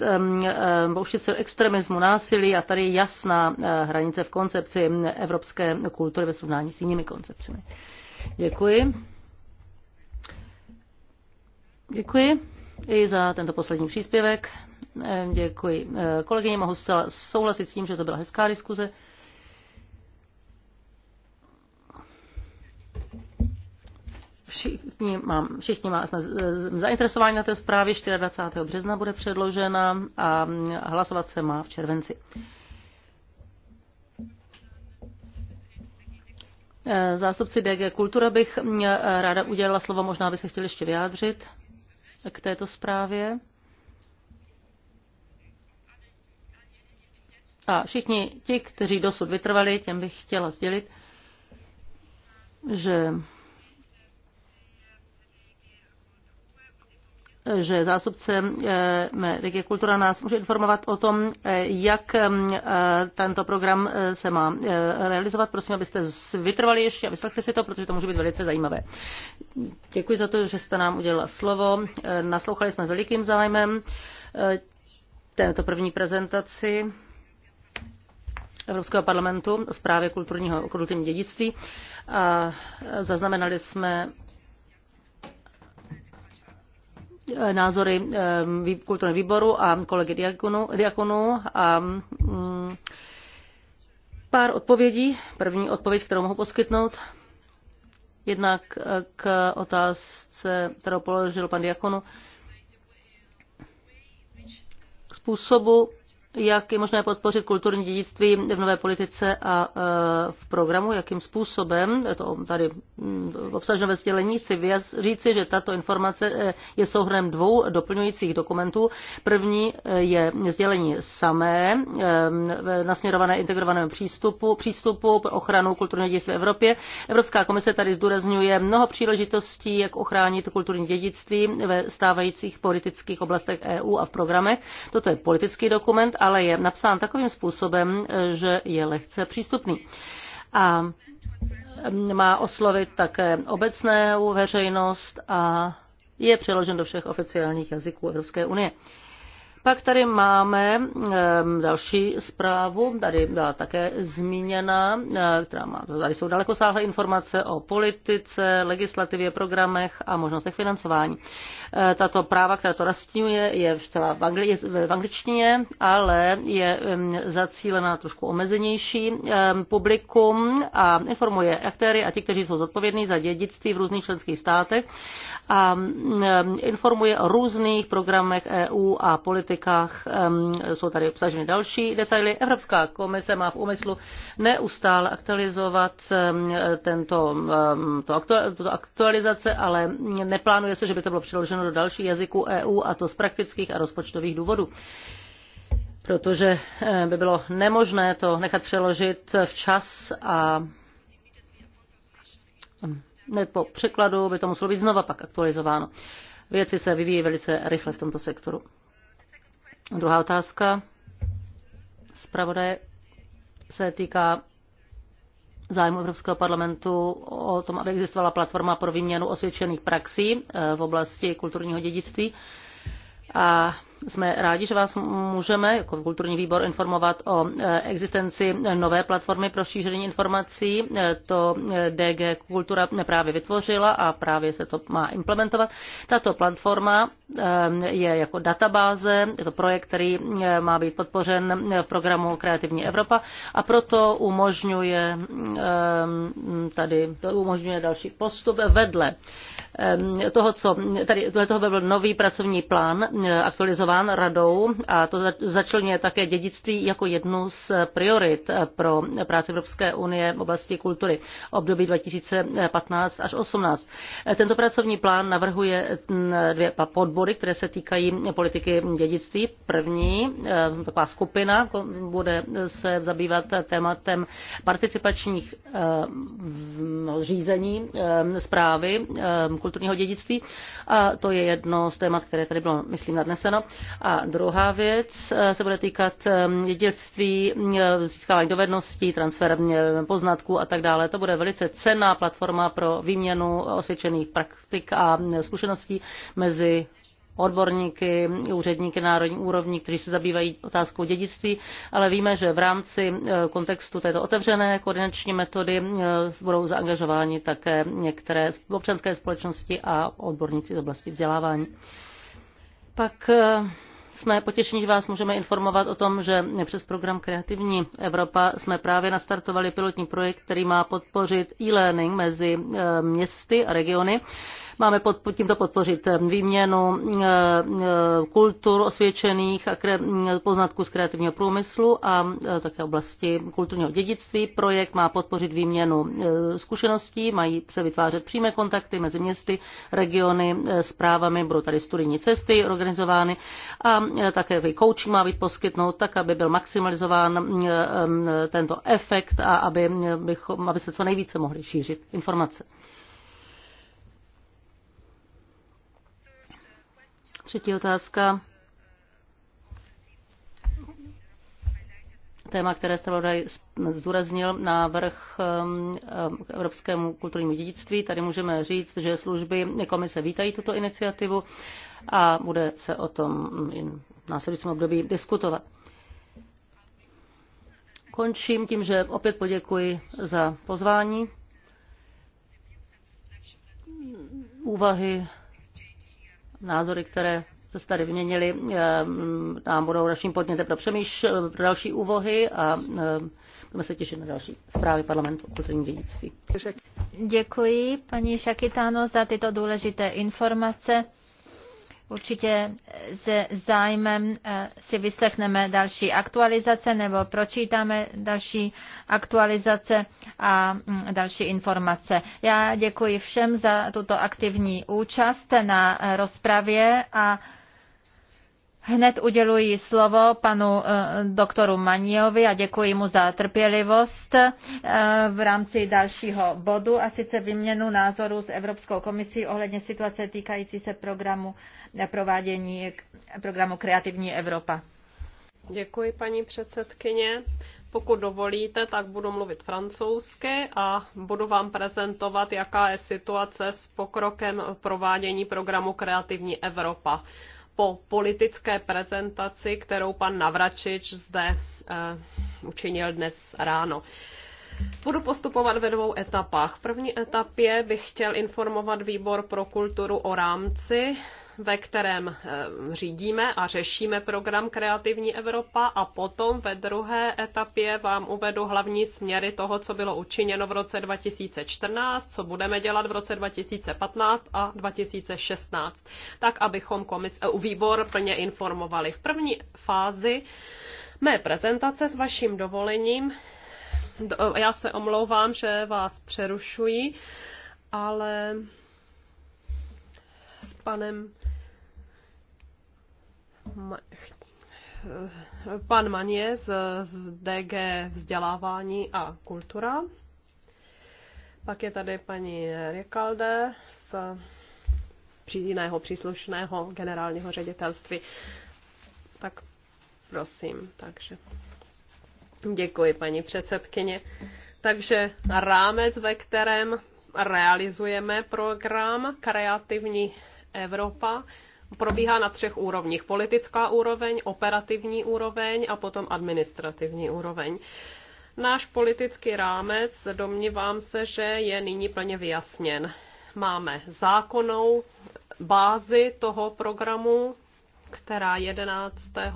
pouštět se extremismu, násilí a tady je jasná hranice v koncepci evropské kultury ve srovnání s jinými koncepcemi. Děkuji. Děkuji i za tento poslední příspěvek. Eh, děkuji. Eh, kolegyně, mohu zcela souhlasit s tím, že to byla hezká diskuze. Všichni, mám, všichni má, jsme zainteresováni na té zprávě. 24. března bude předložena a mm, hlasovat se má v červenci. Eh, zástupci DG Kultura bych mm, ráda udělala slovo, možná by se chtěli ještě vyjádřit k této zprávě. A všichni ti, kteří dosud vytrvali, těm bych chtěla sdělit, že že zástupce eh, Rigi Kultura nás může informovat o tom, eh, jak eh, tento program se má realizovat. Prosím, abyste vytrvali ještě a vyslechli si to, protože to může být velice zajímavé. Děkuji za to, že jste nám udělala slovo. Naslouchali jsme s velikým zájmem této první prezentaci. Evropského parlamentu o zprávě kulturního kulturním dědictví a zaznamenali jsme eh, názory eh, kulturního výboru a kolegy Diakonu, Diakonu a mm, pár odpovědí. První odpověď, kterou mohu poskytnout, jednak eh, k otázce, kterou položil pan Diakonu, způsobu, jak je možné podpořit kulturní dědictví v nové politice a e, v programu, jakým způsobem, to tady v mm, ve sdělení, chci říci, že tato informace e, je souhrnem dvou doplňujících dokumentů. První e, je sdělení samé, nasměrované integrovanému přístupu, přístupu pro ochranu kulturního dědictví v Evropě. Evropská komise tady zdůrazňuje mnoho příležitostí, jak ochránit kulturní dědictví ve stávajících politických oblastech EU a v programech. Toto je politický dokument ale je napsán takovým způsobem, že je lehce přístupný. A má oslovit také obecnou veřejnost a je přeložen do všech oficiálních jazyků Evropské unie. Pak tady máme další zprávu, tady byla také zmíněna, e, která má, tady jsou sáhlé informace o politice, legislativě, programech a možnostech financování. E, tato práva, která to rastňuje, je celá v, angli, v angličtině, ale je zacílená trošku omezenější publikum a informuje aktéry a ti, kteří jsou zodpovědní za dědictví v různých členských státech a informuje o různých programech EU a politice politikách. Jsou tady obsaženy další detaily. Evropská komise má v úmyslu neustále aktualizovat tento, to aktualizace, ale neplánuje se, že by to bylo přeloženo do dalších jazyků EU a to z praktických a rozpočtových důvodů protože by bylo nemožné to nechat přeložit včas a hned po překladu by to muselo být znova pak aktualizováno. Věci se vyvíjí velice rychle v tomto sektoru. Druhá otázka zpravodaje se týká zájmu Evropského parlamentu o tom, aby existovala platforma pro výměnu osvědčených praxí eh, v oblasti kulturního dědictví. A jsme rádi, že vás můžeme jako kulturní výbor informovat o e, existenci nové platformy pro šíření informací. E, to e, DG Kultura právě vytvořila a právě se to má implementovat. Tato platforma je jako databáze, je to projekt, který má být podpořen v programu Kreativní Evropa a proto umožňuje tady to umožňuje další postup vedle toho, co tady, toho byl nový pracovní plán aktualizovaný prosazován radou a to začlňuje také dědictví jako jednu z priorit pro práci Evropské unie v oblasti kultury období 2015 až 18. Tento pracovní plán navrhuje mm, dvě podbody, které se týkají politiky dědictví. První eh, taková skupina bude se zabývat tématem participačních eh, řízení eh, zprávy kulturního dědictví a to je jedno z témat, které tady bylo, myslím, nadneseno. A druhá věc eh, se bude týkat ehm, dědictví, eh, získávání dovedností, transfer eh, poznatků a tak dále. To bude velice cenná platforma pro výměnu osvědčených praktik a zkušeností mezi odborníky, úředníky národní úrovni, kteří se zabývají otázkou dědictví, ale víme, že v rámci kontextu této otevřené koordinační metody budou zaangažováni také některé občanské společnosti a odborníci z oblasti vzdělávání. Pak eh, jsme potěšení, že vás můžeme informovat o tom, že přes program Kreativní Evropa jsme právě nastartovali pilotní projekt, který má podpořit e-learning mezi eh, městy a regiony. Máme pod, tímto podpořit eh, výměnu eh, eh, kultur osvědčených a poznatků z kreativního průmyslu a také oblasti kulturního dědictví. Projekt má podpořit výměnu zkušeností, mají se vytvářet přímé kontakty mezi městy, regiony, zprávami, budou tady studijní cesty organizovány a také coaching má být poskytnout tak, aby byl maximalizován tento efekt a aby, bychom, aby se co nejvíce mohly šířit informace. Třetí otázka. Téma, které zpravodaj zdůraznil návrh um, um, k evropskému kulturnímu dědictví. Tady můžeme říct, že služby komise vítají tuto iniciativu a bude se o tom v následujícím období diskutovat. Končím tím, že opět poděkuji za pozvání úvahy, názory, které se tady vyměnili, ehm, nám budou dalším podnětem pro, přemýš, pro další úvohy a ehm, budeme se těšit na další zprávy parlamentu o kulturním dědictví. Děkuji paní Šakitáno za tyto důležité informace. Určitě se zájmem eh, si vyslechneme další aktualizace nebo pročítáme další aktualizace a mm, další informace. Já děkuji všem za tuto aktivní účast na eh, rozpravě a Hned uděluji slovo panu eh, doktoru Maniovi a děkuji mu za trpělivost eh, v rámci dalšího bodu a sice vyměnu názoru s Evropskou komisí ohledně situace týkající se programu eh, provádění programu Kreativní Evropa. Děkuji, paní předsedkyně. Pokud dovolíte, tak budu mluvit francouzsky a budu vám prezentovat, jaká je situace s pokrokem provádění programu Kreativní Evropa po politické prezentaci, kterou pan Navračič zde eh, učinil dnes ráno. Budu postupovat ve dvou etapách. V první etapě bych chtěl informovat výbor pro kulturu o rámci ve kterém eh, řídíme a řešíme program Kreativní Evropa a potom ve druhé etapě vám uvedu hlavní směry toho, co bylo učiněno v roce 2014, co budeme dělat v roce 2015 a 2016, tak abychom komis, eh, výbor plně informovali. V první fázi mé prezentace s vaším dovolením, eh, já se omlouvám, že vás přerušuji, ale panem pan Manie z, z DG vzdělávání a kultura. Pak je tady paní Rikalde z jiného příslušného generálního ředitelství. Tak prosím, takže děkuji paní předsedkyně. Takže rámec, ve kterém realizujeme program Kreativní Evropa probíhá na třech úrovních. Politická úroveň, operativní úroveň a potom administrativní úroveň. Náš politický rámec, domnívám se, že je nyní plně vyjasněn. Máme zákonnou bázi toho programu, která 11.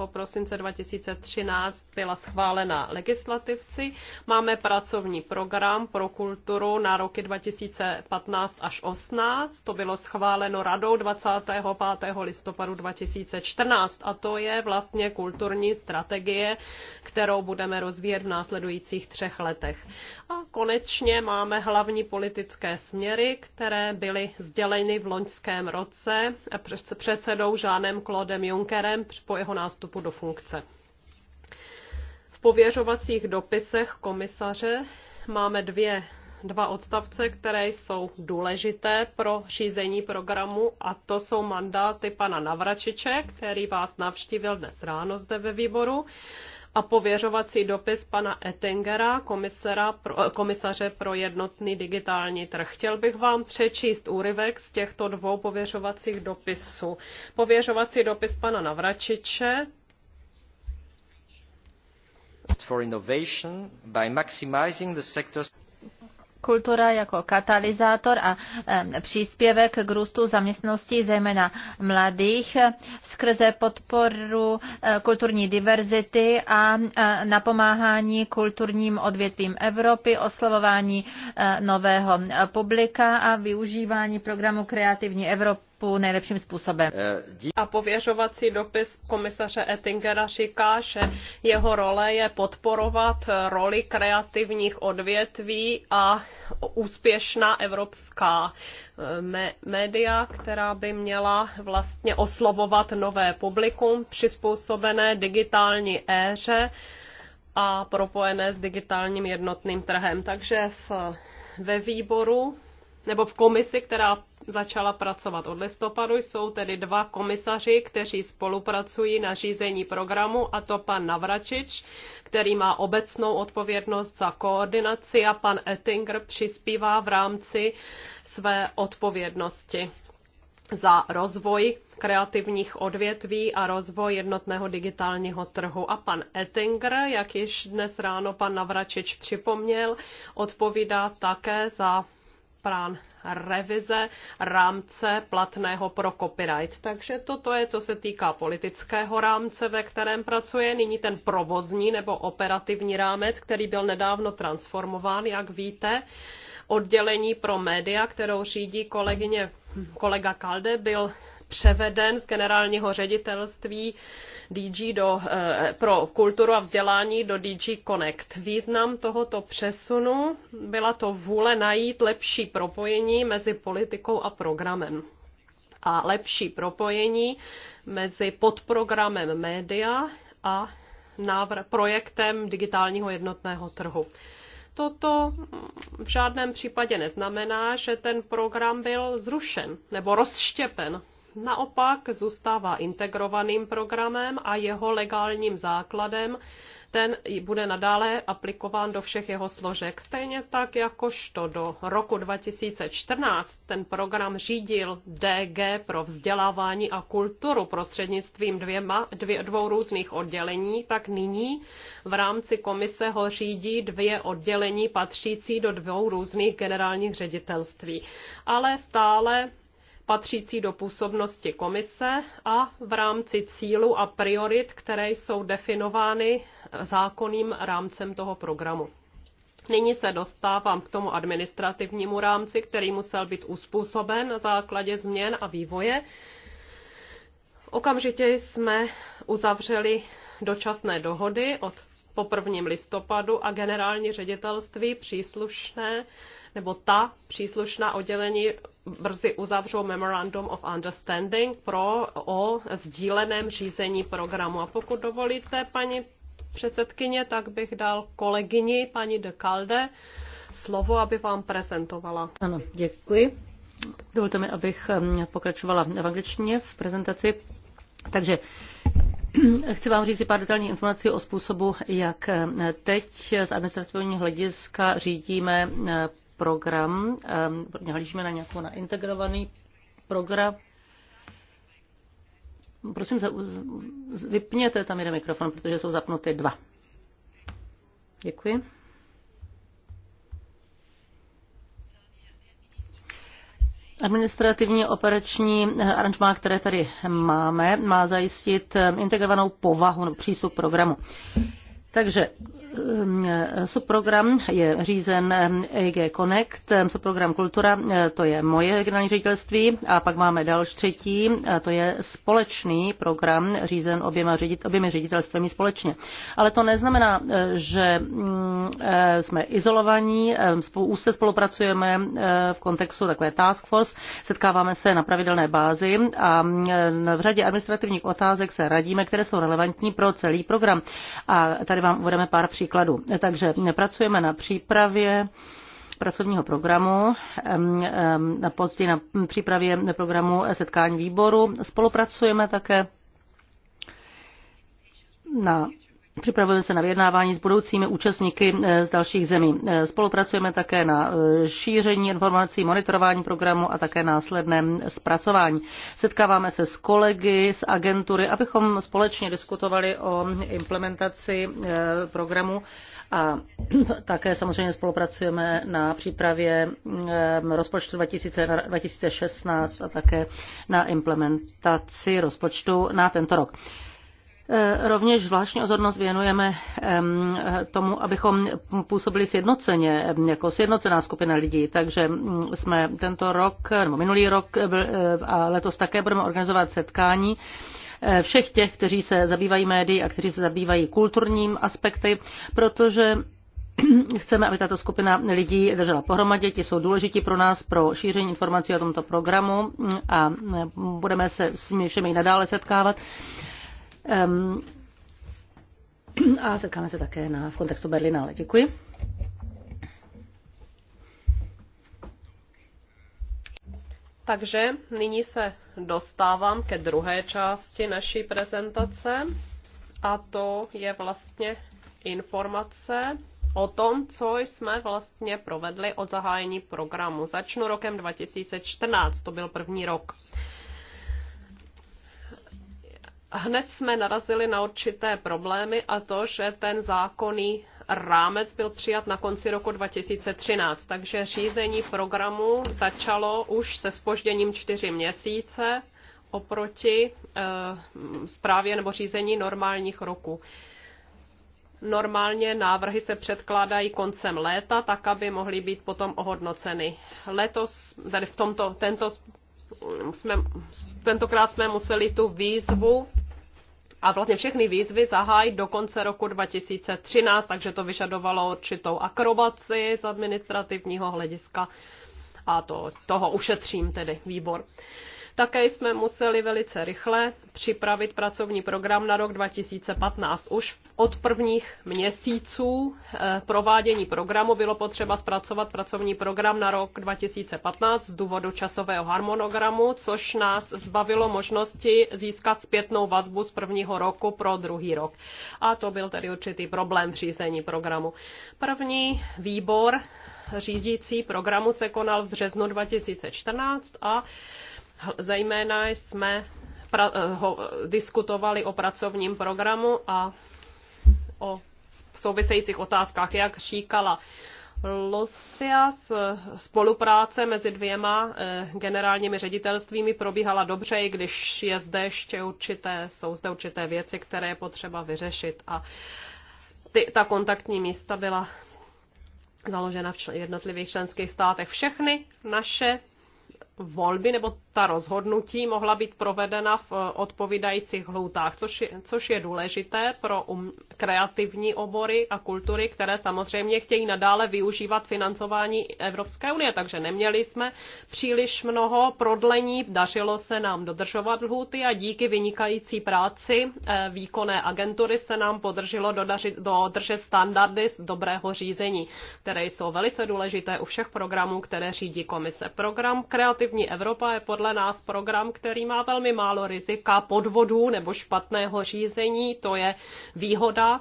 prosince 2013 byla schválena legislativci. Máme pracovní program pro kulturu na roky 2015 až 18. To bylo schváleno radou 25. listopadu 2014 a to je vlastně kulturní strategie, kterou budeme rozvíjet v následujících třech letech. A konečně máme hlavní politické směry, které byly sděleny v loňském roce předsedou Žánem Klodem Junckerem po jeho nástupu do funkce. V pověřovacích dopisech komisaře máme dvě, dva odstavce, které jsou důležité pro řízení programu a to jsou mandáty pana Navračiče, který vás navštívil dnes ráno zde ve výboru a pověřovací dopis pana Ettingera, pro, eh, komisaře pro jednotný digitální trh. Chtěl bych vám přečíst úryvek z těchto dvou pověřovacích dopisů. Pověřovací dopis pana Navračiče, for innovation by maximizing the sector's Kultura jako katalyzátor a příspěvek k růstu zaměstnosti, zejména mladých, skrze podporu e, kulturní diverzity a e, napomáhání kulturním odvětvím Evropy, oslovování e, nového publika a využívání programu Kreativní Evropa nejlepším způsobem. Eh, a pověřovací dopis komisaře Ettingera říká, že jeho role je podporovat roli kreativních odvětví a úspěšná evropská eh, média, která by měla vlastně oslovovat nové publikum přizpůsobené digitální éře a propojené s digitálním jednotným trhem. Takže v, ve výboru nebo v komisi, která začala pracovat od listopadu, jsou tedy dva komisaři, kteří spolupracují na řízení programu, a to pan Navračič, který má obecnou odpovědnost za koordinaci a pan Ettinger přispívá v rámci své odpovědnosti za rozvoj kreativních odvětví a rozvoj jednotného digitálního trhu. A pan Ettinger, jak již dnes ráno pan Navračič připomněl, odpovídá také za plán revize rámce platného pro copyright. Takže toto je, co se týká politického rámce, ve kterém pracuje. Nyní ten provozní nebo operativní rámec, který byl nedávno transformován, jak víte oddělení pro média, kterou řídí kolegyně, kolega Kalde, byl převeden z generálního ředitelství DG do, eh, pro kulturu a vzdělání do DG Connect. Význam tohoto přesunu byla to vůle najít lepší propojení mezi politikou a programem a lepší propojení mezi podprogramem média a návr- projektem digitálního jednotného trhu. Toto v žádném případě neznamená, že ten program byl zrušen nebo rozštěpen naopak zůstává integrovaným programem a jeho legálním základem ten bude nadále aplikován do všech jeho složek. Stejně tak, jakožto do roku 2014 ten program řídil DG pro vzdělávání a kulturu prostřednictvím dvěma, dvě, dvou různých oddělení, tak nyní v rámci komise ho řídí dvě oddělení patřící do dvou různých generálních ředitelství. Ale stále patřící do působnosti komise a v rámci cílů a priorit, které jsou definovány zákonným rámcem toho programu. Nyní se dostávám k tomu administrativnímu rámci, který musel být uspůsoben na základě změn a vývoje. Okamžitě jsme uzavřeli dočasné dohody od po 1. listopadu a generální ředitelství příslušné nebo ta příslušná oddělení brzy uzavřou Memorandum of Understanding pro o sdíleném řízení programu. A pokud dovolíte, paní předsedkyně, tak bych dal kolegyni, paní de Calde, slovo, aby vám prezentovala. Ano, děkuji. Dovolte mi, abych pokračovala v angličtině v prezentaci. Takže Chci vám říct pár detailních informací o způsobu, jak teď z administrativního hlediska řídíme program, nahlížíme na nějakou na integrovaný program. Prosím, vypněte tam jeden mikrofon, protože jsou zapnuty dva. Děkuji. Administrativní operační aranžmá, které tady máme, má zajistit integrovanou povahu nebo přístup programu. Takže ehm, subprogram je řízen EG ehm, e Connect, ehm, subprogram Kultura, e, to je moje generální ředitelství a pak máme další třetí, to je společný program řízen oběma, ředit, oběma ředitelstvemi společně. Ale to neznamená, e, že mm, jsme izolovaní, spolu, úzce spolupracujeme v kontextu takové task force, setkáváme se na pravidelné bázi a v řadě administrativních otázek se radíme, které jsou relevantní pro celý program. A tady vám uvedeme pár příkladů. Takže pracujeme na přípravě pracovního programu, na později na přípravě programu setkání výboru. Spolupracujeme také na Připravujeme se na vyjednávání s budoucími účastníky eh, z dalších zemí. Eh, spolupracujeme také na eh, šíření informací, monitorování programu a také následném mm, zpracování. Setkáváme se s kolegy, s agentury, abychom společně diskutovali o implementaci programu a také samozřejmě spolupracujeme na přípravě mm, rozpočtu 2016 a také na implementaci rozpočtu na tento rok. Eh, rovněž zvláštní pozornost věnujeme eh, tomu, abychom působili sjednoceně, jako sjednocená skupina lidí. Takže mm, jsme tento rok, nebo minulý rok eh, a letos také budeme organizovat setkání všech těch, kteří se zabývají médií a kteří se zabývají kulturním aspekty, protože chceme, aby tato skupina lidí držela pohromadě. Ti jsou důležití pro nás, pro šíření informací o tomto programu mm, a mm, budeme se s nimi všemi nadále setkávat. Um, a setkáme se také na, v kontextu ale Děkuji. Takže nyní se dostávám ke druhé části naší prezentace a to je vlastně informace o tom, co jsme vlastně provedli od zahájení programu. Začnu rokem 2014, to byl první rok hned jsme narazili na určité problémy a to, že ten zákonný rámec byl přijat na konci roku 2013, takže řízení programu začalo už se spožděním čtyři měsíce oproti e, zprávě nebo řízení normálních roků. Normálně návrhy se předkládají koncem léta, tak aby mohly být potom ohodnoceny. Letos, tady v tomto, tento jsme, tentokrát jsme museli tu výzvu a vlastně všechny výzvy zahájit do konce roku 2013, takže to vyžadovalo určitou akrobaci z administrativního hlediska a to, toho ušetřím tedy výbor. Také jsme museli velice rychle připravit pracovní program na rok 2015. Už od prvních měsíců eh, provádění programu bylo potřeba zpracovat pracovní program na rok 2015 z důvodu časového harmonogramu, což nás zbavilo možnosti získat zpětnou vazbu z prvního roku pro druhý rok. A to byl tedy určitý problém v řízení programu. První výbor řídící programu se konal v březnu 2014 a Zejména jsme pra, eh, ho, diskutovali o pracovním programu a o souvisejících otázkách, jak říkala Losias spolupráce mezi dvěma eh, generálními ředitelstvími probíhala dobře, i když je zde ještě určité, jsou zde určité věci, které je potřeba vyřešit. A ty, ta kontaktní místa byla založena v jednotlivých členských státech. Všechny naše volby nebo ta rozhodnutí mohla být provedena v eh, odpovídajících hloutách, což je, což je důležité pro um, kreativní obory a kultury, které samozřejmě chtějí nadále využívat financování Evropské unie. Takže neměli jsme příliš mnoho prodlení, dařilo se nám dodržovat lhuty a díky vynikající práci eh, výkonné agentury se nám podržilo dodařit, dodržet standardy z dobrého řízení, které jsou velice důležité u všech programů, které řídí komise. Program Kreativní Evropa je podle podle nás program, který má velmi málo rizika podvodů nebo špatného řízení. To je výhoda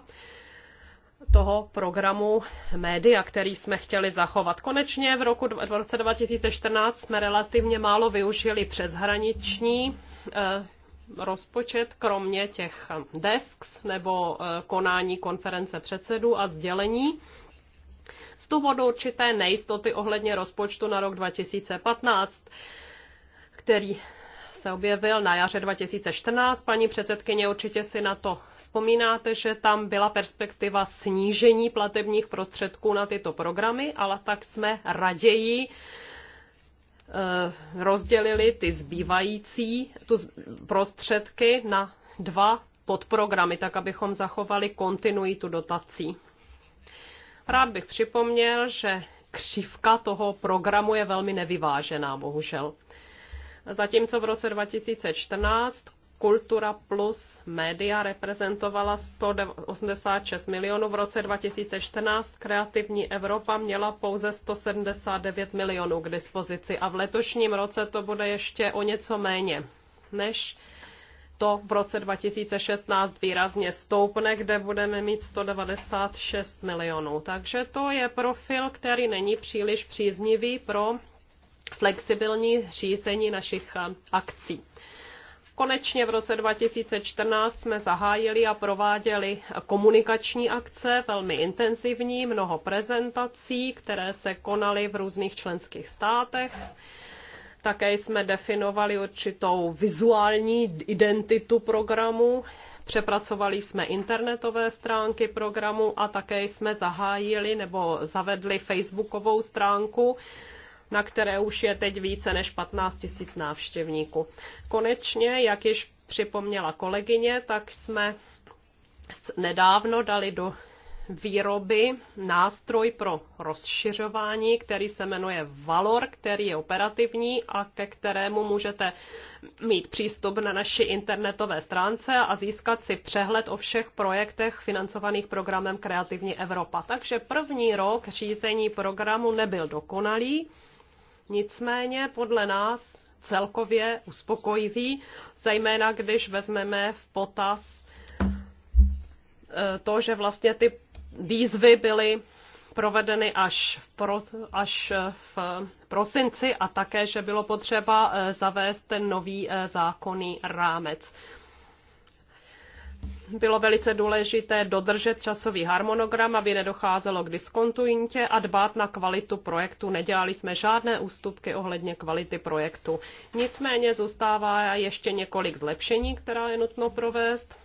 toho programu média, který jsme chtěli zachovat. Konečně v roku v roce 2014 jsme relativně málo využili přeshraniční eh, rozpočet, kromě těch eh, desks nebo eh, konání konference předsedů a sdělení. Z důvodu určité nejistoty ohledně rozpočtu na rok 2015 který se objevil na jaře 2014. Paní předsedkyně, určitě si na to vzpomínáte, že tam byla perspektiva snížení platebních prostředků na tyto programy, ale tak jsme raději eh, rozdělili ty zbývající tu prostředky na dva podprogramy, tak abychom zachovali kontinuitu dotací. Rád bych připomněl, že křivka toho programu je velmi nevyvážená, bohužel. Zatímco v roce 2014 Kultura plus média reprezentovala 186 milionů, v roce 2014 Kreativní Evropa měla pouze 179 milionů k dispozici a v letošním roce to bude ještě o něco méně než to v roce 2016 výrazně stoupne, kde budeme mít 196 milionů. Takže to je profil, který není příliš příznivý pro flexibilní řízení našich eh, akcí. Konečně v roce 2014 jsme zahájili a prováděli komunikační akce, velmi intenzivní, mnoho prezentací, které se konaly v různých členských státech. Také jsme definovali určitou vizuální identitu programu, přepracovali jsme internetové stránky programu a také jsme zahájili nebo zavedli facebookovou stránku, na které už je teď více než 15 tisíc návštěvníků. Konečně, jak již připomněla kolegyně, tak jsme nedávno dali do výroby nástroj pro rozšiřování, který se jmenuje Valor, který je operativní a ke kterému můžete mít přístup na naší internetové stránce a získat si přehled o všech projektech financovaných programem Kreativní Evropa. Takže první rok řízení programu nebyl dokonalý nicméně podle nás celkově uspokojivý, zejména když vezmeme v potaz eh, to, že vlastně ty výzvy byly provedeny až v, pro, až v prosinci a také, že bylo potřeba eh, zavést ten nový eh, zákonný rámec bylo velice důležité dodržet časový harmonogram, aby nedocházelo k diskontuintě a dbát na kvalitu projektu. Nedělali jsme žádné ústupky ohledně kvality projektu. Nicméně zůstává ještě několik zlepšení, která je nutno provést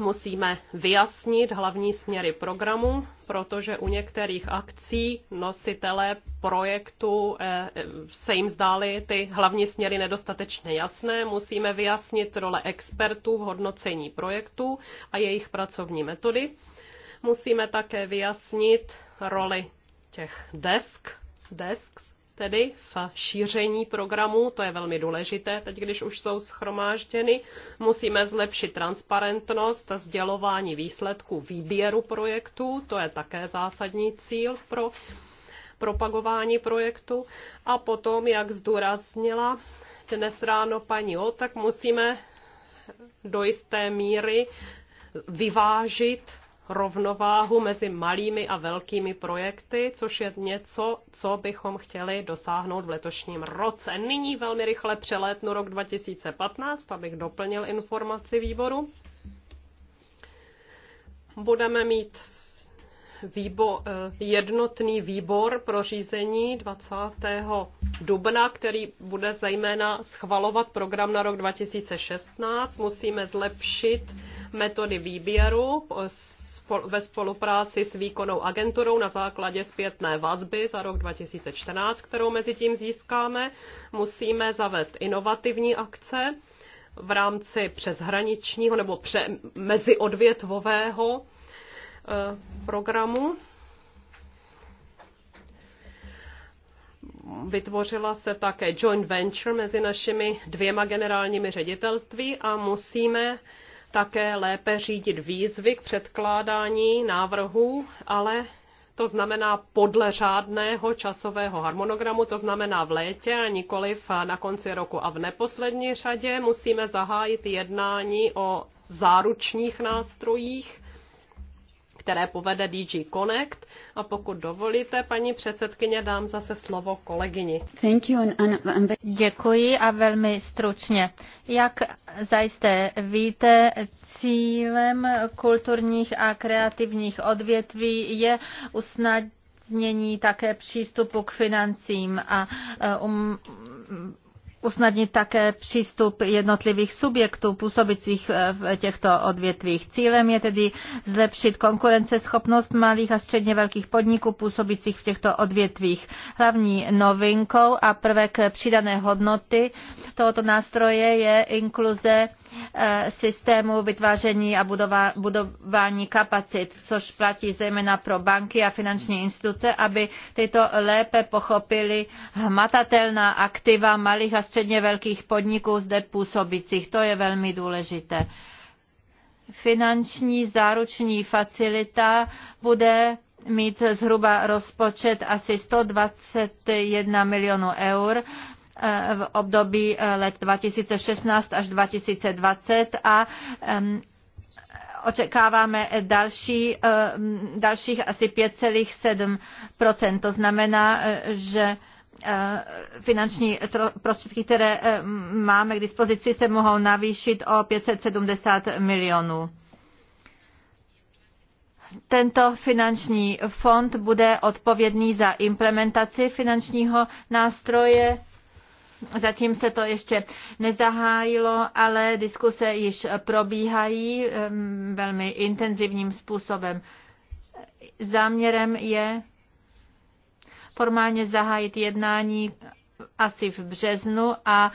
musíme vyjasnit hlavní směry programu, protože u některých akcí nositelé projektu eh, eh, se jim zdály ty hlavní směry nedostatečně jasné. Musíme vyjasnit role expertů v hodnocení projektu a jejich pracovní metody. Musíme také vyjasnit roli těch desk, desks, tedy v šíření programu, to je velmi důležité, teď když už jsou schromážděny, musíme zlepšit transparentnost a sdělování výsledků výběru projektů, to je také zásadní cíl pro propagování projektu a potom, jak zdůraznila dnes ráno paní O, tak musíme do jisté míry vyvážit rovnováhu mezi malými a velkými projekty, což je něco, co bychom chtěli dosáhnout v letošním roce. Nyní velmi rychle přelétnu rok 2015, abych doplnil informaci výboru. Budeme mít výbo, eh, jednotný výbor pro řízení 20. dubna, který bude zejména schvalovat program na rok 2016. Musíme zlepšit metody výběru, ve spolupráci s výkonnou agenturou na základě zpětné vazby za rok 2014, kterou mezi tím získáme. Musíme zavést inovativní akce v rámci přeshraničního nebo pře, meziodvětvového eh, programu. vytvořila se také joint venture mezi našimi dvěma generálními ředitelství a musíme také lépe řídit výzvy k předkládání návrhů, ale to znamená podle řádného časového harmonogramu, to znamená v létě a nikoliv na konci roku. A v neposlední řadě musíme zahájit jednání o záručních nástrojích, které povede DG Connect. A pokud dovolíte, paní předsedkyně, dám zase slovo kolegyni. Thank you and, Děkuji a velmi stručně. Jak zajisté víte, cílem kulturních a kreativních odvětví je usnadnit usnadnění také přístupu k financím a eh, um, usnadnit také přístup jednotlivých subjektů působících eh, v těchto odvětvích. Cílem je tedy zlepšit konkurenceschopnost malých a středně velkých podniků působících v těchto odvětvích. Hlavní novinkou a prvek přidané hodnoty tohoto nástroje je inkluze Eh, systému vytváření a budova, budování kapacit, což platí zejména pro banky a finanční instituce, aby tyto lépe pochopili hmatatelná aktiva malých a středně velkých podniků zde působících. To je velmi důležité. Finanční záruční facilita bude mít zhruba rozpočet asi 121 milionů eur v období eh, let 2016 až 2020 a očekáváme další, eh, dalších asi 5,7 To znamená, eh, že finanční prostředky, které máme k dispozici, se mohou navýšit o 570 milionů. Tento finanční fond bude odpovědný za implementaci finančního nástroje Zatím se to ještě nezahájilo, ale diskuse již probíhají velmi intenzivním způsobem. Záměrem je formálně zahájit jednání asi v březnu a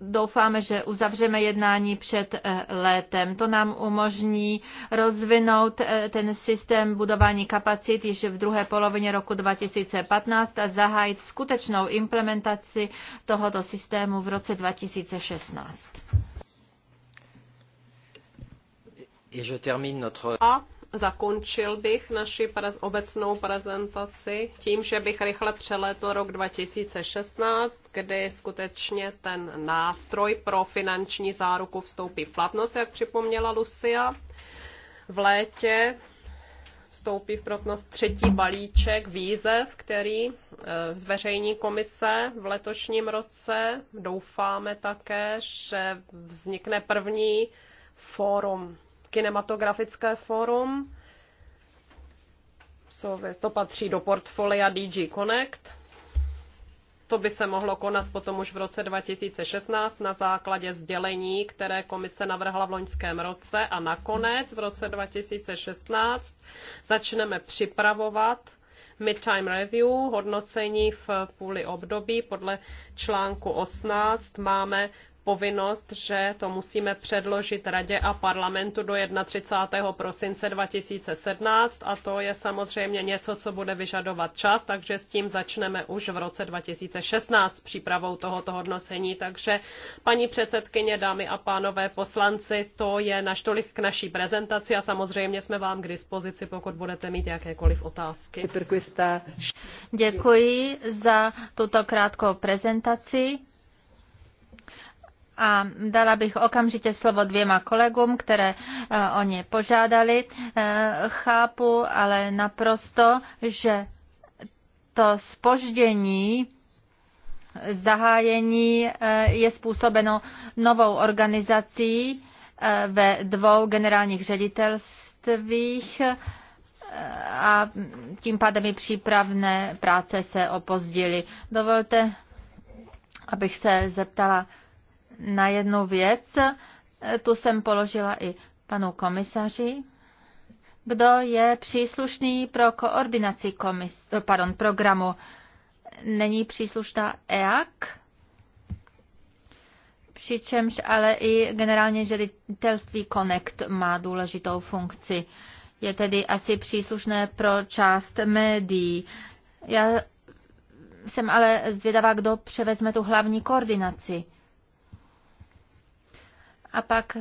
doufáme, že uzavřeme jednání před eh, létem. To nám umožní rozvinout eh, ten systém budování kapacit již v druhé polovině roku 2015 a zahájit skutečnou implementaci tohoto systému v roce 2016. A Zakončil bych naši obecnou prezentaci tím, že bych rychle přelétl rok 2016, kdy skutečně ten nástroj pro finanční záruku vstoupí v platnost, jak připomněla Lucia. V létě vstoupí v platnost třetí balíček výzev, který e, zveřejní komise v letošním roce. Doufáme také, že vznikne první fórum kinematografické fórum. To patří do portfolia DG Connect. To by se mohlo konat potom už v roce 2016 na základě sdělení, které komise navrhla v loňském roce a nakonec v roce 2016 začneme připravovat Midtime Review, hodnocení v půli období. Podle článku 18 máme povinnost, že to musíme předložit radě a parlamentu do 31. prosince 2017 a to je samozřejmě něco, co bude vyžadovat čas, takže s tím začneme už v roce 2016 s přípravou tohoto hodnocení. Takže paní předsedkyně, dámy a pánové poslanci, to je naštolik k naší prezentaci a samozřejmě jsme vám k dispozici, pokud budete mít jakékoliv otázky. Děkuji za tuto krátkou prezentaci a dala bych okamžitě slovo dvěma kolegům, které eh, o ně požádali. Eh, chápu ale naprosto, že to spoždění zahájení eh, je způsobeno novou organizací ve dvou generálních ředitelstvích a tím pádem i přípravné práce se opozdily. Dovolte, abych se zeptala na jednu věc, tu jsem položila i panu komisaři, kdo je příslušný pro koordinaci komis, pardon, programu. Není příslušná EAC, přičemž ale i generálně ředitelství Connect má důležitou funkci. Je tedy asi příslušné pro část médií. Já jsem ale zvědavá, kdo převezme tu hlavní koordinaci a pak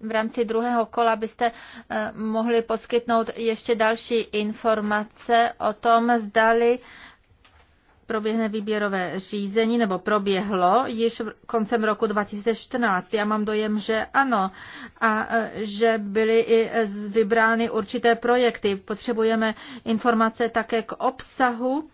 v rámci druhého kola byste eh, mohli poskytnout ještě další informace o tom, zdali proběhne výběrové řízení, nebo proběhlo již koncem roku 2014. Já mám dojem, že ano, a eh, že byly i vybrány určité projekty. Potřebujeme informace také k obsahu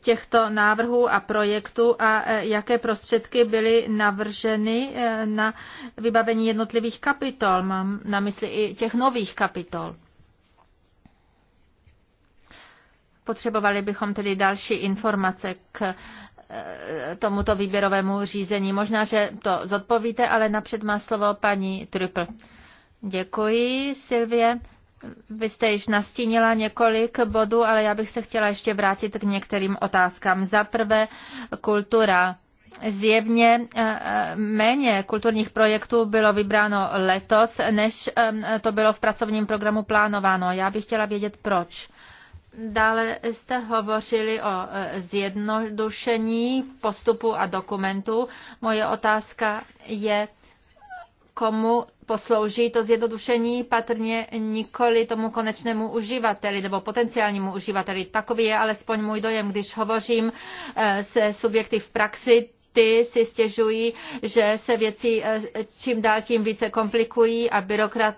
těchto návrhů a projektů a e, jaké prostředky byly navrženy e, na vybavení jednotlivých kapitol. Mám na mysli i těch nových kapitol. Potřebovali bychom tedy další informace k e, tomuto výběrovému řízení. Možná, že to zodpovíte, ale napřed má slovo paní Trüppel. Děkuji, Silvie. Vy jste již nastínila několik bodů, ale já bych se chtěla ještě vrátit k některým otázkám. Za prvé kultura. Zjevně eh, eh, méně kulturních projektů bylo vybráno letos, než eh, to bylo v pracovním programu plánováno. Já bych chtěla vědět, proč. Dále jste hovořili o zjednodušení postupu a dokumentů. Moje otázka je, komu poslouží to zjednodušení, patrně nikoli tomu konečnému uživateli nebo potenciálnímu uživateli. Takový je alespoň můj dojem, když hovořím eh, se subjekty v praxi, ty si stěžují, že se věci eh, čím dál tím více komplikují a byrokrat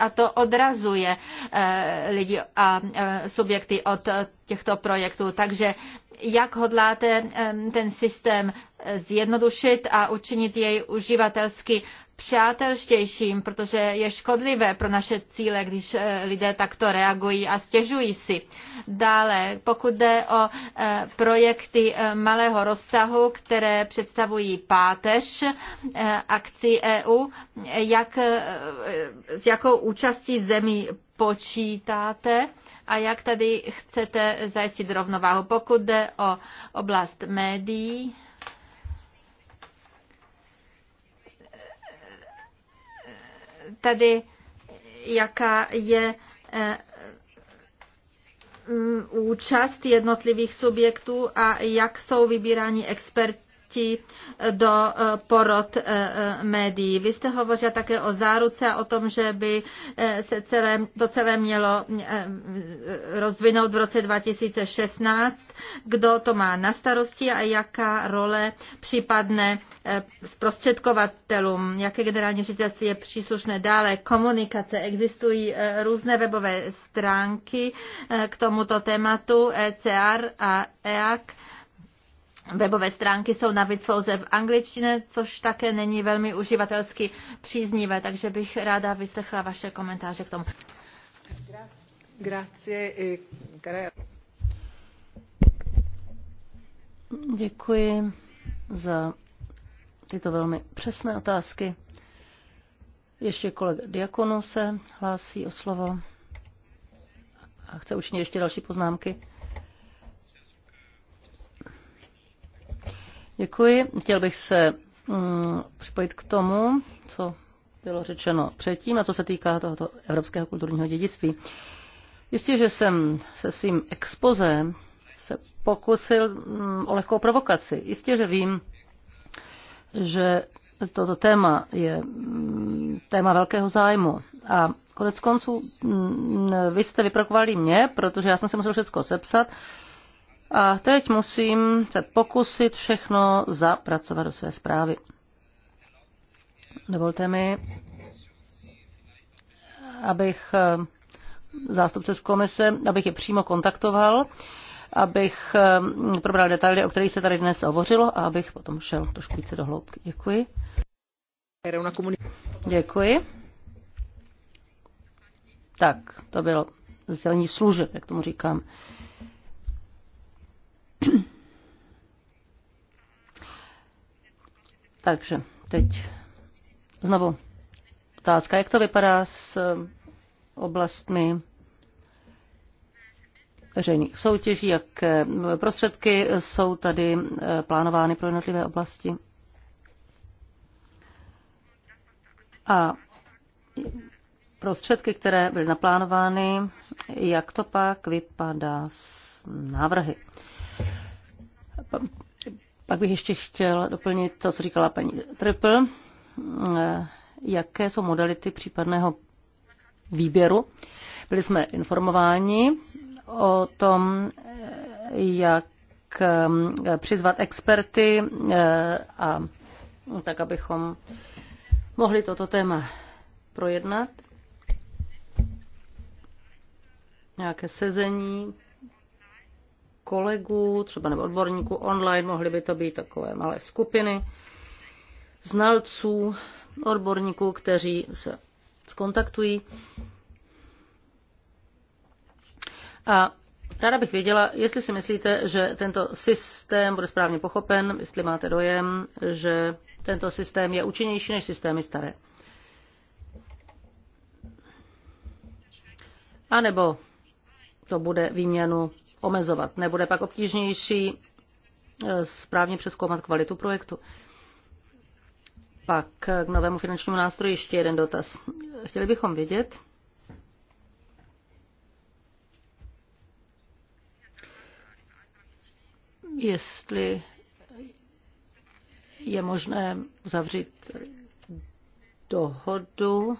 a to odrazuje eh, lidi a subjekty od těchto projektů. Takže jak hodláte ten systém zjednodušit a učinit jej uživatelsky přátelštějším, protože je škodlivé pro naše cíle, když eh, lidé takto reagují a stěžují si. Dále, pokud jde o eh, projekty eh, malého rozsahu, které představují páteř akcí EU, jak, s jakou účastí zemí počítáte a jak tady chcete zajistit rovnováhu. Pokud jde o oblast médií, tedy jaká je eh, mm, účast jednotlivých subjektů a jak jsou vybíráni experti účasti do eh, porod eh, eh, médií. Vy jste hovořil také o záruce a o tom, že by se celé, to celé mělo rozvinout v roce 2016. Kdo to má na starosti a jaká role připadne zprostředkovatelům, jaké generální ředitelství je příslušné dále, komunikace. Existují různé webové stránky k tomuto tématu, ECR a EAC Webové stránky jsou navíc pouze v angličtině, což také není velmi uživatelsky příznivé, takže bych ráda vyslechla vaše komentáře k tomu. Eh, Děkuji za tyto velmi přesné otázky. Ještě kolega Diakonu se hlásí o slovo a chce učinit ještě další poznámky. Děkuji. Chtěl bych se mm, připojit k tomu, co bylo řečeno předtím a co se týká tohoto evropského kulturního dědictví. Jistě, že jsem se svým expozem se pokusil mm, o lehkou provokaci. Jistě, že vím, že toto téma je mm, téma velkého zájmu. A konec konců mm, vy jste vyprokovali mě, protože já jsem se musel všechno sepsat a teď musím se pokusit všechno zapracovat do své zprávy. Dovolte mi, abych eh, zástupce z komise, abych je přímo kontaktoval, abych eh, probral detaily, o kterých se tady dnes hovořilo a abych potom šel trošku více do hloubky. Děkuji. Děkuji. Tak, to bylo sdělení služeb, jak tomu říkám. Takže teď znovu otázka, jak to vypadá s eh, oblastmi veřejných soutěží, jak eh, prostředky jsou tady eh, plánovány pro jednotlivé oblasti. A prostředky, které byly naplánovány, jak to pak vypadá s návrhy. Pak bych ještě chtěla doplnit to, co říkala paní Trpl. Eh, jaké jsou modality případného výběru? Byli jsme informováni o tom, eh, jak eh, přizvat experty a tak, abychom mohli toto téma projednat. Nějaké sezení, kolegů, třeba nebo odborníků online, mohly by to být takové malé skupiny znalců, odborníků, kteří se skontaktují. A ráda bych věděla, jestli si myslíte, že tento systém bude správně pochopen, jestli máte dojem, že tento systém je účinnější než systémy staré. A nebo to bude výměnu omezovat. Nebude pak obtížnější eh, správně přeskoumat kvalitu projektu. Pak eh, k novému finančnímu nástroji ještě jeden dotaz. Chtěli bychom vědět, jestli je možné zavřít dohodu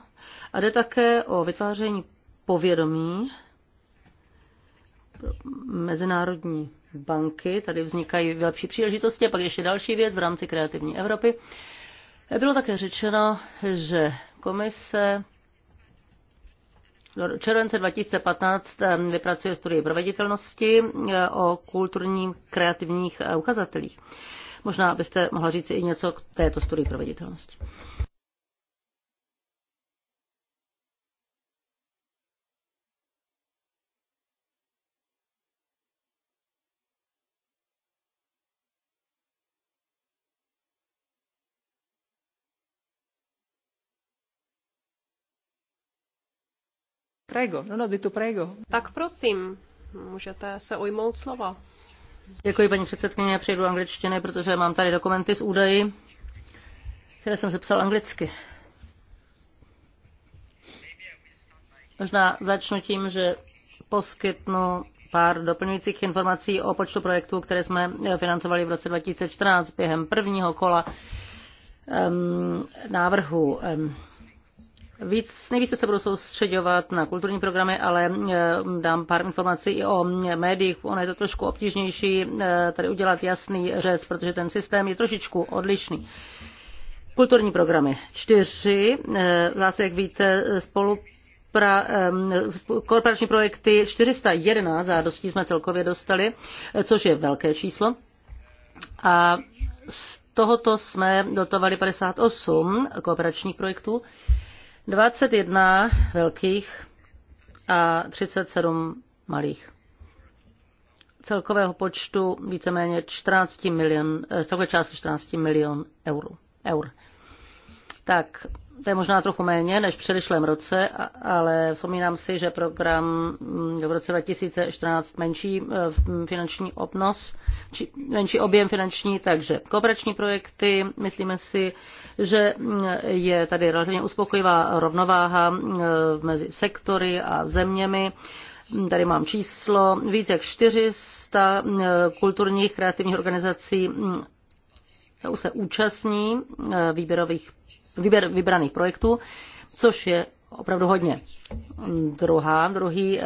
a jde také o vytváření povědomí mezinárodní banky, tady vznikají lepší příležitosti. A pak ještě další věc v rámci kreativní Evropy. Bylo také řečeno, že komise do července 2015 vypracuje studii proveditelnosti e, o kulturních kreativních ukazatelích. Možná byste mohla říct i něco k této studii proveditelnosti. Prego, No, ho no, tu prego. Tak prosím, můžete se ujmout slova. Děkuji, paní předsedkyně, přejdu angličtiny, protože mám tady dokumenty s údaji, které jsem sepsal anglicky. Možná začnu tím, že poskytnu pár doplňujících informací o počtu projektů, které jsme financovali v roce 2014 během prvního kola um, návrhu. Um, Víc, nejvíce se budu soustředovat na kulturní programy, ale eh, dám pár informací i o médiích. Ono je to trošku obtížnější eh, tady udělat jasný řez, protože ten systém je trošičku odlišný. Kulturní programy. Čtyři, eh, zase jak víte, spolu pra, korporační projekty 411 zádostí jsme celkově dostali, což je velké číslo. A z tohoto jsme dotovali 58 kooperačních projektů. 21 velkých a 37 malých. Celkového počtu víceméně 14 milion, eh, celkové částky 14 milion eur. eur. Tak to je možná trochu méně než v předešlém roce, ale vzpomínám si, že program mm, v roce 2014 menší eh, finanční obnos, či menší objem finanční, takže kooperační projekty, myslíme si, že mm, je tady relativně uspokojivá rovnováha mm, mezi sektory a zeměmi. Tady mám číslo více jak 400 kulturních kreativních organizací se účastní eh, výběrových výběr vybraných projektů, což je opravdu hodně. Druhá, druhý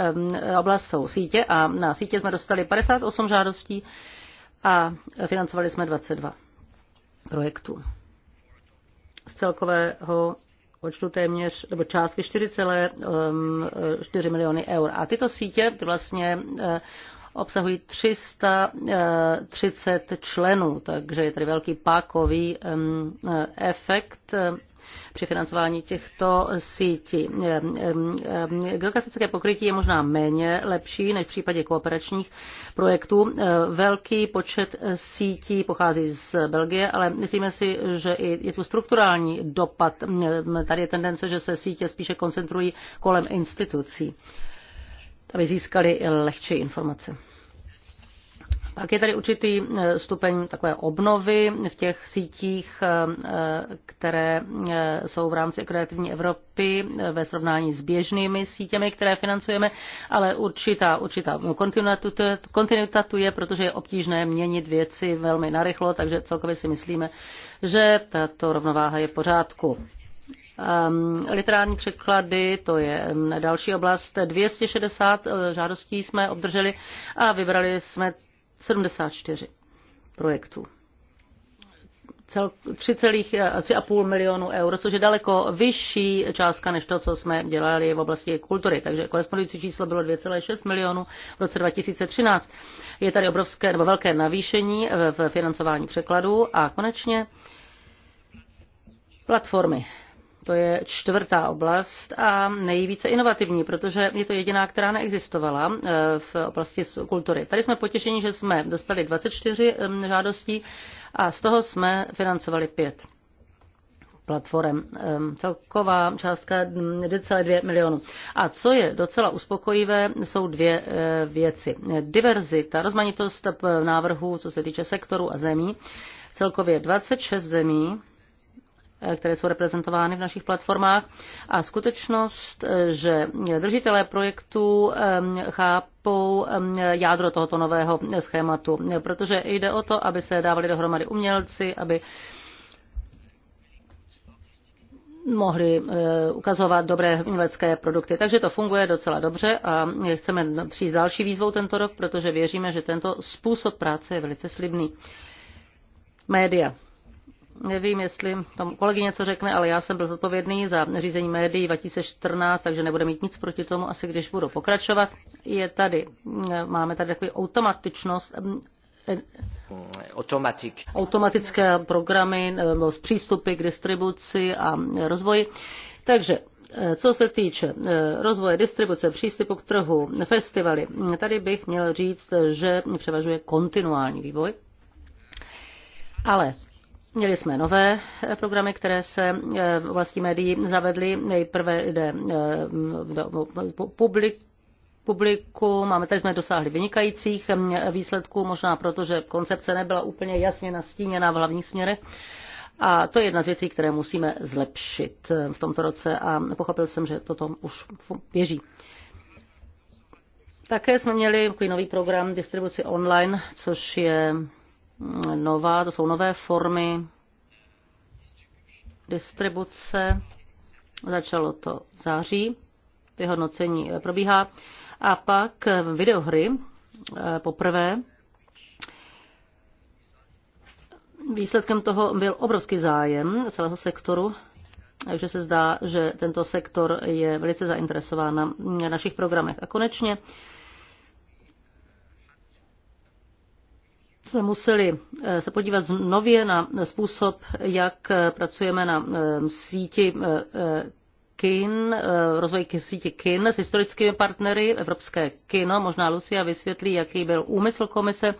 oblast jsou sítě a na sítě jsme dostali 58 žádostí a financovali jsme 22 projektů. Z celkového počtu téměř, nebo částky 4,4 miliony eur. A tyto sítě ty vlastně obsahují 330 eh, členů, takže je tady velký pákový eh, efekt eh, při financování těchto sítí. Geografické pokrytí je možná méně lepší než v případě kooperačních projektů. Velký počet sítí pochází z Belgie, ale myslíme si, že je tu strukturální dopad. Tady je tendence, že se sítě spíše koncentrují kolem institucí aby získali lehčí informace. Pak je tady určitý eh, stupeň takové obnovy v těch sítích, eh, eh, které jsou v rámci kreativní Evropy ve srovnání s běžnými sítěmi, které financujeme, ale určitá, určitá kontinuita tu je, protože je obtížné měnit věci velmi narychlo, takže celkově si myslíme, že tato rovnováha je v pořádku. Ehm, literární překlady, to je ehm, další oblast. 260 eh, žádostí jsme obdrželi a vybrali jsme 74 projektů. 3,5 eh, milionu euro, což je daleko vyšší částka než to, co jsme dělali v oblasti kultury. Takže korespondující číslo bylo 2,6 milionů v roce 2013. Je tady obrovské nebo velké navýšení v financování překladů a konečně platformy. To je čtvrtá oblast a nejvíce inovativní, protože je to jediná, která neexistovala eh, v oblasti kultury. Tady jsme potěšeni, že jsme dostali 24 žádostí a z toho jsme financovali pět platform. Celková částka 2,2 mm, milionu. A co je docela uspokojivé, jsou dvě eh, věci. Diverzita, rozmanitost návrhů, co se týče sektoru a zemí. Celkově 26 zemí Eh, které jsou reprezentovány v našich platformách. A skutečnost, eh, že držitelé projektu eh, chápou jádro tohoto nového schématu, protože jde o to, aby se dávali dohromady umělci, aby mohli ukazovat dobré umělecké produkty. Takže to funguje docela dobře a chceme přijít další výzvou tento rok, protože věříme, že tento způsob práce je velice slibný. Média. Nevím, jestli tam kolegyně něco řekne, ale já jsem byl zodpovědný za řízení médií 2014, takže nebude mít nic proti tomu, asi když budu pokračovat. Je tady, máme tady takový automatičnost Automatic. automatické programy nebo přístupy k distribuci a rozvoji. Takže eh, co se týče eh, rozvoje distribuce, přístupu k trhu, festivaly, tady bych měl říct, že převažuje kontinuální vývoj. Ale Měli jsme nové eh, programy, které se eh, v oblasti médií zavedly. Nejprve jde eh, do publik, publiku. Máme, tady jsme dosáhli vynikajících výsledků, možná proto, že koncepce nebyla úplně jasně nastíněna v hlavních směrech. A to je jedna z věcí, které musíme zlepšit v tomto roce a pochopil jsem, že toto už běží. Také jsme měli nový program distribuci online, což je nová, to jsou nové formy distribuce. Začalo to v září, vyhodnocení eh, probíhá. A pak eh, videohry eh, poprvé. Výsledkem toho byl obrovský zájem celého sektoru, takže se zdá, že tento sektor je velice zainteresován na našich programech. A konečně jsme museli eh, se podívat nově na způsob, jak eh, pracujeme na eh, síti KIN, rozvoj síti KIN s historickými partnery, Evropské kino. Možná Lucia vysvětlí, jaký byl úmysl komise,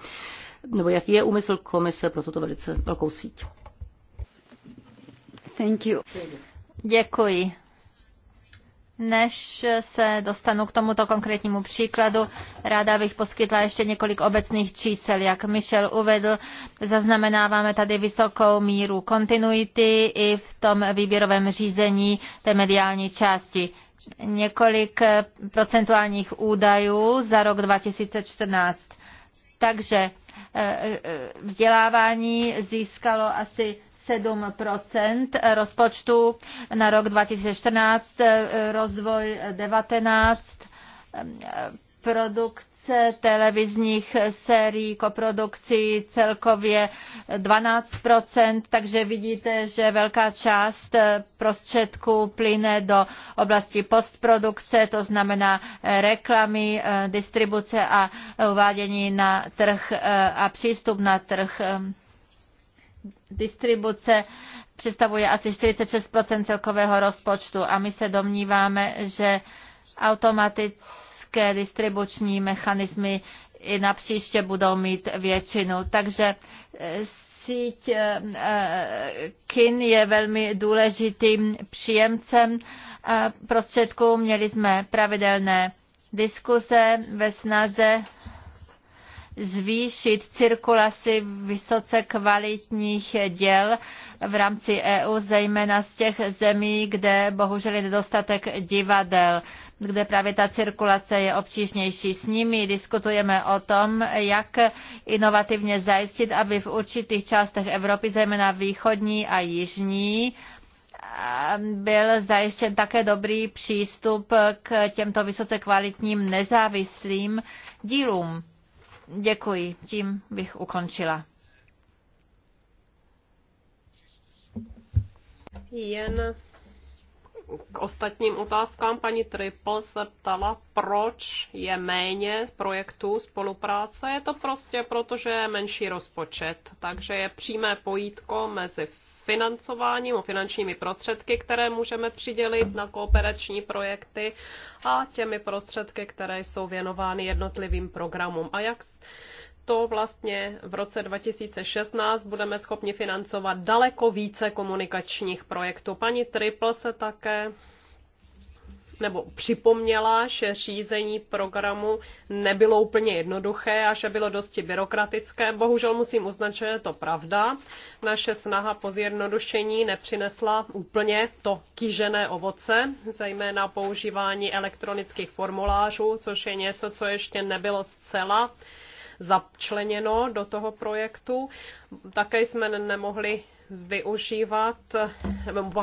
nebo jaký je úmysl komise pro tuto velice velkou síť. Thank you. Děkuji. Než se dostanu k tomuto konkrétnímu příkladu, ráda bych poskytla ještě několik obecných čísel. Jak Michel uvedl, zaznamenáváme tady vysokou míru kontinuity i v tom výběrovém řízení té mediální části. Několik procentuálních údajů za rok 2014. Takže eh, eh, vzdělávání získalo asi 7 rozpočtu na rok 2014, rozvoj 19, produkce televizních sérií, koprodukcí celkově 12 takže vidíte, že velká část prostředků plyne do oblasti postprodukce, to znamená reklamy, distribuce a uvádění na trh a přístup na trh distribuce představuje asi 46 celkového rozpočtu a my se domníváme, že automatické distribuční mechanismy i na příště budou mít většinu. Takže eh, síť eh, eh, KIN je velmi důležitým příjemcem prostředků. Měli jsme pravidelné diskuze ve snaze zvýšit cirkulaci vysoce kvalitních děl v rámci EU, zejména z těch zemí, kde bohužel je nedostatek divadel, kde právě ta cirkulace je obtížnější. S nimi diskutujeme o tom, jak inovativně zajistit, aby v určitých částech Evropy, zejména východní a jižní, byl zajištěn také dobrý přístup k těmto vysoce kvalitním nezávislým dílům. Děkuji, tím bych ukončila. Jen k ostatním otázkám paní Triple se ptala, proč je méně projektů spolupráce. Je to prostě proto, že je menší rozpočet, takže je přímé pojítko mezi financováním, o finančními prostředky, které můžeme přidělit na kooperační projekty a těmi prostředky, které jsou věnovány jednotlivým programům. A jak to vlastně v roce 2016 budeme schopni financovat daleko více komunikačních projektů. Paní Triple se také nebo připomněla, že řízení programu nebylo úplně jednoduché a že bylo dosti byrokratické. Bohužel musím uznat, že je to pravda. Naše snaha po zjednodušení nepřinesla úplně to kýžené ovoce, zejména používání elektronických formulářů, což je něco, co ještě nebylo zcela začleněno do toho projektu. Také jsme nemohli využívat,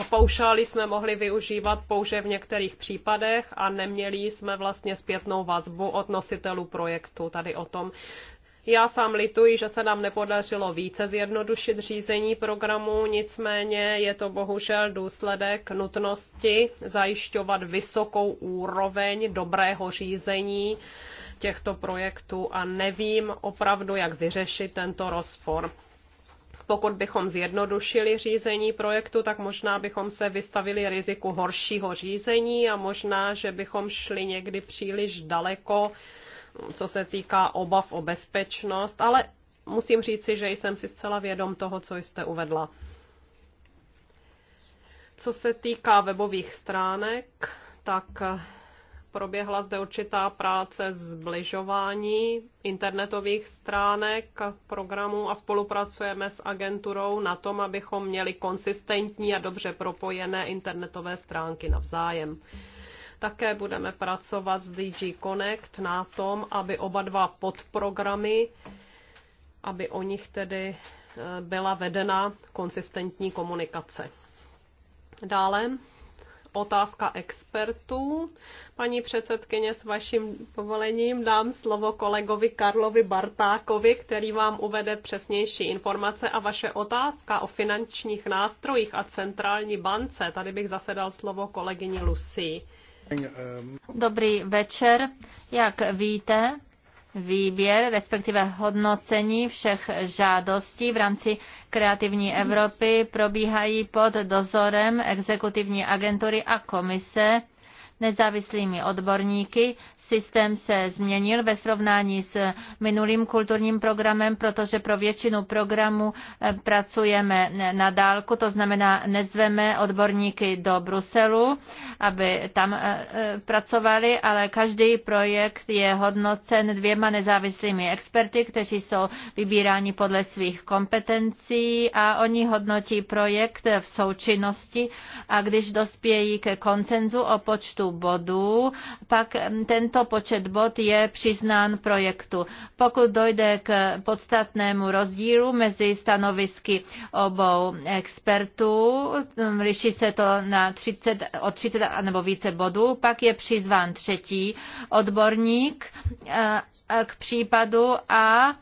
paušály jsme mohli využívat pouze v některých případech a neměli jsme vlastně zpětnou vazbu od nositelů projektu. Tady o tom já sám lituji, že se nám nepodařilo více zjednodušit řízení programu, nicméně je to bohužel důsledek nutnosti zajišťovat vysokou úroveň dobrého řízení těchto projektů a nevím opravdu, jak vyřešit tento rozpor pokud bychom zjednodušili řízení projektu, tak možná bychom se vystavili riziku horšího řízení a možná, že bychom šli někdy příliš daleko, co se týká obav o bezpečnost, ale musím říci, že jsem si zcela vědom toho, co jste uvedla. Co se týká webových stránek, tak proběhla zde určitá práce zbližování internetových stránek programů a spolupracujeme s agenturou na tom, abychom měli konsistentní a dobře propojené internetové stránky navzájem. Také budeme pracovat s DG Connect na tom, aby oba dva podprogramy, aby o nich tedy e, byla vedena konsistentní komunikace. Dále otázka expertů. Paní předsedkyně, s vaším povolením dám slovo kolegovi Karlovi Bartákovi, který vám uvede přesnější informace a vaše otázka o finančních nástrojích a centrální bance. Tady bych zasedal slovo kolegyni Lucy. Dobrý večer. Jak víte, výběr, respektive hodnocení všech žádostí v rámci Kreativní Evropy probíhají pod dozorem exekutivní agentury a komise nezávislými odborníky systém se změnil ve srovnání s minulým kulturním programem, protože pro většinu programu eh, pracujeme na dálku, to znamená nezveme odborníky do Bruselu, aby tam eh, eh, pracovali, ale každý projekt je hodnocen dvěma nezávislými experty, kteří jsou vybíráni podle svých kompetencí a oni hodnotí projekt v součinnosti a když dospějí ke koncenzu o počtu bodů, pak mm, tento tento počet bod je přiznán projektu. Pokud dojde k podstatnému rozdílu mezi stanovisky obou expertů, liší se to na 30, o 30 nebo více bodů, pak je přizván třetí odborník eh, k případu a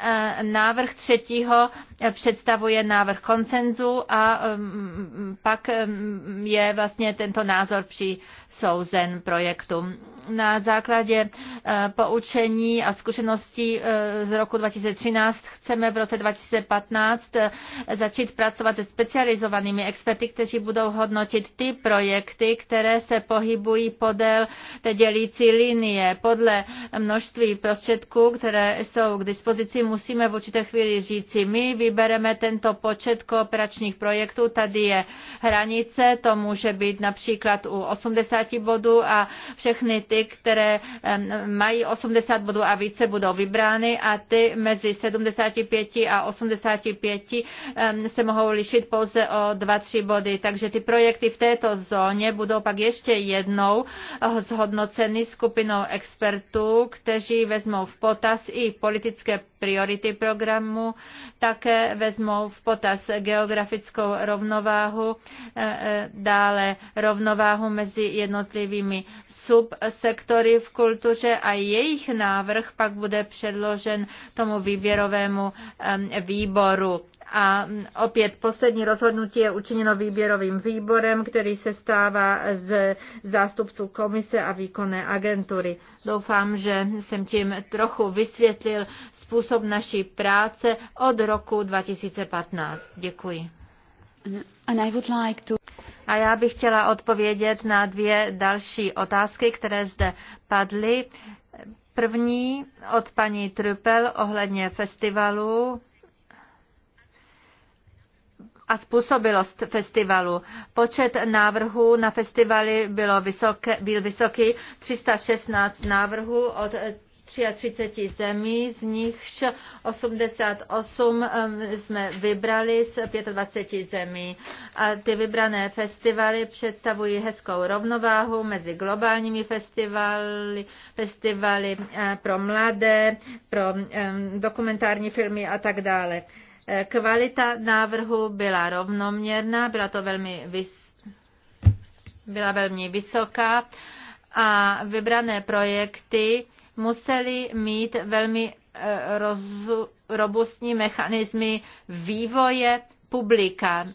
eh, návrh třetího představuje návrh koncenzu a mm, mm, pak mm, je vlastně tento názor při souzen projektu. Na základě eh, poučení a zkušeností eh, z roku 2013 chceme v roce 2015 eh, začít pracovat se specializovanými experty, kteří budou hodnotit ty projekty, které se pohybují podél té dělící linie. Podle množství prostředků, které jsou k dispozici, musíme v určité chvíli říci, my vybereme tento počet kooperačních projektů, tady je hranice, to může být například u 80 80 bodů a všechny ty, které mají 80 bodů a více, budou vybrány a ty mezi 75 a 85 se mohou lišit pouze o 2-3 body. Takže ty projekty v této zóně budou pak ještě jednou zhodnoceny skupinou expertů, kteří vezmou v potaz i politické priority programu, také vezmou v potaz geografickou rovnováhu, e, e, dále rovnováhu mezi jednotlivými subsektory v kultuře a jejich návrh pak bude předložen tomu výběrovému výboru. A opět poslední rozhodnutí je učiněno výběrovým výborem, který se stává z zástupců komise a výkonné agentury. Doufám, že jsem tím trochu vysvětlil způsob naší práce od roku 2015. Děkuji. And I would like to... A já bych chtěla odpovědět na dvě další otázky, které zde padly. První od paní Trupel ohledně festivalu a způsobilost festivalu. Počet návrhů na festivaly bylo vysoké, byl vysoký, 316 návrhů od 33 zemí, z nich 88 jsme vybrali z 25 zemí. A ty vybrané festivaly představují hezkou rovnováhu mezi globálními festivaly, festivaly eh, pro mladé, pro dokumentární filmy a tak dále. Eh, kvalita návrhu byla rovnoměrná, byla to velmi vys- byla velmi vysoká a vybrané projekty museli mít velmi eh, roz, robustní mechanismy vývoje publika,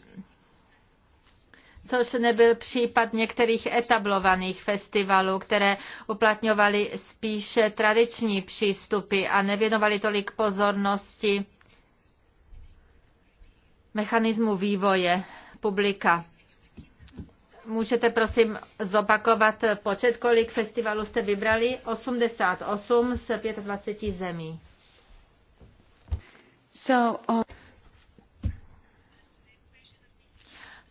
což nebyl případ některých etablovaných festivalů, které uplatňovaly spíše tradiční přístupy a nevěnovaly tolik pozornosti mechanismu vývoje publika. Můžete prosím zopakovat počet, kolik festivalů jste vybrali? 88 z 25 zemí. So, uh...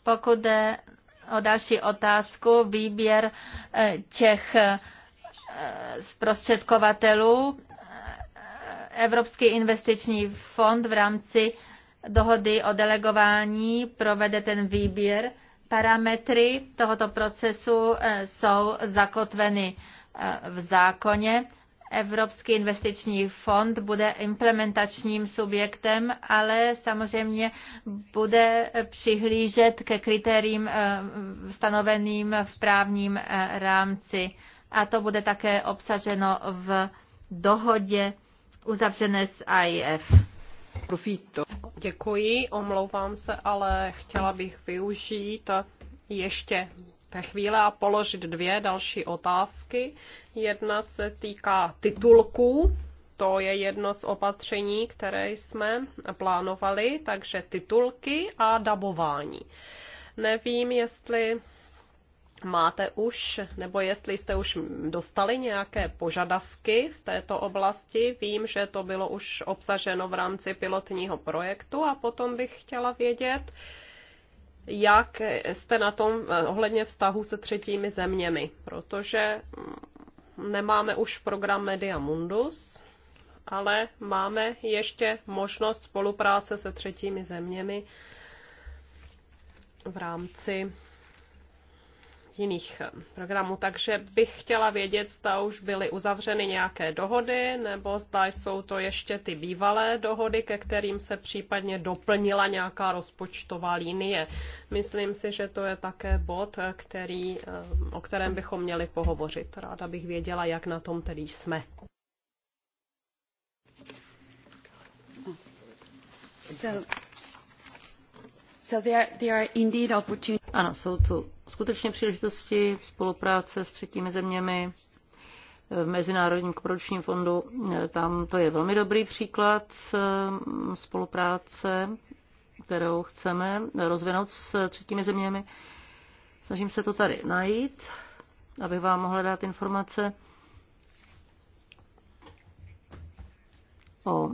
Pokud jde o další otázku, výběr eh, těch eh, zprostředkovatelů, eh, Evropský investiční fond v rámci dohody o delegování provede ten výběr Parametry tohoto procesu eh, jsou zakotveny eh, v zákoně. Evropský investiční fond bude implementačním subjektem, ale samozřejmě bude přihlížet ke kritériím eh, stanoveným v právním rámci. A to bude také obsaženo v dohodě uzavřené s IF. Profito. Děkuji, omlouvám se, ale chtěla bych využít ještě ve chvíle a položit dvě další otázky. Jedna se týká titulků. To je jedno z opatření, které jsme plánovali, takže titulky a dabování. Nevím, jestli máte už, nebo jestli jste už dostali nějaké požadavky v této oblasti. Vím, že to bylo už obsaženo v rámci pilotního projektu a potom bych chtěla vědět, jak jste na tom eh, ohledně vztahu se třetími zeměmi, protože mm, nemáme už program Media Mundus, ale máme ještě možnost spolupráce se třetími zeměmi v rámci jiných eh, programů. Takže bych chtěla vědět, zda už byly uzavřeny nějaké dohody, nebo zda jsou to ještě ty bývalé dohody, ke kterým se případně doplnila nějaká rozpočtová linie. Myslím si, že to je také bod, který, eh, o kterém bychom měli pohovořit. Ráda bych věděla, jak na tom tedy jsme. So, so there, there are indeed opportunities. Ano, jsou tu skutečně příležitosti spolupráce s třetími zeměmi v Mezinárodním korupčním fondu. Tam to je velmi dobrý příklad mm, spolupráce, kterou chceme rozvinout s třetími zeměmi. Snažím se to tady najít, abych vám mohla dát informace o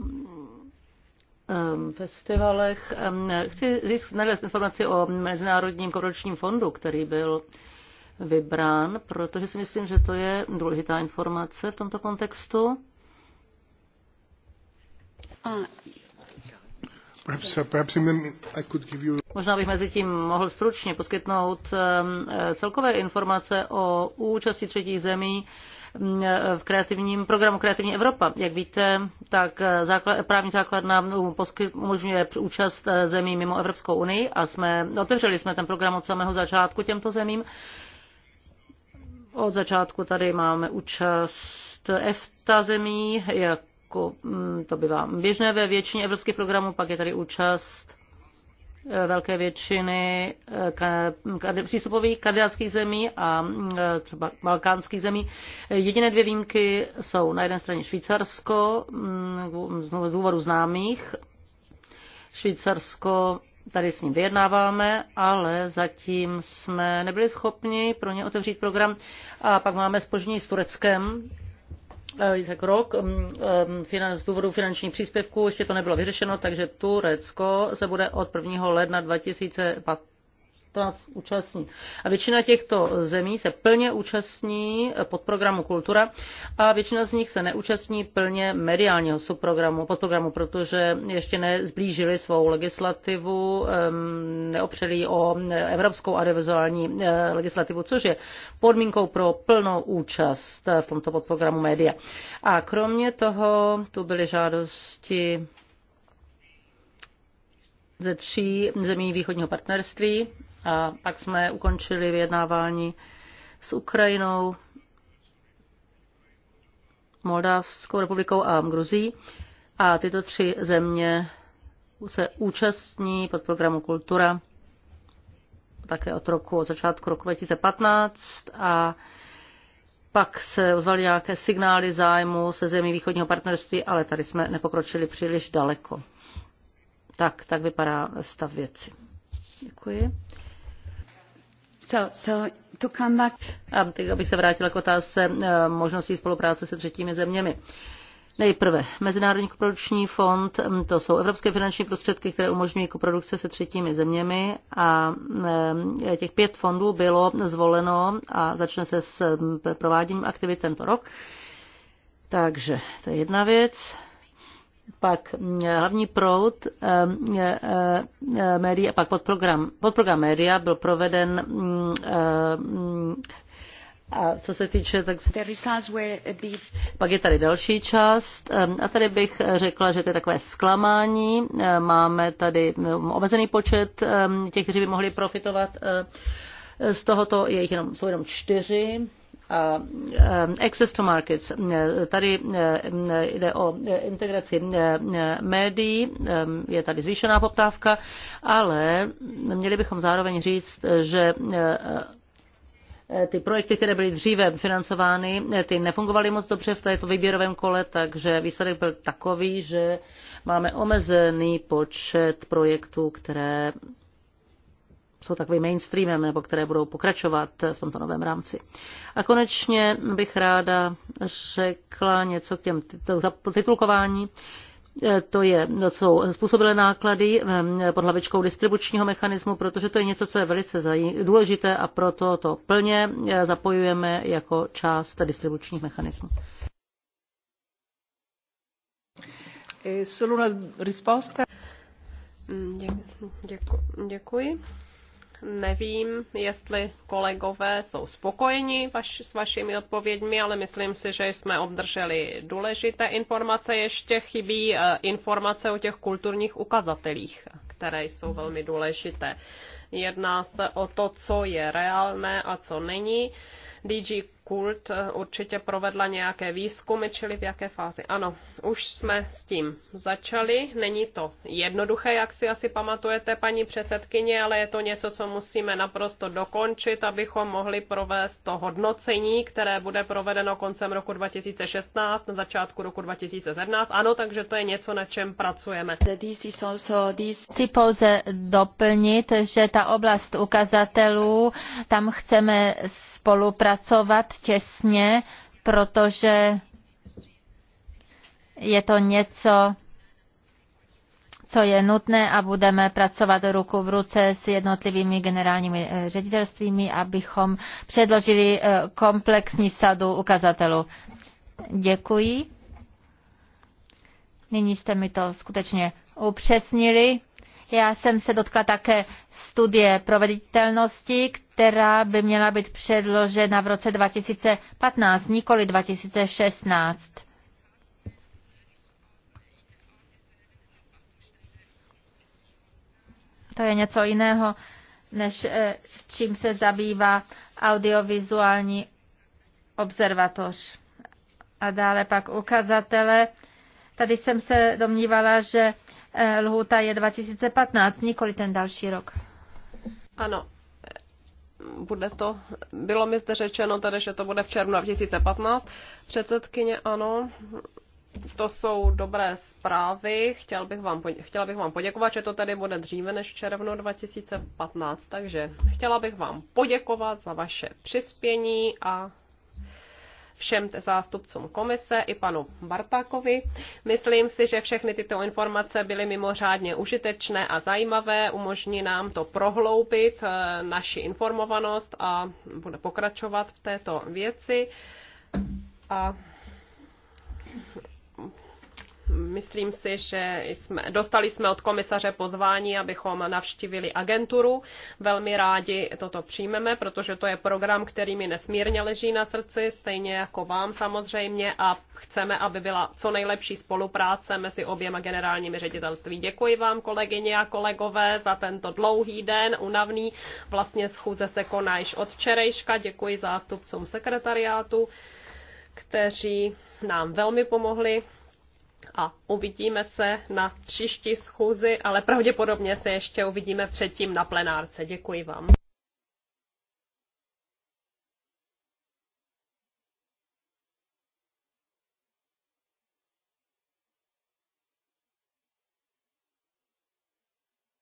Um, festivalech. Um, chci získat nalézt informaci o Mezinárodním korupčním fondu, který byl vybrán, protože si myslím, že to je důležitá informace v tomto kontextu. Uh, A... Uh, Možná bych mezi tím mohl stručně poskytnout um, uh, celkové informace o účasti třetích zemí v kreativním programu Kreativní Evropa. Jak víte, tak základ, právní základna umožňuje účast zemí mimo Evropskou unii a jsme, otevřeli jsme ten program od samého začátku těmto zemím. Od začátku tady máme účast EFTA zemí, jako mm, to bývá běžné ve většině evropských programů, pak je tady účast Eh, velké většiny eh, přístupových kandidátských zemí a eh, třeba balkánských zemí. Jediné dvě výjimky jsou na jedné straně Švýcarsko mm, z důvodu známých. Švýcarsko tady s ním vyjednáváme, ale zatím jsme nebyli schopni pro ně otevřít program. A pak máme spoždění s Tureckem, za eh, krok mm, z důvodu finančních příspěvků, ještě to nebylo vyřešeno, takže Turecko se bude od 1. ledna 2015 účastní. A většina těchto zemí se plně účastní podprogramu Kultura a většina z nich se neúčastní plně mediálního subprogramu, podprogramu, protože ještě nezblížili svou legislativu, neopřeli o evropskou audiovizuální eh, legislativu, což je podmínkou pro plnou účast v tomto podprogramu média. A kromě toho tu byly žádosti ze tří zemí východního partnerství a pak jsme ukončili vyjednávání s Ukrajinou, Moldavskou republikou a Gruzí. A tyto tři země se účastní pod programu Kultura také od roku, od začátku roku 2015 a pak se ozvaly nějaké signály zájmu se zemí východního partnerství, ale tady jsme nepokročili příliš daleko. Tak, tak vypadá stav věci. Děkuji. So, so to come back. A teď abych se vrátila k otázce eh, možností spolupráce se třetími zeměmi. Nejprve Mezinárodní koproduční fond, hm, to jsou evropské finanční prostředky, které umožňují koprodukce se třetími zeměmi a eh, těch pět fondů bylo zvoleno a začne se s hm, prováděním aktivit tento rok. Takže to je jedna věc pak mm, hlavní proud eh, mm, eh, eh, médií média, pak podprogram, podprogram média byl proveden mm, a co se týče, tak pak je tady další část. A tady bych řekla, že to je takové zklamání. Máme tady omezený počet těch, kteří by mohli profitovat z tohoto. Je jich jenom, jsou jenom čtyři Eh, eh, access to markets. Eh, tady jde o integraci médií, je tady zvýšená poptávka, ale měli bychom zároveň říct, že ty projekty, které byly dříve financovány, ty nefungovaly moc dobře v této výběrovém kole, takže výsledek byl takový, že máme omezený počet projektů, které jsou takovým mainstreamem nebo které budou pokračovat v tomto novém rámci. A konečně bych ráda řekla něco k těm titulkování. E, to, je, co jsou způsobilé náklady e, pod hlavičkou distribučního mechanismu, protože to je něco, co je velice důležité a proto to plně e, zapojujeme jako část distribučních mechanismů. Solo una risposta. Mm, děkuji. Nevím, jestli kolegové jsou spokojeni vaš, s vašimi odpověďmi, ale myslím si, že jsme obdrželi důležité informace. Ještě chybí eh, informace o těch kulturních ukazatelích, které jsou velmi důležité. Jedná se o to, co je reálné a co není. DG Kult eh, určitě provedla nějaké výzkumy, čili v jaké fázi. Ano, už jsme s tím začali. Není to jednoduché, jak si asi pamatujete, paní předsedkyně, ale je to něco, co musíme naprosto dokončit, abychom mohli provést to hodnocení, které bude provedeno koncem roku 2016, na začátku roku 2017. Ano, takže to je něco, na čem pracujeme. Chci pouze doplnit, že ta oblast ukazatelů, tam chceme spolupracovat těsně, protože je to něco, co je nutné a budeme pracovat ruku v ruce s jednotlivými generálními eh, ředitelstvími, abychom předložili eh, komplexní sadu ukazatelů. Děkuji. Nyní jste mi to skutečně upřesnili. Já jsem se dotkla také studie proveditelnosti, která by měla být předložena v roce 2015, nikoli 2016. To je něco jiného, než eh, čím se zabývá audiovizuální observatoř. A dále pak ukazatele. Tady jsem se domnívala, že Eh, lhůta je 2015, nikoli ten další rok. Ano, bude to, bylo mi zde řečeno tedy, že to bude v červnu 2015. Předsedkyně, ano, to jsou dobré zprávy. Chtěl bych vám, chtěla bych vám poděkovat, že to tady bude dříve než v červnu 2015. Takže chtěla bych vám poděkovat za vaše přispění a všem zástupcům komise i panu Bartákovi. Myslím si, že všechny tyto informace byly mimořádně užitečné a zajímavé, umožní nám to prohloubit eh, naši informovanost a bude pokračovat v této věci. A Myslím si, že jsme, dostali jsme od komisaře pozvání, abychom navštívili agenturu. Velmi rádi toto přijmeme, protože to je program, který mi nesmírně leží na srdci, stejně jako vám samozřejmě a chceme, aby byla co nejlepší spolupráce mezi oběma generálními ředitelství. Děkuji vám, kolegyně a kolegové, za tento dlouhý den, unavný. Vlastně schůze se koná již od včerejška. Děkuji zástupcům sekretariátu kteří nám velmi pomohli a uvidíme se na příští schůzi, ale pravděpodobně se ještě uvidíme předtím na plenárce. Děkuji vám.